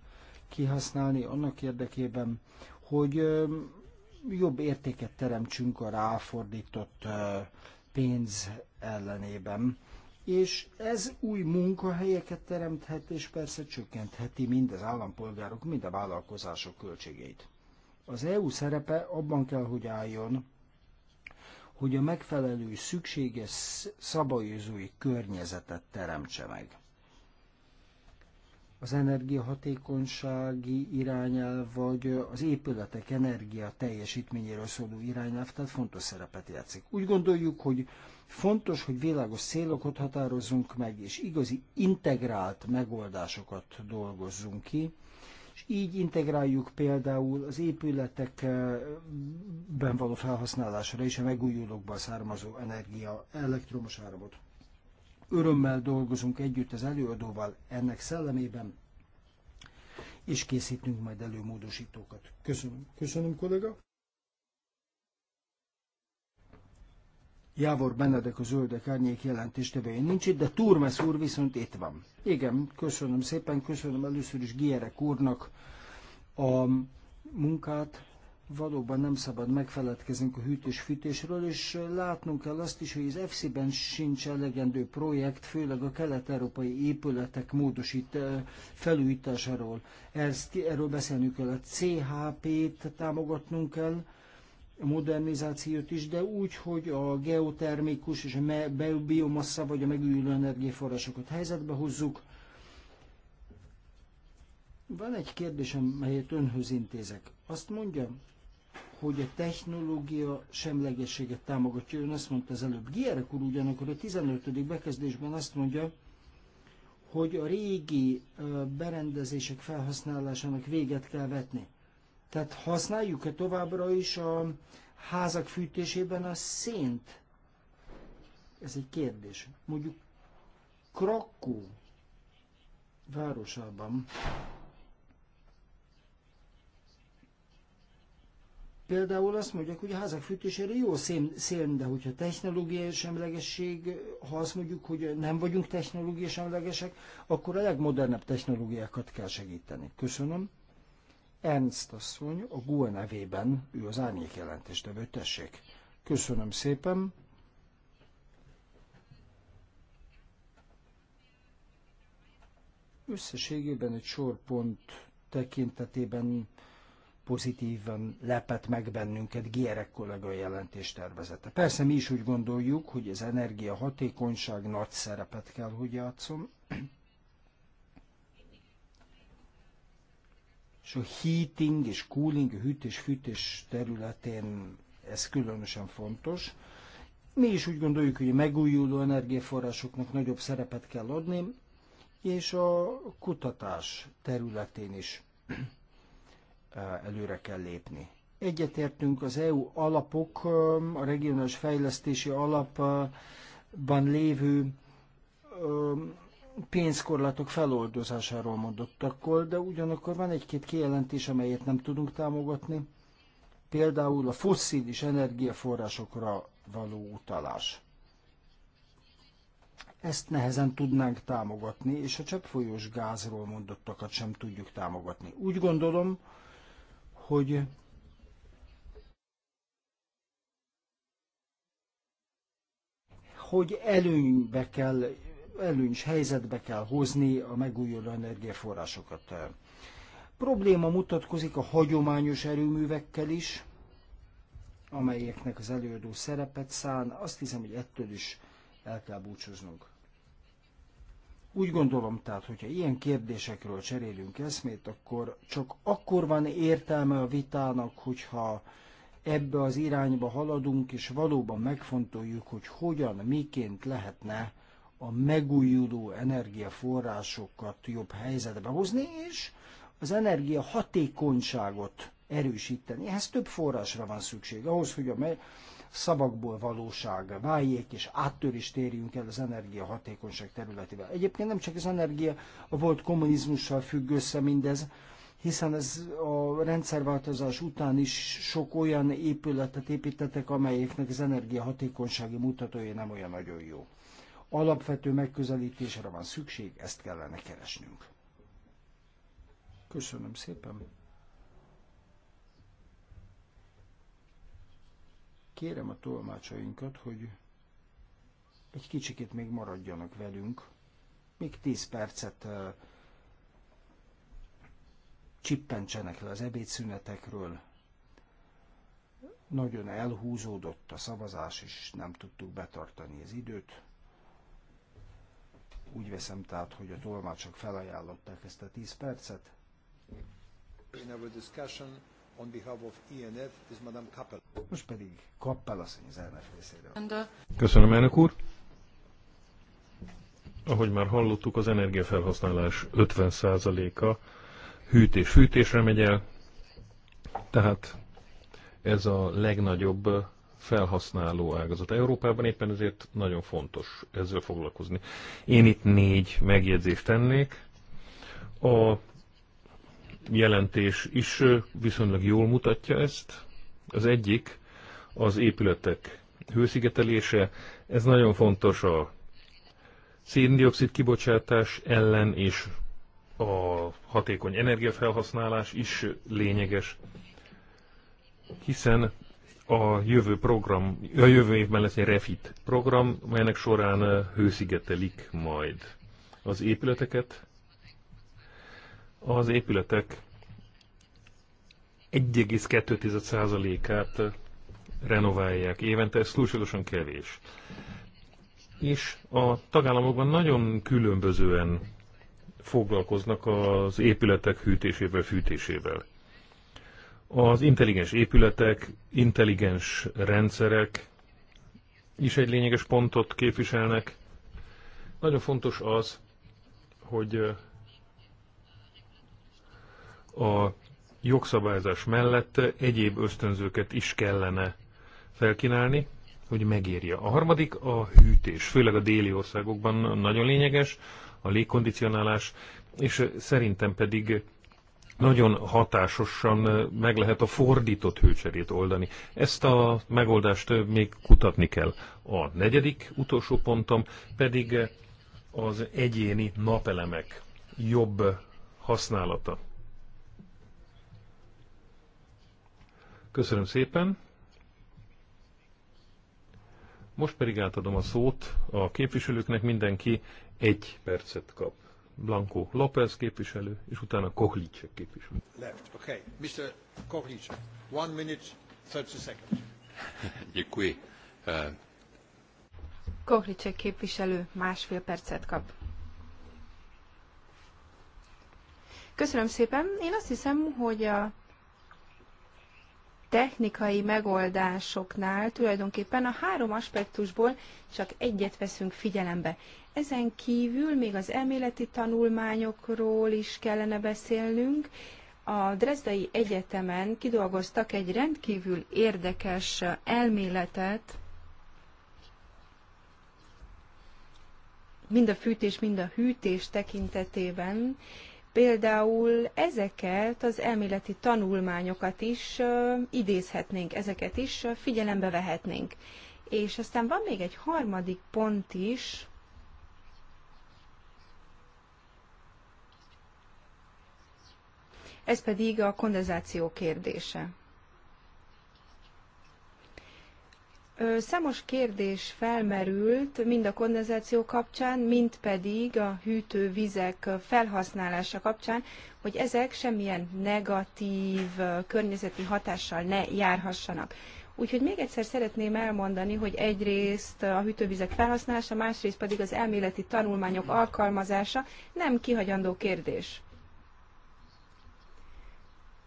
kihasználni annak érdekében, hogy jobb értéket teremtsünk a ráfordított pénz ellenében. És ez új munkahelyeket teremthet, és persze csökkentheti mind az állampolgárok, mind a vállalkozások költségeit. Az EU szerepe abban kell, hogy álljon, hogy a megfelelő szükséges szabályozói környezetet teremtse meg. Az energiahatékonysági irányelv, vagy az épületek energia teljesítményéről szóló irányelv, tehát fontos szerepet játszik. Úgy gondoljuk, hogy Fontos, hogy világos célokat határozzunk meg, és igazi integrált megoldásokat dolgozzunk ki, és így integráljuk például az épületekben való felhasználásra és a megújulókban származó energia elektromos áramot. Örömmel dolgozunk együtt az előadóval ennek szellemében, és készítünk majd előmódosítókat. Köszönöm. Köszönöm, kollega. Jávor Benedek a zöldek árnyék jelentéstevője nincs itt, de Turmes úr viszont itt van. Igen, köszönöm szépen, köszönöm először is Gierek úrnak a munkát. Valóban nem szabad megfeledkezni a hűtés-fűtésről, és látnunk kell azt is, hogy az EFSI-ben sincs elegendő projekt, főleg a kelet-európai épületek módosít eh, felújításáról. Erről beszélnünk kell, a CHP-t támogatnunk kell, modernizációt is, de úgy, hogy a geotermikus és a biomassa vagy a megújuló energiaforrásokat helyzetbe hozzuk. Van egy kérdésem, melyet önhöz intézek. Azt mondja, hogy a technológia semlegességet támogatja. Ön azt mondta az előbb. Gierek úr ugyanakkor a 15. bekezdésben azt mondja, hogy a régi berendezések felhasználásának véget kell vetni. Tehát használjuk-e továbbra is a házak fűtésében a szént? Ez egy kérdés. Mondjuk Krakó városában Például azt mondják, hogy a házak fűtésére jó szén, szén de hogyha technológiai semlegesség, ha azt mondjuk, hogy nem vagyunk technológiai semlegesek, akkor a legmodernebb technológiákat kell segíteni. Köszönöm. Ernst asszony a GUE nevében, ő az árnyék jelentéstevő, tessék. Köszönöm szépen. Összességében egy sorpont pont tekintetében pozitívan lepett meg bennünket Gierek kollega jelentés tervezete. Persze mi is úgy gondoljuk, hogy az energiahatékonyság nagy szerepet kell, hogy játszom, és a heating és cooling, a hűtés-fűtés területén ez különösen fontos. Mi is úgy gondoljuk, hogy a megújuló energiaforrásoknak nagyobb szerepet kell adni, és a kutatás területén is előre kell lépni. Egyetértünk az EU alapok, a regionális fejlesztési alapban lévő pénzkorlátok feloldozásáról mondott akkor, de ugyanakkor van egy-két kijelentés, amelyet nem tudunk támogatni, például a fosszilis energiaforrásokra való utalás. Ezt nehezen tudnánk támogatni, és a cseppfolyós gázról mondottakat sem tudjuk támogatni. Úgy gondolom, hogy hogy előnybe kell előnyös helyzetbe kell hozni a megújuló energiaforrásokat. Probléma mutatkozik a hagyományos erőművekkel is, amelyeknek az előadó szerepet szán, azt hiszem, hogy ettől is el kell búcsúznunk. Úgy gondolom tehát, hogyha ilyen kérdésekről cserélünk eszmét, akkor csak akkor van értelme a vitának, hogyha ebbe az irányba haladunk, és valóban megfontoljuk, hogy hogyan, miként lehetne a megújuló energiaforrásokat jobb helyzetbe hozni, és az energia hatékonyságot erősíteni. Ehhez több forrásra van szükség, ahhoz, hogy a szavakból valóság váljék, és áttörést érjünk el az energia hatékonyság területével. Egyébként nem csak az energia a volt kommunizmussal függ össze mindez, hiszen ez a rendszerváltozás után is sok olyan épületet építettek, amelyeknek az energia hatékonysági mutatója nem olyan nagyon jó. Alapvető megközelítésre van szükség, ezt kellene keresnünk. Köszönöm szépen. Kérem a tolmácsainkat, hogy egy kicsikét még maradjanak velünk. Még 10 percet csippentsenek le az ebédszünetekről. Nagyon elhúzódott a szavazás, és nem tudtuk betartani az időt. Úgy veszem tehát, hogy a tolmácsok felajánlották ezt a 10 percet. In our discussion on behalf of ENF is Madame Kappel. Most pedig Kappel asszony az elnök részéről. Köszönöm, elnök úr. Ahogy már hallottuk, az energiafelhasználás 50%-a hűtés-fűtésre megy el, tehát ez a legnagyobb felhasználó ágazat. Európában éppen ezért nagyon fontos ezzel foglalkozni. Én itt négy megjegyzést tennék. A jelentés is viszonylag jól mutatja ezt. Az egyik az épületek hőszigetelése. Ez nagyon fontos a széndiokszid kibocsátás ellen és a hatékony energiafelhasználás is lényeges, hiszen a jövő program, a jövő évben lesz egy refit program, melynek során hőszigetelik majd az épületeket. Az épületek 1,2%-át renoválják évente, ez túlságosan kevés. És a tagállamokban nagyon különbözően foglalkoznak az épületek hűtésével, fűtésével. Az intelligens épületek, intelligens rendszerek is egy lényeges pontot képviselnek. Nagyon fontos az, hogy a jogszabályzás mellett egyéb ösztönzőket is kellene felkínálni, hogy megérje. A harmadik a hűtés, főleg a déli országokban nagyon lényeges, a légkondicionálás, és szerintem pedig nagyon hatásosan meg lehet a fordított hőcserét oldani. Ezt a megoldást még kutatni kell. A negyedik utolsó pontom pedig az egyéni napelemek jobb használata. Köszönöm szépen. Most pedig átadom a szót a képviselőknek, mindenki egy percet kap. Blanco López képviselő, és utána Kohlicek képviselő. Left, okay. Mr. Kohlicek, one minute, 30 seconds. Děkuji. Eh, Kohlicek képviselő másfél percet kap. Köszönöm szépen. Én azt hiszem, hogy a technikai megoldásoknál tulajdonképpen a három aspektusból csak egyet veszünk figyelembe. Ezen kívül még az elméleti tanulmányokról is kellene beszélnünk. A Dresdai Egyetemen kidolgoztak egy rendkívül érdekes elméletet, mind a fűtés, mind a hűtés tekintetében, Például ezeket az elméleti tanulmányokat is idézhetnénk, ezeket is figyelembe vehetnénk. És aztán van még egy harmadik pont is, ez pedig a kondenzáció kérdése. Számos kérdés felmerült mind a kondenzáció kapcsán, mind pedig a hűtővizek felhasználása kapcsán, hogy ezek semmilyen negatív környezeti hatással ne járhassanak. Úgyhogy még egyszer szeretném elmondani, hogy egyrészt a hűtővizek felhasználása, másrészt pedig az elméleti tanulmányok alkalmazása nem kihagyandó kérdés.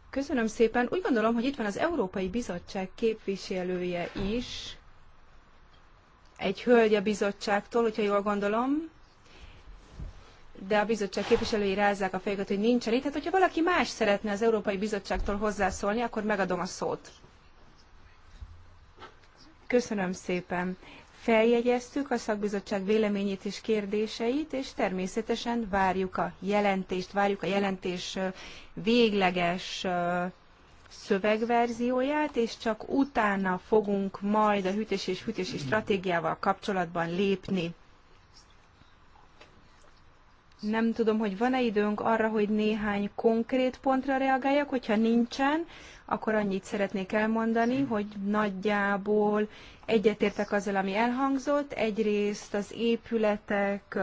Köszönöm szépen. Úgy gondolom, hogy itt van az Európai Bizottság képviselője is egy hölgy a bizottságtól, hogyha jól gondolom, de a bizottság képviselői rázzák a fejüket, hogy nincsen itt. Tehát, hogyha valaki más szeretne az Európai Bizottságtól hozzászólni, akkor megadom a szót. Köszönöm szépen. Feljegyeztük a szakbizottság véleményét és kérdéseit, és természetesen várjuk a jelentést, várjuk a jelentés végleges szövegverzióját, és csak utána fogunk majd a hűtés és hűtési stratégiával kapcsolatban lépni. Nem tudom, hogy van-e időnk arra, hogy néhány konkrét pontra reagáljak, hogyha nincsen, akkor annyit szeretnék elmondani, hogy nagyjából egyetértek azzal, ami elhangzott. Egyrészt az épületek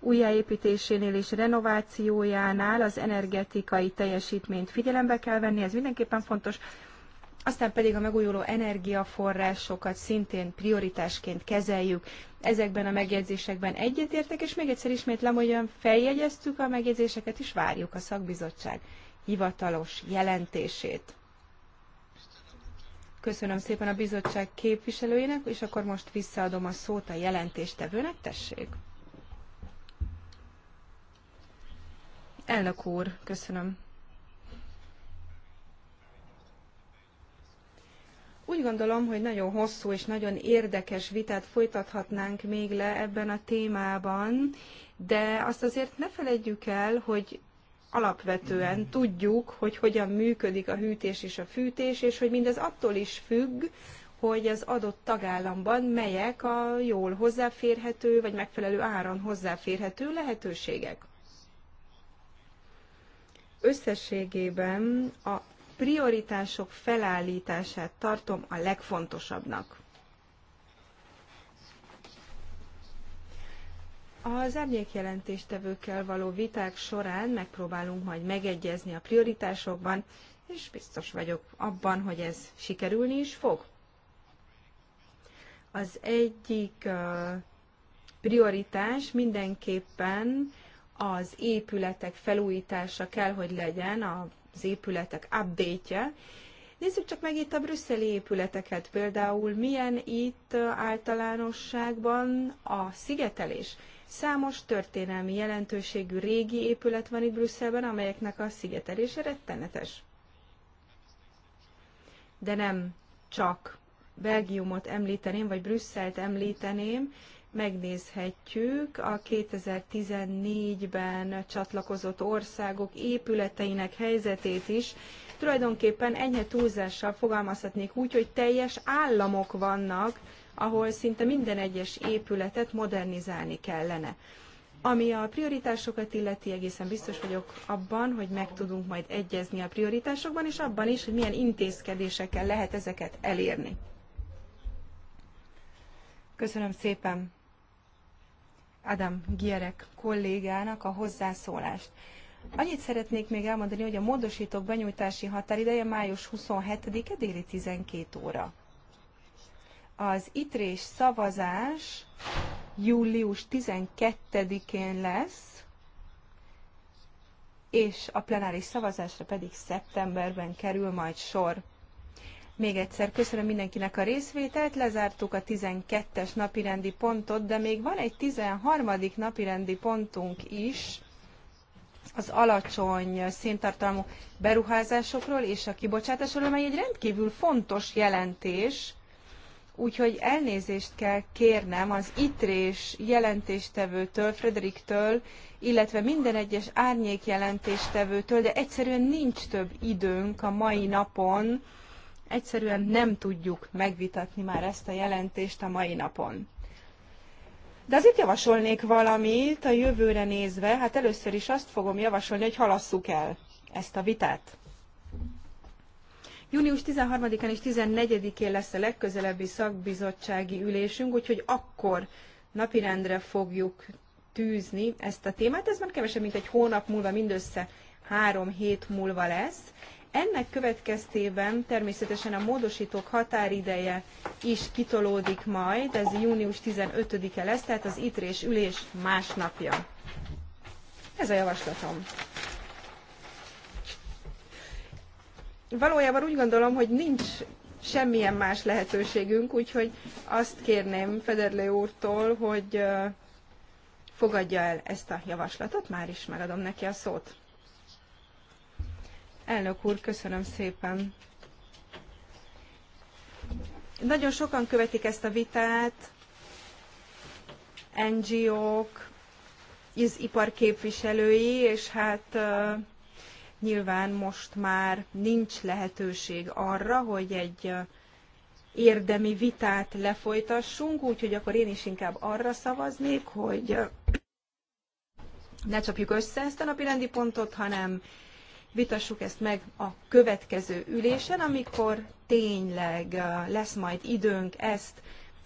újjáépítésénél és renovációjánál az energetikai teljesítményt figyelembe kell venni, ez mindenképpen fontos aztán pedig a megújuló energiaforrásokat szintén prioritásként kezeljük. Ezekben a megjegyzésekben egyetértek, és még egyszer ismétlem, hogy feljegyeztük a megjegyzéseket, és várjuk a szakbizottság hivatalos jelentését. Köszönöm szépen a bizottság képviselőjének, és akkor most visszaadom a szót a jelentéstevőnek, tessék. Elnök úr, köszönöm. Úgy gondolom, hogy nagyon hosszú és nagyon érdekes vitát folytathatnánk még le ebben a témában, de azt azért ne felejtjük el, hogy alapvetően tudjuk, hogy hogyan működik a hűtés és a fűtés, és hogy mindez attól is függ, hogy az adott tagállamban melyek a jól hozzáférhető, vagy megfelelő áron hozzáférhető lehetőségek. Összességében a prioritások felállítását tartom a legfontosabbnak. Az árnyékjelentéstevőkkel való viták során megpróbálunk majd megegyezni a prioritásokban, és biztos vagyok abban, hogy ez sikerülni is fog. Az egyik prioritás mindenképpen az épületek felújítása kell, hogy legyen a az épületek update-je. Nézzük csak meg itt a brüsszeli épületeket, például milyen itt általánosságban a szigetelés. Számos történelmi jelentőségű régi épület van itt Brüsszelben, amelyeknek a szigetelése rettenetes. De nem csak Belgiumot említeném, vagy Brüsszelt említeném, megnézhetjük a 2014-ben csatlakozott országok épületeinek helyzetét is. Tulajdonképpen enyhe túlzással fogalmazhatnék úgy, hogy teljes államok vannak, ahol szinte minden egyes épületet modernizálni kellene. Ami a prioritásokat illeti, egészen biztos vagyok abban, hogy meg tudunk majd egyezni a prioritásokban, és abban is, hogy milyen intézkedésekkel lehet ezeket elérni. Köszönöm szépen! Adam Gierek kollégának a hozzászólást. Annyit szeretnék még elmondani, hogy a módosítók benyújtási határideje május 27-e déli 12 óra. Az itrés szavazás július 12-én lesz, és a plenáris szavazásra pedig szeptemberben kerül majd sor. Még egyszer köszönöm mindenkinek a részvételt, lezártuk a 12-es napirendi pontot, de még van egy 13. napirendi pontunk is, az alacsony széntartalmú beruházásokról és a kibocsátásról, amely egy rendkívül fontos jelentés, úgyhogy elnézést kell kérnem az ITRÉS jelentéstevőtől, Frederiktől, illetve minden egyes árnyék jelentéstevőtől, de egyszerűen nincs több időnk a mai napon, Egyszerűen nem tudjuk megvitatni már ezt a jelentést a mai napon. De az itt javasolnék valamit a jövőre nézve, hát először is azt fogom javasolni, hogy halasszuk el ezt a vitát. Június 13-án és 14-én lesz a legközelebbi szakbizottsági ülésünk, úgyhogy akkor napirendre fogjuk tűzni ezt a témát. Ez már kevesebb, mint egy hónap múlva, mindössze három hét múlva lesz, ennek következtében természetesen a módosítók határideje is kitolódik majd, ez június 15-e lesz, tehát az itrés ülés másnapja. Ez a javaslatom. Valójában úgy gondolom, hogy nincs semmilyen más lehetőségünk, úgyhogy azt kérném Federlő úrtól, hogy fogadja el ezt a javaslatot, már is megadom neki a szót. Elnök úr, köszönöm szépen. Nagyon sokan követik ezt a vitát, NGO-k, az ipar képviselői, és hát nyilván most már nincs lehetőség arra, hogy egy érdemi vitát lefolytassunk, úgyhogy akkor én is inkább arra szavaznék, hogy ne csapjuk össze ezt a napi rendi pontot, hanem vitassuk ezt meg a következő ülésen, amikor tényleg lesz majd időnk ezt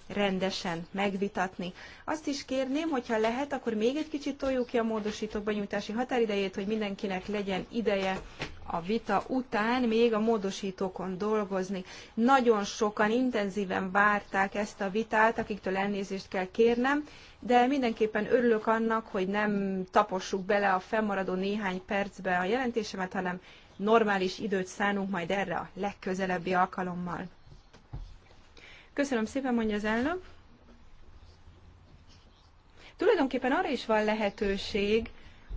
rendesen megvitatni. Azt is kérném, hogyha lehet, akkor még egy kicsit toljuk ki a módosítók benyújtási határidejét, hogy mindenkinek legyen ideje a vita után még a módosítókon dolgozni. Nagyon sokan intenzíven várták ezt a vitát, akiktől elnézést kell kérnem, de mindenképpen örülök annak, hogy nem tapossuk bele a fennmaradó néhány percbe a jelentésemet, hanem normális időt szánunk majd erre a legközelebbi alkalommal. Köszönöm szépen, mondja az elnök. Tulajdonképpen arra is van lehetőség,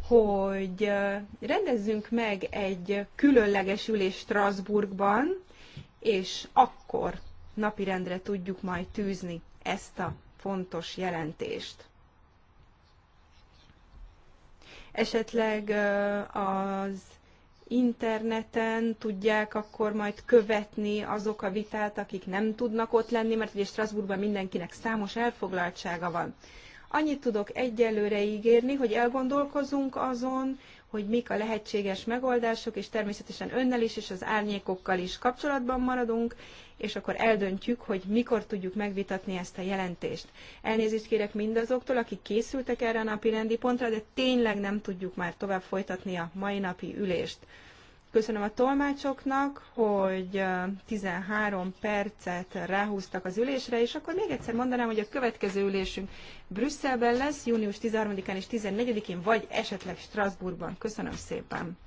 hogy rendezzünk meg egy különleges ülés Strasbourgban, és akkor napirendre tudjuk majd tűzni ezt a fontos jelentést. Esetleg az interneten tudják akkor majd követni azok a vitát, akik nem tudnak ott lenni, mert ugye Strasbourgban mindenkinek számos elfoglaltsága van. Annyit tudok egyelőre ígérni, hogy elgondolkozunk azon, hogy mik a lehetséges megoldások, és természetesen önnel is és az árnyékokkal is kapcsolatban maradunk, és akkor eldöntjük, hogy mikor tudjuk megvitatni ezt a jelentést. Elnézést kérek mindazoktól, akik készültek erre a napi rendi pontra, de tényleg nem tudjuk már tovább folytatni a mai napi ülést. Köszönöm a tolmácsoknak, hogy 13 percet ráhúztak az ülésre, és akkor még egyszer mondanám, hogy a következő ülésünk Brüsszelben lesz, június 13-án és 14-én, vagy esetleg Strasbourgban. Köszönöm szépen!